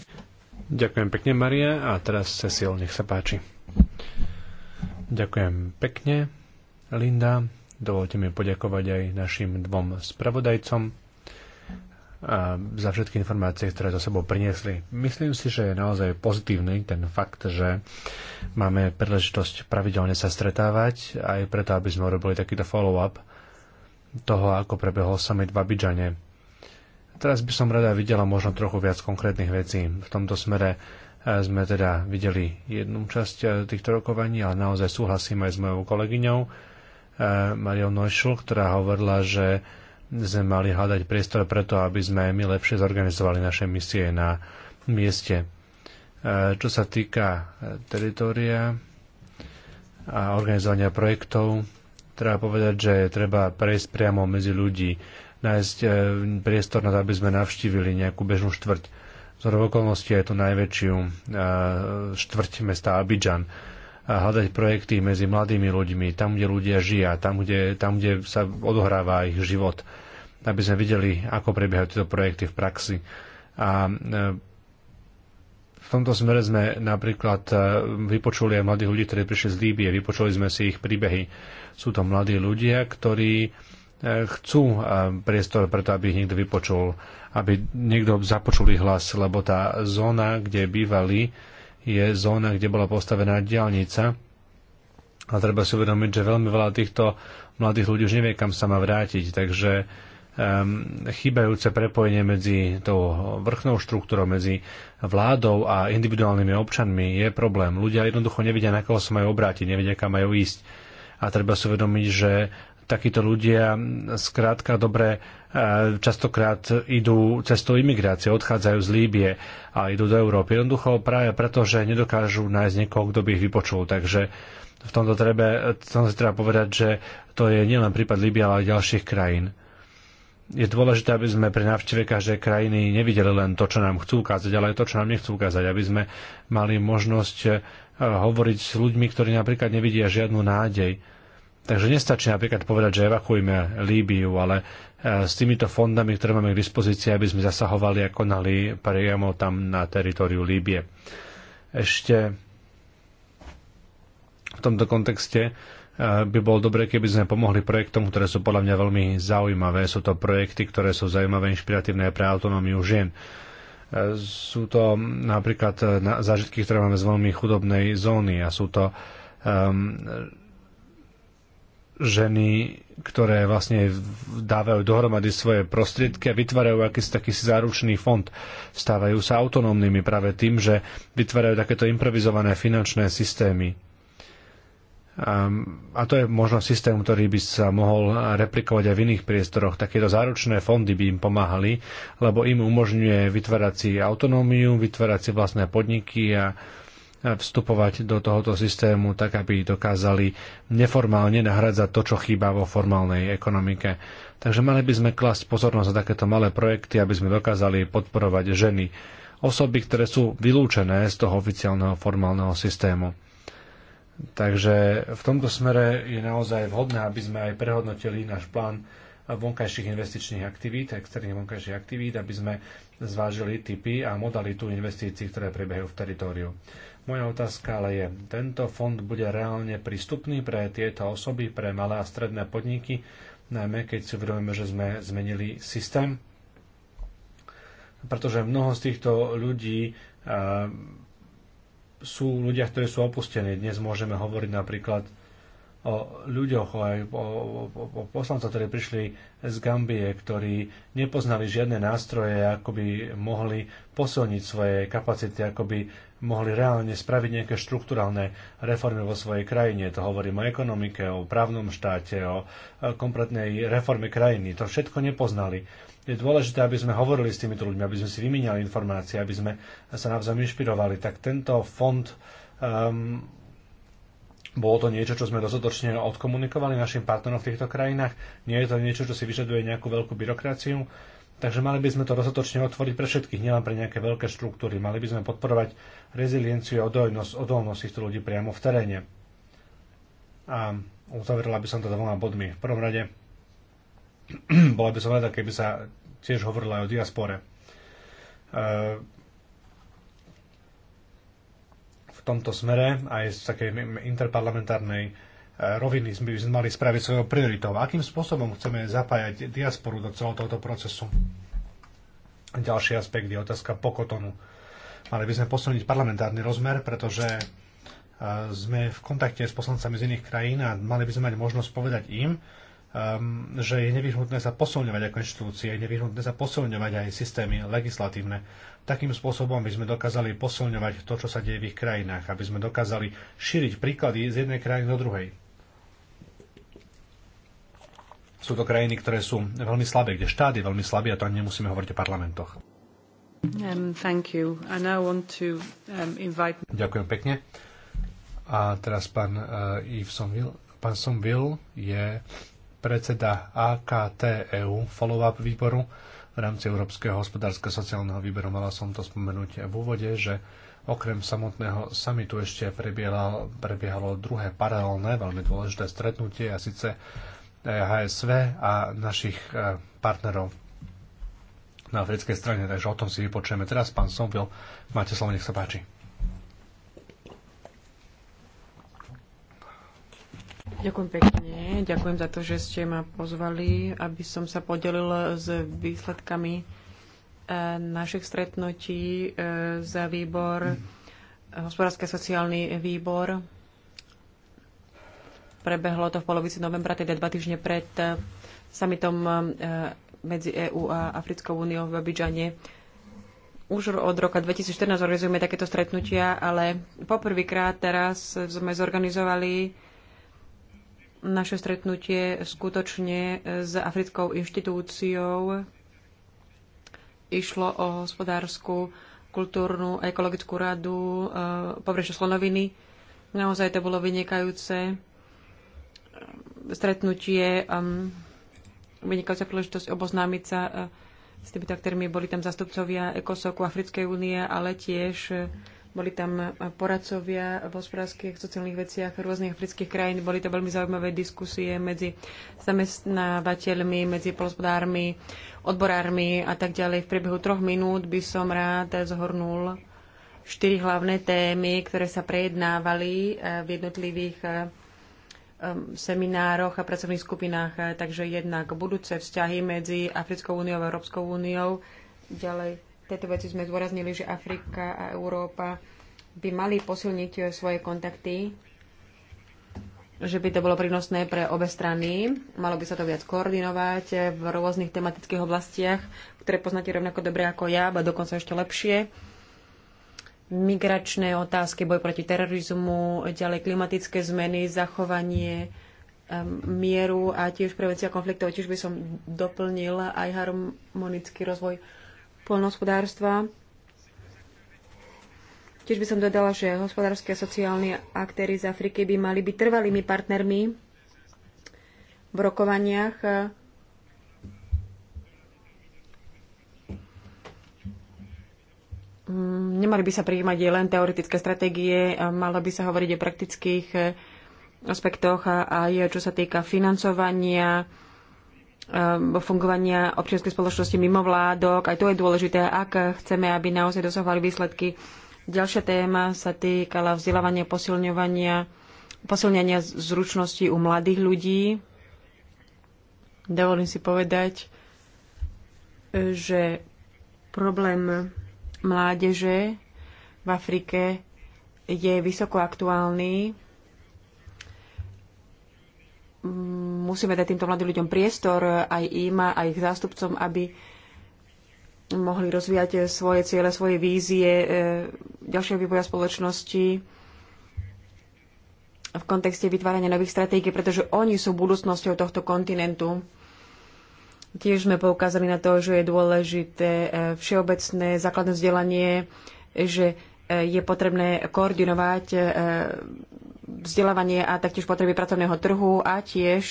Ďakujem pekne, Maria. A teraz Cecil, nech sa páči. Ďakujem pekne, Linda. Dovolte mi poďakovať aj našim dvom spravodajcom za všetky informácie, ktoré za sebou priniesli. Myslím si, že je naozaj pozitívny ten fakt, že máme príležitosť pravidelne sa stretávať aj preto, aby sme urobili takýto follow-up toho, ako prebehol summit v Abidžane. Teraz by som rada videla možno trochu viac konkrétnych vecí. V tomto smere e, sme teda videli jednu časť e, týchto rokovaní, ale naozaj súhlasím aj s mojou kolegyňou e, Mariou Neuschl, ktorá hovorila, že sme mali hľadať priestor preto, aby sme my lepšie zorganizovali naše misie na mieste. E, čo sa týka e, teritoria a organizovania projektov, treba povedať, že treba prejsť priamo medzi ľudí, nájsť e, priestor na to, aby sme navštívili nejakú bežnú štvrť. Z okolností je to najväčšiu štvrť mesta Abidžan a hľadať projekty medzi mladými ľuďmi, tam, kde ľudia žijú, tam, kde, tam, kde sa odohráva ich život, aby sme videli, ako prebiehajú tieto projekty v praxi. A e, v tomto smere sme napríklad e, vypočuli aj mladých ľudí, ktorí prišli z Líbie, vypočuli sme si ich príbehy. Sú to mladí ľudia, ktorí e, chcú priestor preto, aby ich niekto vypočul, aby niekto započul ich hlas, lebo tá zóna, kde bývali, je zóna, kde bola postavená diálnica. A treba si uvedomiť, že veľmi veľa týchto mladých ľudí už nevie, kam sa má vrátiť. Takže um, chýbajúce prepojenie medzi tou vrchnou štruktúrou, medzi vládou a individuálnymi občanmi je problém. Ľudia jednoducho nevedia, na koho sa majú obrátiť, nevedia, kam majú ísť. A treba si uvedomiť, že takíto ľudia skrátka dobre e, častokrát idú cestou imigrácie, odchádzajú z Líbie a idú do Európy. Jednoducho práve preto, že nedokážu nájsť niekoho, kto by ich vypočul. Takže v tomto treba, som si treba povedať, že to je nielen prípad Líbia, ale aj ďalších krajín je dôležité, aby sme pri návšteve každej krajiny nevideli len to, čo nám chcú ukázať, ale aj to, čo nám nechcú ukázať, aby sme mali možnosť e, hovoriť s ľuďmi, ktorí napríklad nevidia žiadnu nádej Takže nestačí napríklad povedať, že evakuujeme Líbiu, ale e, s týmito fondami, ktoré máme k dispozícii, aby sme zasahovali a konali priamo tam na teritoriu Líbie. Ešte v tomto kontexte e, by bolo dobre, keby sme pomohli projektom, ktoré sú podľa mňa veľmi zaujímavé. Sú to projekty, ktoré sú zaujímavé, inšpiratívne pre autonómiu žien. E, sú to napríklad zážitky, ktoré máme z veľmi chudobnej zóny a sú to um, ženy, ktoré vlastne dávajú dohromady svoje prostriedky a vytvárajú akýsi taký záručný fond. Stávajú sa autonómnymi práve tým, že vytvárajú takéto improvizované finančné systémy. Ehm, a to je možno systém, ktorý by sa mohol replikovať aj v iných priestoroch. Takéto záručné fondy by im pomáhali, lebo im umožňuje vytvárať si autonómiu, vytvárať si vlastné podniky a vstupovať do tohoto systému tak, aby dokázali neformálne nahradzať to, čo chýba vo formálnej ekonomike. Takže mali by sme klasť pozornosť na takéto malé projekty, aby sme dokázali podporovať ženy, osoby, ktoré sú vylúčené z toho oficiálneho formálneho systému. Takže v tomto smere je naozaj vhodné, aby sme aj prehodnotili náš plán vonkajších investičných aktivít, externých vonkajších aktivít, aby sme zvážili typy a modalitu investícií, ktoré prebiehajú v teritóriu. Moja otázka ale je, tento fond bude reálne prístupný pre tieto osoby, pre malé a stredné podniky, najmä keď si uvedomíme, že sme zmenili systém, pretože mnoho z týchto ľudí eh, sú ľudia, ktorí sú opustení. Dnes môžeme hovoriť napríklad o ľuďoch, aj o, o, o poslancov, ktorí prišli z Gambie, ktorí nepoznali žiadne nástroje, ako by mohli posilniť svoje kapacity, ako by mohli reálne spraviť nejaké štruktúralne reformy vo svojej krajine. To hovorím o ekonomike, o právnom štáte, o kompletnej reforme krajiny. To všetko nepoznali. Je dôležité, aby sme hovorili s týmito ľuďmi, aby sme si vymieniali informácie, aby sme sa navzájom inšpirovali. Tak tento fond um, bolo to niečo, čo sme dostatočne odkomunikovali našim partnerom v týchto krajinách. Nie je to niečo, čo si vyžaduje nejakú veľkú byrokraciu. Takže mali by sme to dostatočne otvoriť pre všetkých, nielen pre nejaké veľké štruktúry. Mali by sme podporovať rezilienciu a odolnosť, odolnosť týchto ľudí priamo v teréne. A uzavrela by som to dvoma bodmi. V prvom rade bola by som rada, keby sa tiež hovorila aj o diaspore. E, tomto smere, aj z takej interparlamentárnej e, roviny by sme mali spraviť svojou prioritou. Akým spôsobom chceme zapájať diasporu do celého tohoto procesu? Ďalší aspekt je otázka pokotonu. Mali by sme posilniť parlamentárny rozmer, pretože e, sme v kontakte s poslancami z iných krajín a mali by sme mať možnosť povedať im, um, že je nevyhnutné sa posilňovať ako inštitúcie, je nevyhnutné sa posilňovať aj systémy legislatívne. Takým spôsobom by sme dokázali posilňovať to, čo sa deje v ich krajinách, aby sme dokázali šíriť príklady z jednej krajiny do druhej. Sú to krajiny, ktoré sú veľmi slabé, kde štát je veľmi slabý a to ani nemusíme hovoriť o parlamentoch. Um, thank you. I now want to, um, invite... Ďakujem pekne. A teraz pán uh, Yves Somville. Pán Somville je predseda AKT EU follow-up výboru v rámci Európskeho hospodárskeho sociálneho výberu. Mala som to spomenúť v úvode, že okrem samotného samitu ešte prebiehalo, prebiehalo druhé paralelné, veľmi dôležité stretnutie a síce e, HSV a našich e, partnerov na africkej strane. Takže o tom si vypočujeme teraz. Pán Somvil, máte slovo, nech sa páči. Ďakujem pekne. Ďakujem za to, že ste ma pozvali, aby som sa podelil s výsledkami e, našich stretnutí e, za výbor, hospodársky a sociálny výbor. Prebehlo to v polovici novembra, teda dva týždne pred e, samitom medzi EÚ a Africkou úniou v Abidžane. Už od roka 2014 organizujeme takéto stretnutia, ale poprvýkrát teraz sme zorganizovali naše stretnutie skutočne s Africkou inštitúciou išlo o hospodárskú, kultúrnu a ekologickú radu eh, pobrežia Slonoviny. Naozaj to bolo vynikajúce stretnutie, vynikajúca príležitosť oboznámiť sa eh, s tými, aktérmi. Boli tam zastupcovia Ekosoku, Africkej únie, ale tiež eh, boli tam e, poradcovia v hospodárskych sociálnych veciach rôznych afrických krajín. Boli to veľmi zaujímavé diskusie medzi zamestnávateľmi, medzi polospodármi, odborármi a tak ďalej. V priebehu troch minút by som rád zhrnul štyri hlavné témy, ktoré sa prejednávali e, v jednotlivých e, seminároch a pracovných skupinách. Takže jednak budúce vzťahy medzi Africkou úniou a Európskou úniou, ďalej tejto veci sme zdôraznili, že Afrika a Európa by mali posilniť e, svoje kontakty, že by to bolo prínosné pre obe strany. Malo by sa to viac koordinovať e, v rôznych tematických oblastiach, ktoré poznáte rovnako dobre ako ja, a dokonca ešte lepšie. Migračné otázky, boj proti terorizmu, ďalej klimatické zmeny, zachovanie e, mieru a tiež prevencia konfliktov. Tiež by som doplnil aj harmonický rozvoj poľnohospodárstva. Tiež by som dodala, že hospodárske a sociálne aktéry z Afriky by mali byť trvalými partnermi v rokovaniach Nemali by sa prijímať len teoretické stratégie, malo by sa hovoriť o praktických aspektoch a aj čo sa týka financovania, Eh, fungovania občianskej spoločnosti mimo vládok. Aj to je dôležité, ak chceme, aby naozaj dosahovali výsledky. Ďalšia téma sa týkala vzdelávania, posilňovania, posilňania zručností u mladých ľudí. Dovolím si povedať, že problém mládeže v Afrike je vysoko aktuálny musíme dať týmto mladým ľuďom priestor, aj im a ich zástupcom, aby mohli rozvíjať svoje ciele, svoje vízie e, ďalšieho vývoja spoločnosti v kontexte vytvárania nových stratégií, pretože oni sú budúcnosťou tohto kontinentu. Tiež sme poukázali na to, že je dôležité e, všeobecné základné vzdelanie, že e, je potrebné koordinovať vzdelávanie a taktiež potreby pracovného trhu a tiež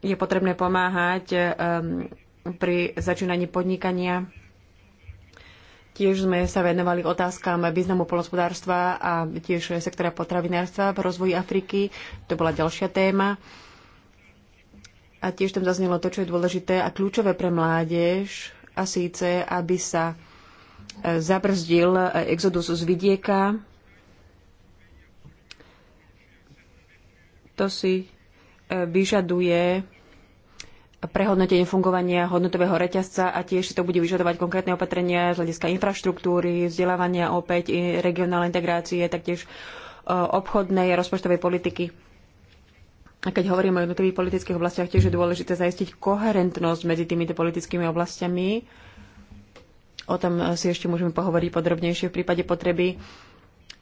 je potrebné pomáhať um, pri začínaní podnikania. Tiež sme sa venovali otázkam významu polospodárstva a tiež sektora potravinárstva v rozvoji Afriky. To bola ďalšia téma. A tiež tam zaznelo to, čo je dôležité a kľúčové pre mládež, a síce, aby sa e, zabrzdil e, exodus z vidieka To si e, vyžaduje prehodnotenie fungovania hodnotového reťazca a tiež si to bude vyžadovať konkrétne opatrenia z hľadiska infraštruktúry, vzdelávania opäť, regionálnej integrácie, taktiež e, obchodnej a rozpočtovej politiky. A keď hovoríme o jednotlivých politických oblastiach, tiež je dôležité zaistiť koherentnosť medzi týmito politickými oblastiami. O tom e, si ešte môžeme pohovoriť podrobnejšie v prípade potreby.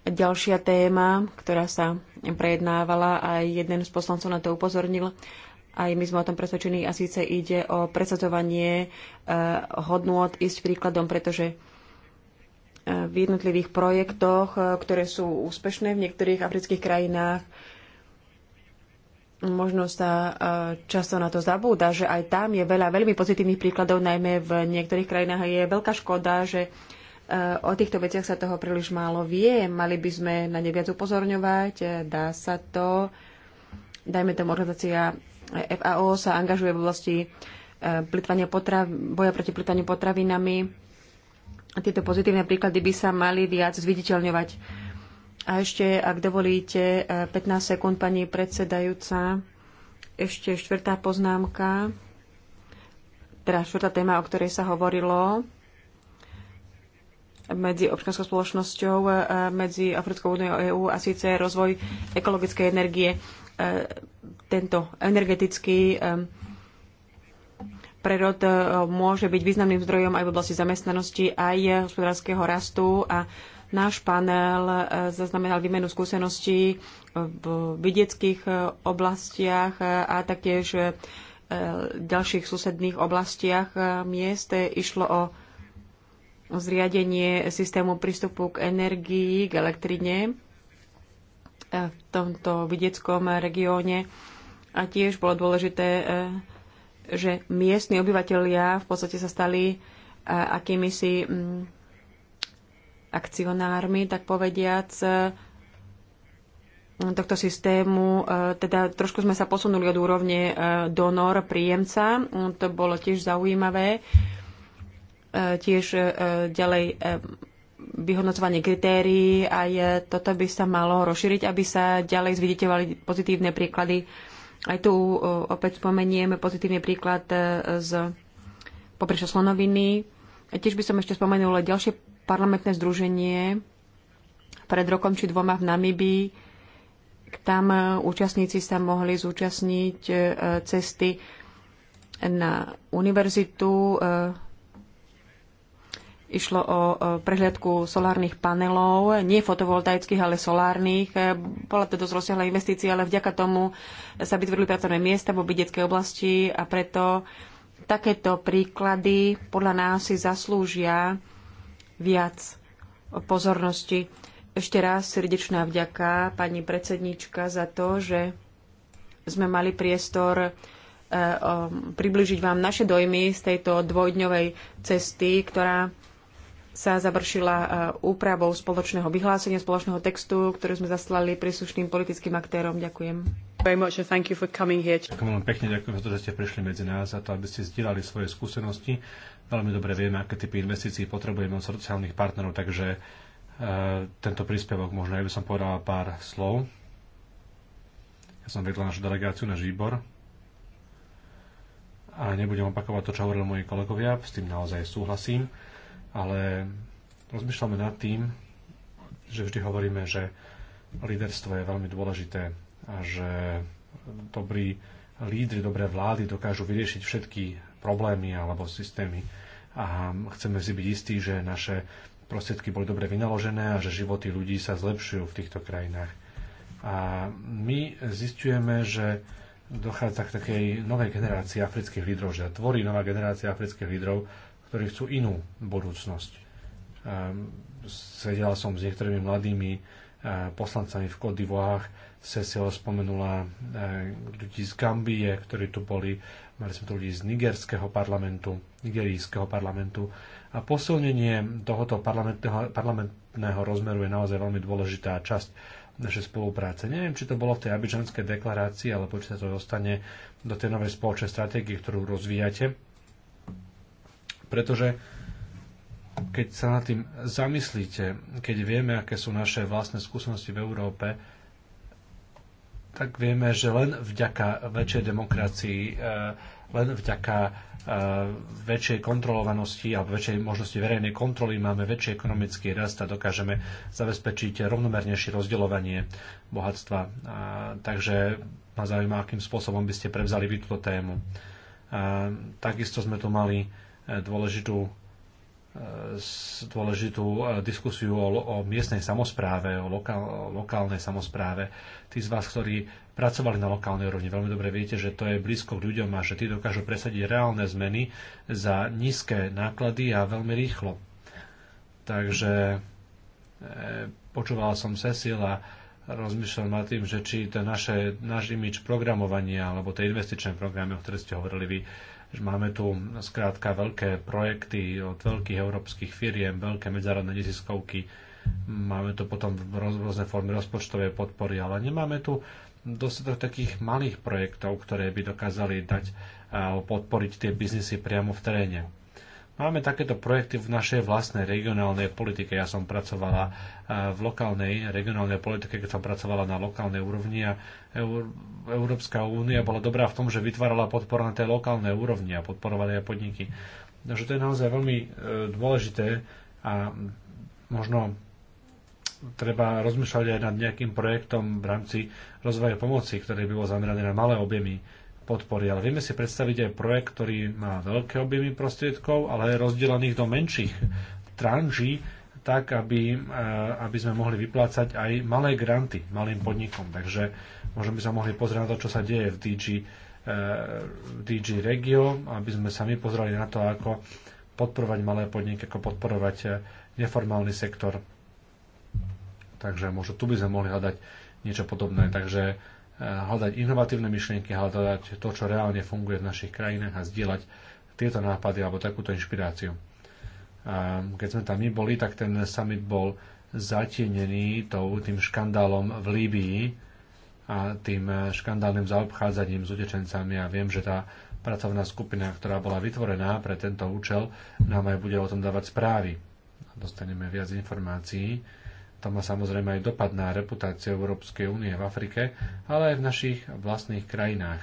Ďalšia téma, ktorá sa prejednávala a jeden z poslancov na to upozornil, aj my sme o tom presvedčení a síce ide o presadzovanie uh, hodnôt ísť príkladom, pretože e, v jednotlivých projektoch, e, ktoré sú úspešné v niektorých afrických krajinách, možno sa často na to zabúda, že aj tam je veľa veľmi pozitívnych príkladov, najmä v niektorých krajinách je veľká škoda, že Eh, o týchto veciach sa toho príliš málo vie. Mali by sme na ne viac upozorňovať. Eh, dá sa to. Dajme tomu organizácia FAO sa angažuje v oblasti eh, plitvania potrav, boja proti plitvaniu potravinami. Tieto pozitívne príklady by sa mali viac zviditeľňovať. A ešte, ak dovolíte, 15 sekúnd, pani predsedajúca, ešte štvrtá poznámka, teda štvrtá téma, o ktorej sa hovorilo medzi občianskou spoločnosťou, e, medzi Africkou úniou EÚ a síce rozvoj ekologickej energie. E, tento energetický e, prerod môže byť významným zdrojom aj v oblasti zamestnanosti, aj hospodárskeho rastu a náš panel zaznamenal výmenu skúseností v vidieckých oblastiach a taktiež v ďalších susedných oblastiach miest. Išlo o zriadenie systému prístupu k energii, k elektrine v tomto vidieckom regióne. A tiež bolo dôležité, e, že miestni obyvateľia v podstate sa stali e, si akcionármi, tak povediac, e, tohto systému. Teda trošku sme sa posunuli od úrovne donor, príjemca. To bolo tiež zaujímavé tiež e, ďalej e, vyhodnocovanie kritérií a je, toto by sa malo rozšíriť, aby sa ďalej zviditeľovali pozitívne príklady. Aj tu e, opäť spomenieme pozitívny príklad z poprešia slonoviny. Tiež by som ešte spomenula ďalšie parlamentné združenie pred rokom či dvoma v Namibii. Tam účastníci sa mohli zúčastniť cesty na univerzitu Išlo o prehliadku solárnych panelov, nie fotovoltaických, ale solárnych. Bola to dosť rozsiahla investícia, ale vďaka tomu sa vytvorili pracovné miesta vo vidieckej oblasti a preto takéto príklady podľa nás si zaslúžia viac pozornosti. Ešte raz srdečná vďaka pani predsednička za to, že sme mali priestor e, približiť vám naše dojmy z tejto dvojdňovej cesty, ktorá sa završila e, úpravou spoločného vyhlásenia, spoločného textu, ktorý sme zaslali príslušným politickým aktérom. Ďakujem. Ďakujem veľmi pekne, ďakujem za to, že ste prišli medzi nás a to, aby ste zdieľali svoje skúsenosti. Veľmi dobre vieme, aké typy investícií potrebujeme od sociálnych partnerov, takže e, tento príspevok možno ja by som povedal pár slov. Ja som vedla našu delegáciu na výbor a nebudem opakovať to, čo hovorili moji kolegovia, s tým naozaj súhlasím ale rozmýšľame nad tým, že vždy hovoríme, že líderstvo je veľmi dôležité a že dobrí lídry, dobré vlády dokážu vyriešiť všetky problémy alebo systémy a chceme si byť istí, že naše prostriedky boli dobre vynaložené a že životy ľudí sa zlepšujú v týchto krajinách. A my zistujeme, že dochádza k takej novej generácii afrických lídrov, že tvorí nová generácia afrických lídrov, ktorí chcú inú budúcnosť. Sedela som s niektorými mladými poslancami v Kodivoách, Cecil spomenula ľudí z Gambie, ktorí tu boli, mali sme tu ľudí z nigerského parlamentu, nigerijského parlamentu a posilnenie tohoto parlamentného, parlamentného rozmeru je naozaj veľmi dôležitá časť našej spolupráce. Neviem, či to bolo v tej abidžanskej deklarácii, alebo či sa to dostane do tej novej spoločnej stratégie, ktorú rozvíjate pretože keď sa nad tým zamyslíte, keď vieme, aké sú naše vlastné skúsenosti v Európe, tak vieme, že len vďaka väčšej demokracii, e, len vďaka e, väčšej kontrolovanosti alebo väčšej možnosti verejnej kontroly máme väčší ekonomický rast a dokážeme zabezpečiť rovnomernejšie rozdeľovanie bohatstva. Takže ma zaujíma, akým spôsobom by ste prevzali vy túto tému. Takisto sme tu mali dôležitú e, dôležitú e, diskusiu o, o miestnej samozpráve, o, lokál, o lokálnej samozpráve. Tí z vás, ktorí pracovali na lokálnej úrovni, veľmi dobre viete, že to je blízko k ľuďom a že tí dokážu presadiť reálne zmeny za nízke náklady a veľmi rýchlo. Takže e, počúval som Cecil a rozmýšľal nad tým, že či to naše, náš imič programovania alebo tie investičné programy, o ktoré ste hovorili vy, Máme tu skrátka veľké projekty od veľkých európskych firiem, veľké medzárodné neziskovky, máme tu potom rôzne formy rozpočtovej podpory, ale nemáme tu dostatok takých malých projektov, ktoré by dokázali dať podporiť tie biznisy priamo v teréne. Máme takéto projekty v našej vlastnej regionálnej politike. Ja som pracovala eh, v lokálnej regionálnej politike, keď som pracovala na lokálnej úrovni a Európska únia bola dobrá v tom, že vytvárala podporu na tej lokálnej úrovni a podporovala aj podniky. Takže to je naozaj veľmi eh, dôležité a možno treba rozmýšľať aj nad nejakým projektom v rámci rozvoja pomoci, ktorý by bol zameraný na malé objemy podpory. Ale vieme si predstaviť aj projekt, ktorý má veľké objemy prostriedkov, ale rozdelených do menších tranží, tak, aby, eh, aby sme mohli vyplácať aj malé granty malým podnikom. Takže možno by sa mohli pozrieť na to, čo sa deje v DG, eh, v DG Regio, aby sme sami pozreli na to, ako podporovať malé podniky, ako podporovať eh, neformálny sektor. Takže možno tu by sme mohli hľadať niečo podobné. Takže hľadať inovatívne myšlienky, hľadať to, čo reálne funguje v našich krajinách a zdieľať tieto nápady alebo takúto inšpiráciu. Keď sme tam my boli, tak ten summit bol zatienený tým škandálom v Líbii a tým škandálnym zaobchádzaním s utečencami a viem, že tá pracovná skupina, ktorá bola vytvorená pre tento účel, nám aj bude o tom dávať správy. Dostaneme viac informácií to má samozrejme aj dopad na reputáciu Európskej únie v Afrike, ale aj v našich vlastných krajinách.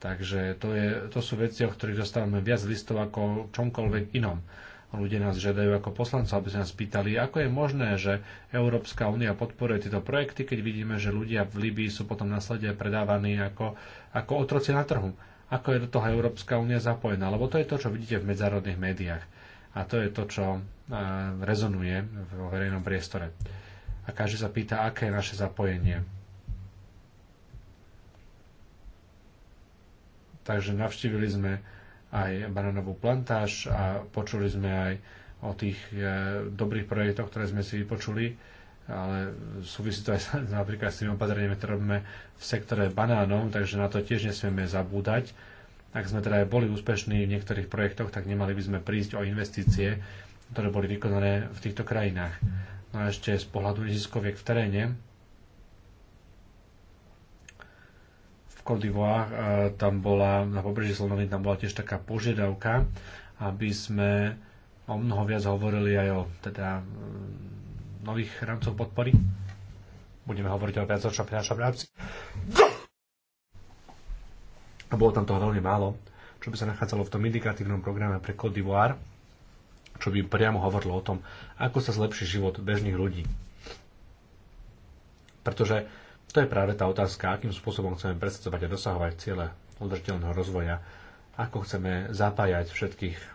Takže to, je, to sú veci, o ktorých dostávame viac listov ako čomkoľvek inom. Ľudia nás žiadajú ako poslancov, aby sa nás pýtali, ako je možné, že Európska únia podporuje tieto projekty, keď vidíme, že ľudia v Líbii sú potom následne predávaní ako, ako otroci na trhu. Ako je do toho Európska únia zapojená? Lebo to je to, čo vidíte v medzárodných médiách. A to je to, čo e, rezonuje vo verejnom priestore. A každý sa pýta, aké je naše zapojenie. Takže navštívili sme aj bananovú plantáž a počuli sme aj o tých e, dobrých projektoch, ktoré sme si vypočuli, ale súvisí to aj napríklad s tými opatreniami, ktoré robíme v sektore banánov, takže na to tiež nesmieme zabúdať ak sme teda aj boli úspešní v niektorých projektoch, tak nemali by sme prísť o investície, ktoré boli vykonané v týchto krajinách. No a ešte z pohľadu neziskoviek v teréne, v Kodivách, eh, tam bola, na pobreží Slonoviny, tam bola tiež taká požiadavka, aby sme o mnoho viac hovorili aj o teda, mm, nových rámcoch podpory. Budeme hovoriť o viacročnom finančnom rámci a bolo tam toho veľmi málo, čo by sa nachádzalo v tom indikatívnom programe pre Côte d'Ivoire, čo by priamo hovorilo o tom, ako sa zlepší život bežných ľudí. Pretože to je práve tá otázka, akým spôsobom chceme presadzovať a dosahovať ciele udržateľného rozvoja, ako chceme zapájať všetkých eh,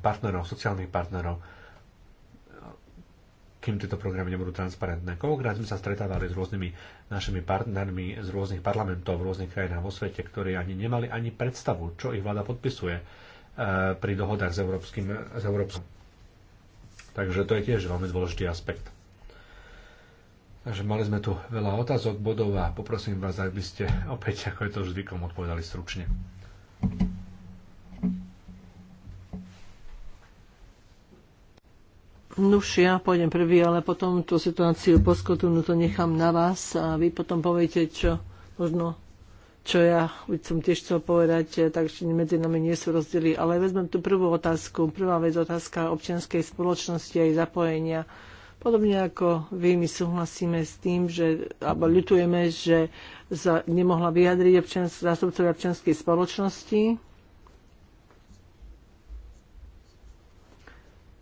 partnerov, sociálnych partnerov, kým tieto programy nebudú transparentné. Koľkokrát sme sa stretávali s rôznymi našimi partnermi z rôznych parlamentov v rôznych krajinách vo svete, ktorí ani nemali ani predstavu, čo ich vláda podpisuje e, pri dohodách s Európskym, s Európskym. Takže to je tiež veľmi dôležitý aspekt. Takže mali sme tu veľa otázok, bodov a poprosím vás, aby ste opäť, ako je to zvykom, odpovedali stručne. Nuž, ja pôjdem prvý, ale potom tú situáciu po to nechám na vás a vy potom poviete, čo možno čo ja som tiež chcel povedať, eh, takže medzi nami nie sú rozdiely. Ale vezmem tú prvú otázku. Prvá vec otázka občianskej spoločnosti a jej zapojenia. Podobne ako vy, my súhlasíme s tým, že, alebo ľutujeme, že sa nemohla vyjadriť občians, zástupcovia občianskej spoločnosti.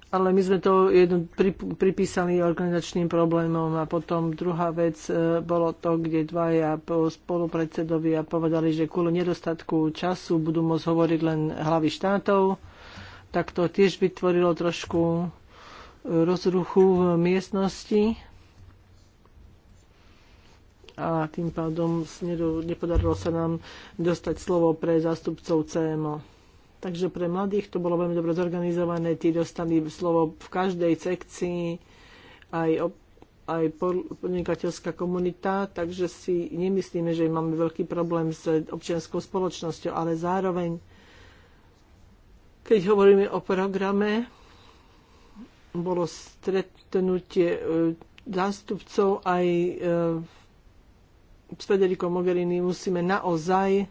ale my sme to jedno, pri, pripísali organizačným problémom a potom druhá vec e, bolo to, kde dvaja spolupredsedovia povedali, že kvôli nedostatku času budú môcť hovoriť len hlavy štátov, tak to tiež vytvorilo trošku e, rozruchu v miestnosti a tým pádom nepodarilo sa nám dostať slovo pre zástupcov CMO. Takže pre mladých to bolo veľmi dobre zorganizované, tí dostali slovo v každej sekcii, aj, ob, aj podnikateľská komunita, takže si nemyslíme, že máme veľký problém s občianskou spoločnosťou, ale zároveň, keď hovoríme o programe, bolo stretnutie e, zástupcov aj e, s Federico Mogherini musíme naozaj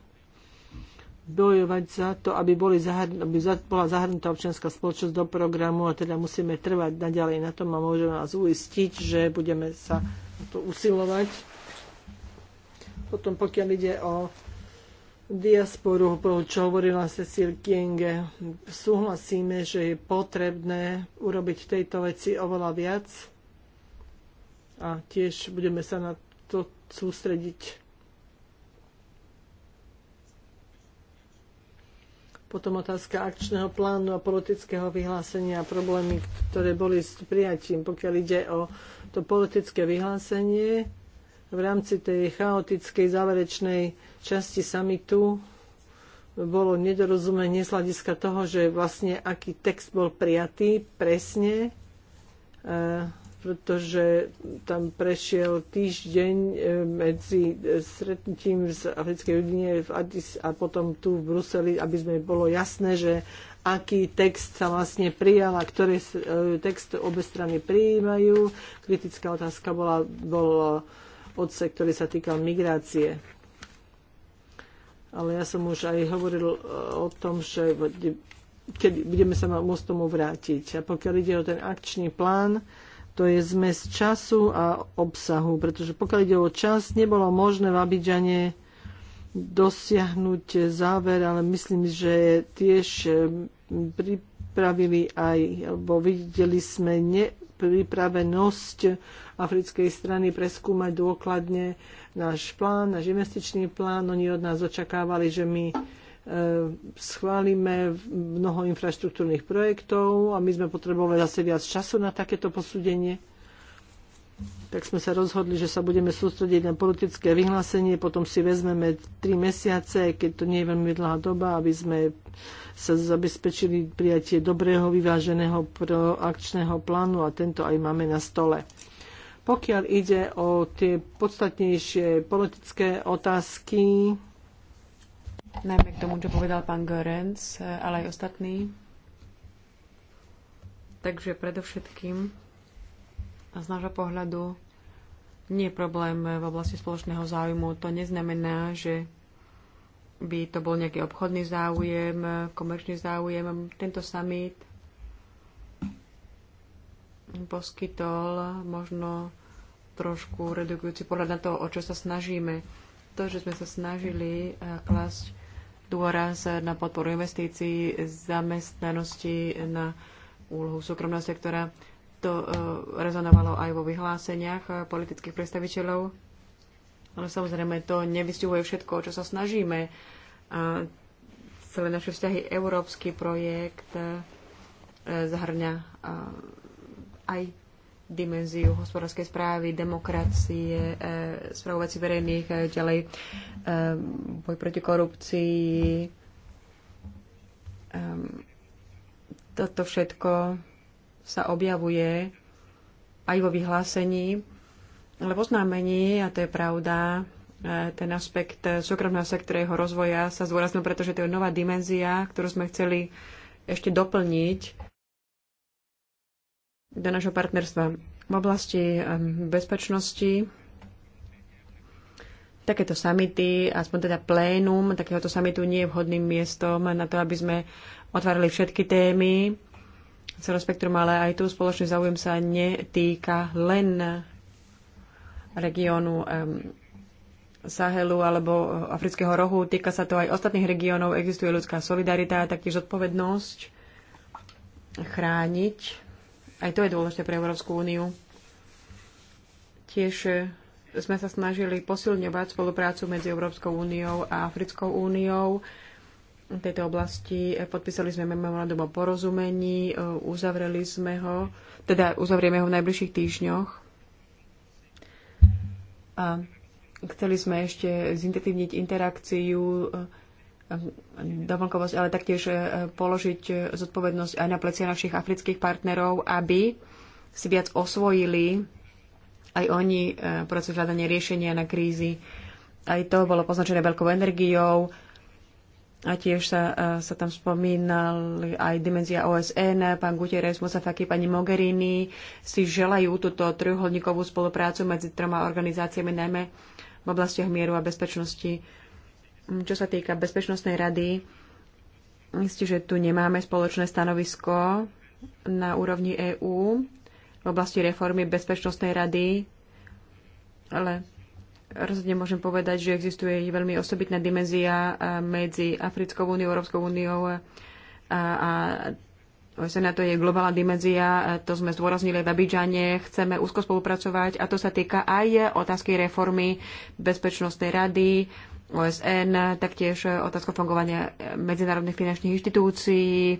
bojovať za to, aby, boli zahrn- aby bola zahrnutá občianská spoločnosť do programu a teda musíme trvať naďalej na tom a môžeme vás uistiť, že budeme sa na to usilovať. Potom pokiaľ ide o diasporu, čo hovorila Cecil Kienge, súhlasíme, že je potrebné urobiť tejto veci oveľa viac a tiež budeme sa na to sústrediť Potom otázka akčného plánu a politického vyhlásenia a problémy, ktoré boli s prijatím, pokiaľ ide o to politické vyhlásenie v rámci tej chaotickej záverečnej časti samitu bolo nedorozumenie z hľadiska toho, že vlastne aký text bol prijatý presne. E pretože tam prešiel týždeň eh, medzi eh, stretnutím z Africkej ľudine v Addis a potom tu v Bruseli, aby sme bolo jasné, že aký text sa vlastne prijal a ktorý eh, text obe strany prijímajú. Kritická otázka bola, bol odsek, ktorý sa týkal migrácie. Ale ja som už aj hovoril o tom, že keď budeme sa môcť tomu vrátiť. A pokiaľ ide o ten akčný plán, to je zmes času a obsahu, pretože pokiaľ ide o čas, nebolo možné v Abidžane dosiahnuť záver, ale myslím, že tiež ehm, pripravili aj, alebo videli sme nepripravenosť africkej strany preskúmať dôkladne náš plán, náš investičný plán. Oni od nás očakávali, že my E, schválime mnoho infraštruktúrnych projektov a my sme potrebovali zase viac času na takéto posúdenie. Tak sme sa rozhodli, že sa budeme sústrediť na politické vyhlásenie, potom si vezmeme tri mesiace, keď to nie je veľmi dlhá doba, aby sme sa zabezpečili prijatie dobrého, vyváženého proakčného plánu a tento aj máme na stole. Pokiaľ ide o tie podstatnejšie politické otázky, najmä k tomu, čo povedal pán Görenc, ale aj ostatní. Takže predovšetkým a z nášho pohľadu nie je problém v oblasti spoločného záujmu. To neznamená, že by to bol nejaký obchodný záujem, komerčný záujem. Tento summit poskytol možno trošku redukujúci pohľad na to, o čo sa snažíme. To, že sme sa snažili eh, klasť dôraz na podporu investícií, zamestnanosti, na úlohu súkromného sektora. To e, rezonovalo aj vo vyhláseniach e, politických predstaviteľov. Ale samozrejme, to nevystihuje všetko, čo sa snažíme. Uh, celé naše vzťahy, európsky projekt e, zahrňa aj dimenziu hospodárskej správy, demokracie, e, spravovací verejných, e, ďalej e, boj proti korupcii. Ehm, toto všetko sa objavuje aj vo vyhlásení, ale v oznámení, a to je pravda, ten aspekt súkromného sektora, jeho rozvoja sa zdôraznil, pretože to je nová dimenzia, ktorú sme chceli ešte doplniť do našho partnerstva v oblasti ehm, bezpečnosti. Takéto samity, aspoň teda plénum takéhoto samitu nie je vhodným miestom na to, aby sme otvárali všetky témy celé spektrum, ale aj tu spoločný záujem sa netýka len regiónu ehm, Sahelu alebo eh, Afrického rohu, týka sa to aj ostatných regiónov, existuje ľudská solidarita a taktiež odpovednosť chrániť aj to je dôležité pre Európsku úniu. Tiež e, sme sa snažili posilňovať spoluprácu medzi Európskou úniou a Africkou úniou. V tejto oblasti e, podpísali sme memorandum o porozumení, e, uzavreli sme ho, teda uzavrieme ho v najbližších týždňoch. A chceli sme ešte zintetívniť interakciu doplnkovosť, ale taktiež e, položiť zodpovednosť aj na plecia našich afrických partnerov, aby si viac osvojili aj oni e, proces hľadania riešenia na krízy. Aj to bolo poznačené veľkou energiou a tiež sa, e, sa tam spomínal aj dimenzia OSN, pán Guterres, Musafaki, pani Mogherini si želajú túto trojuholníkovú spoluprácu medzi troma organizáciami, najmä v oblastiach mieru a bezpečnosti čo sa týka Bezpečnostnej rady, myslíte, že tu nemáme spoločné stanovisko na úrovni EÚ v oblasti reformy Bezpečnostnej rady, ale rozhodne môžem povedať, že existuje veľmi osobitná dimenzia eh, medzi Africkou úniou, Európskou úniou eh, a, a na to je globálna dimenzia, eh, to sme zdôraznili v Abidžane, chceme úzko spolupracovať a to sa týka aj otázky reformy Bezpečnostnej rady, OSN, taktiež e, otázka fungovania e, medzinárodných finančných inštitúcií, e,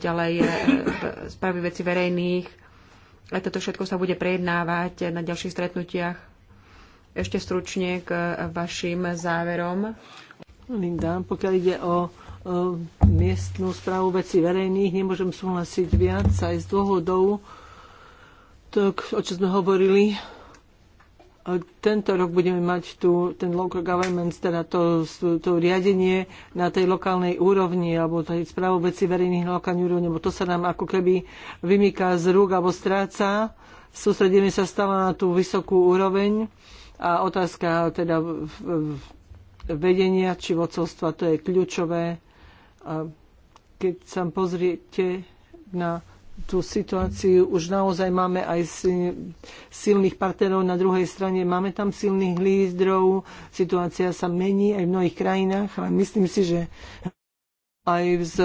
ďalej správy veci verejných. A toto všetko sa bude prejednávať na ďalších stretnutiach. Ešte stručne k vašim záverom. Linda, pokiaľ ide o miestnú správu veci verejných, nemôžem súhlasiť viac aj z dôvodov, to, o čo sme hovorili tento rok budeme mať tu ten local government, teda to, to riadenie na tej lokálnej úrovni alebo tej správu veci verejných na lokálnej úrovni, lebo to sa nám ako keby vymýka z rúk alebo stráca. Sústredíme sa stále na tú vysokú úroveň a otázka teda vedenia či vodcovstva, to je kľúčové. A keď sa pozriete na tú situáciu už naozaj máme aj silných partnerov na druhej strane, máme tam silných lídrov, situácia sa mení aj v mnohých krajinách, ale myslím si, že aj s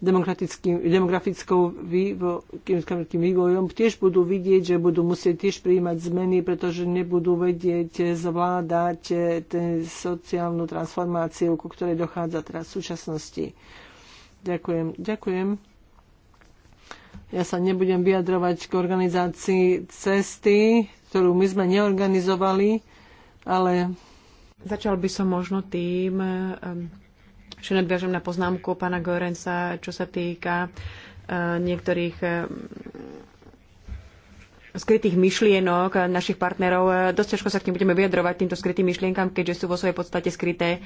demografickou vývojom, vývojom tiež budú vidieť, že budú musieť tiež prijímať zmeny, pretože nebudú vedieť zvládať ten sociálnu transformáciu, ku ktorej dochádza teraz v súčasnosti. Ďakujem. Ďakujem. Ja sa nebudem vyjadrovať k organizácii cesty, ktorú my sme neorganizovali, ale... Začal by som možno tým, že nadviažem na poznámku pána Gorenca, čo sa týka e, niektorých skrytých myšlienok našich partnerov. Dosť ťažko sa k tým budeme vyjadrovať, týmto skrytým myšlienkam, keďže sú vo svojej podstate skryté.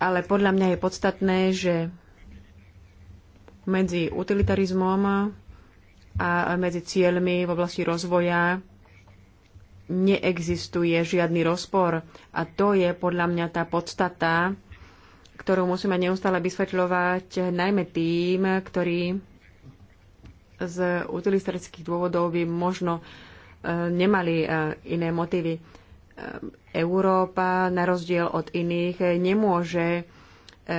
Ale podľa mňa je podstatné, že medzi utilitarizmom a medzi cieľmi v oblasti rozvoja neexistuje žiadny rozpor. A to je podľa mňa tá podstata, ktorú musíme neustále vysvetľovať najmä tým, ktorí z utilitarických dôvodov by možno e, nemali e, iné motívy. E, Európa, na rozdiel od iných, nemôže E,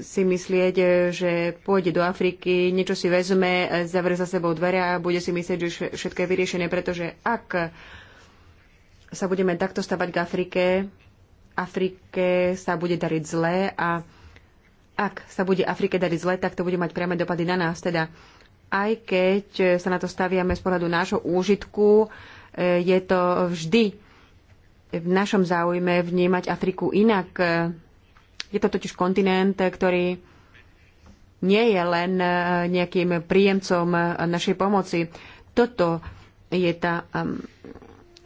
si myslieť, e, že pôjde do Afriky, niečo si vezme, e, zavre za sebou dvere a bude si myslieť, že všetko je vyriešené, pretože ak sa budeme takto stavať k Afrike, Afrike sa bude dariť zle a ak sa bude Afrike dariť zle, tak to bude mať priame dopady na nás. Teda aj keď sa na to staviame z pohľadu nášho úžitku, je to vždy v našom záujme vnímať Afriku inak je to totiž kontinent, ktorý nie je len e, nejakým príjemcom e, našej pomoci. Toto je tá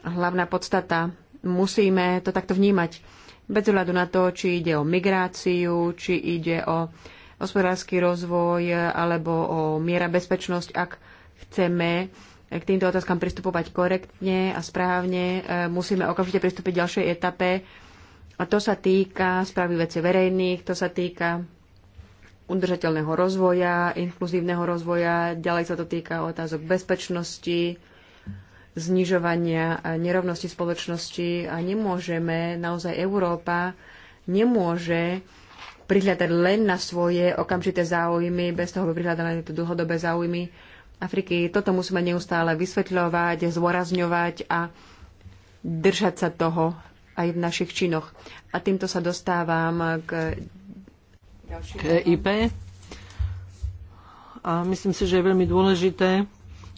hlavná podstata. Musíme to takto vnímať. Bez hľadu na to, či ide o migráciu, či ide o hospodársky rozvoj e, alebo o miera bezpečnosť, ak chceme k týmto otázkam pristupovať korektne a správne, musíme okamžite pristúpiť k ďalšej etape a to sa týka správy veci verejných, to sa týka udržateľného rozvoja, inkluzívneho rozvoja, ďalej sa to týka otázok bezpečnosti, znižovania nerovnosti spoločnosti a nemôžeme, naozaj Európa nemôže prihľadať len na svoje okamžité záujmy, bez toho by prihľadala na tie dlhodobé záujmy Afriky. Toto musíme neustále vysvetľovať, zvorazňovať a držať sa toho aj v našich činoch. A týmto sa dostávam k ďalším. K IP. A myslím si, že je veľmi dôležité,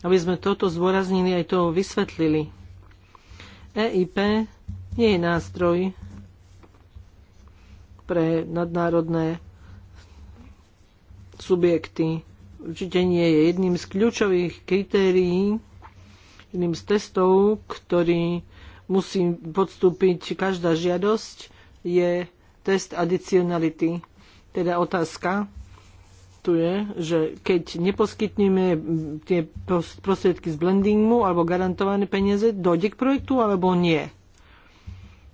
aby sme toto zdôraznili aj to vysvetlili. EIP nie je nástroj pre nadnárodné subjekty. Určite nie je jedným z kľúčových kritérií, jedným z testov, ktorý musí podstúpiť každá žiadosť, je test adicionality. Teda otázka tu je, že keď neposkytneme tie prostriedky z blendingu alebo garantované peniaze, dojde k projektu alebo nie.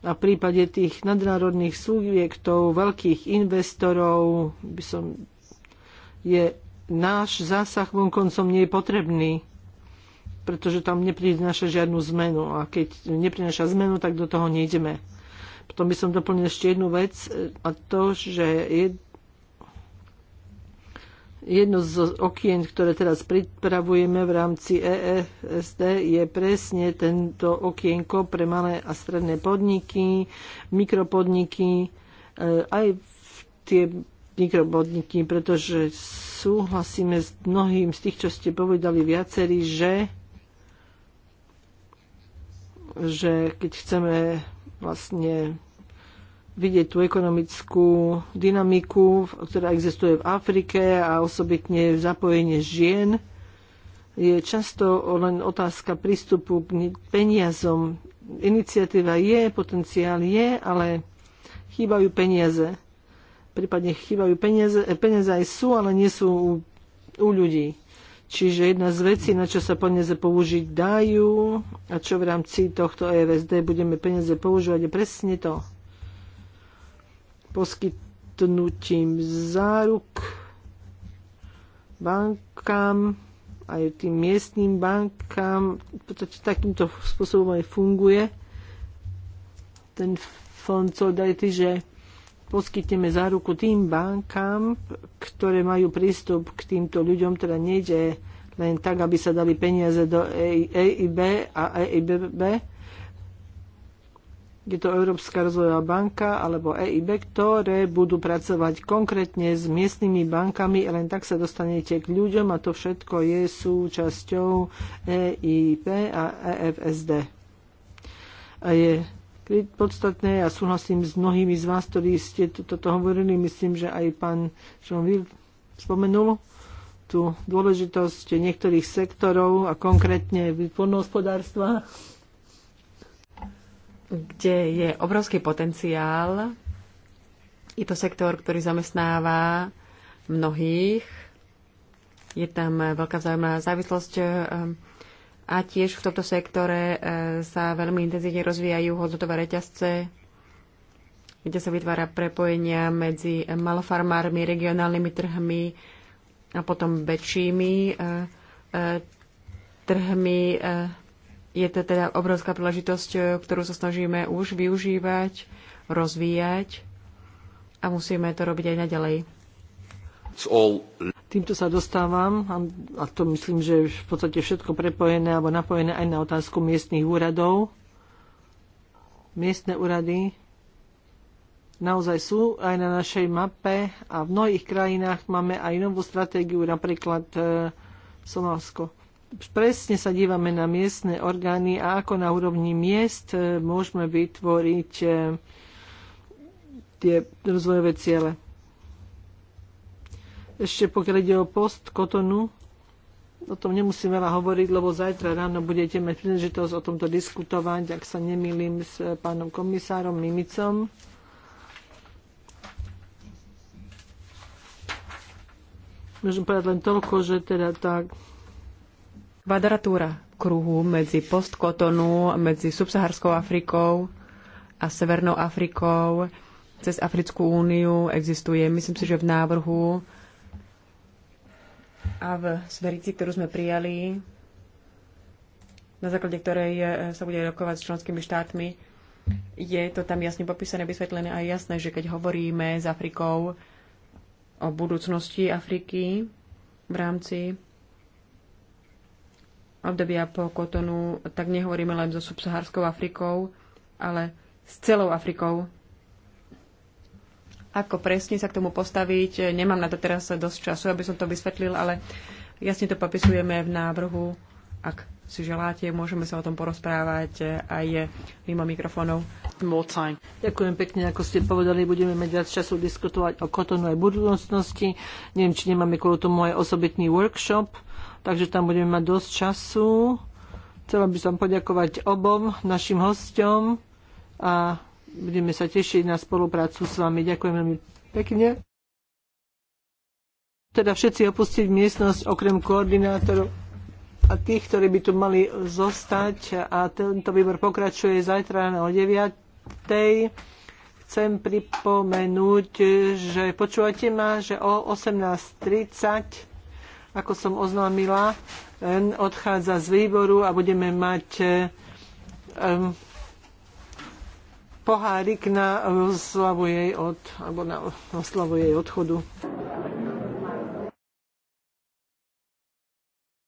A v prípade tých nadnárodných subjektov, veľkých investorov, by som, je náš zásah vonkoncom nie je potrebný pretože tam neprináša žiadnu zmenu. A keď neprináša zmenu, tak do toho nejdeme. Potom by som doplnil ešte jednu vec e, a to, že jed... jedno z okien, ktoré teraz pripravujeme v rámci EFSD, je presne tento okienko pre malé a stredné podniky, mikropodniky, e, aj tie mikropodniky, pretože súhlasíme s mnohým z tých, čo ste povedali viacerí, že že keď chceme vlastne vidieť tú ekonomickú dynamiku, ktorá existuje v Afrike a osobitne zapojenie žien, je často len otázka prístupu k peniazom. Iniciatíva je, potenciál je, ale chýbajú peniaze. Prípadne chýbajú peniaze, peniaze aj sú, ale nie sú u, u ľudí. Čiže jedna z vecí, na čo sa peniaze použiť dajú a čo v rámci tohto EVSD budeme peniaze používať, je presne to. Poskytnutím záruk bankám, aj tým miestným bankám, podstate takýmto spôsobom aj funguje ten fond solidarity, že poskytneme záruku tým bankám, ktoré majú prístup k týmto ľuďom, teda nejde len tak, aby sa dali peniaze do EIB e a EIBB. Je to Európska rozvojová banka alebo EIB, ktoré budú pracovať konkrétne s miestnymi bankami, len tak sa dostanete k ľuďom a to všetko je súčasťou EIB a EFSD. A je podstatné ja súhlasím s mnohými z vás, ktorí ste toto hovorili. Myslím, že aj pán Žonvil spomenul tú dôležitosť niektorých sektorov a konkrétne poľnohospodárstva. Kde je obrovský potenciál. Je to sektor, ktorý zamestnáva mnohých. Je tam veľká vzájomná závislosť ehm, a tiež v tomto sektore e, sa veľmi intenzívne rozvíjajú hodnotové reťazce, kde sa vytvára prepojenia medzi malofarmármi, regionálnymi trhmi a potom väčšími e, e, trhmi. Je to teda obrovská príležitosť, ktorú sa snažíme už využívať, rozvíjať a musíme to robiť aj naďalej. It's all Týmto sa dostávam, a to myslím, že je v podstate všetko prepojené alebo napojené aj na otázku miestných úradov. Miestne úrady naozaj sú aj na našej mape a v mnohých krajinách máme aj novú stratégiu, napríklad e, Somálsko. Presne sa dívame na miestne orgány a ako na úrovni miest e, môžeme vytvoriť e, tie rozvojové ciele. Ešte pokiaľ ide o post Kotonu, o tom nemusím veľa hovoriť, lebo zajtra ráno budete mať príležitosť o tomto diskutovať, ak sa nemýlim s pánom komisárom Mimicom. Môžem povedať len toľko, že teda tak. kvadratúra kruhu medzi postkotonu, medzi subsaharskou Afrikou a Severnou Afrikou cez Africkú úniu existuje. Myslím si, že v návrhu a v smerici, ktorú sme prijali, na základe ktorej e, sa bude rokovať s členskými štátmi, je to tam jasne popísané, vysvetlené a jasné, že keď hovoríme s Afrikou o budúcnosti Afriky v rámci obdobia po Kotonu, tak nehovoríme len so subsahárskou Afrikou, ale s celou Afrikou, ako presne sa k tomu postaviť, eh, nemám na to teraz dosť času, aby som to vysvetlil, ale jasne to popisujeme v návrhu. Ak si želáte, môžeme sa o tom porozprávať eh, aj eh, mimo mikrofónov. Ďakujem pekne, ako ste povedali, budeme mať viac času diskutovať o kotonu aj budúcnosti. Neviem, či nemáme kvôli tomu aj osobitný workshop, takže tam budeme mať dosť času. Chcela by som poďakovať obom našim hostom a budeme sa tešiť na spoluprácu s vami. Ďakujem veľmi pekne. Teda všetci opustiť miestnosť okrem koordinátorov a tých, ktorí by tu mali zostať. A tento výbor pokračuje zajtra o 9. Chcem pripomenúť, že počúvate ma, že o 18.30 ako som oznámila, odchádza z výboru a budeme mať um, pohárik na eh, oslavu jej, od, alebo na oslavu jej odchodu.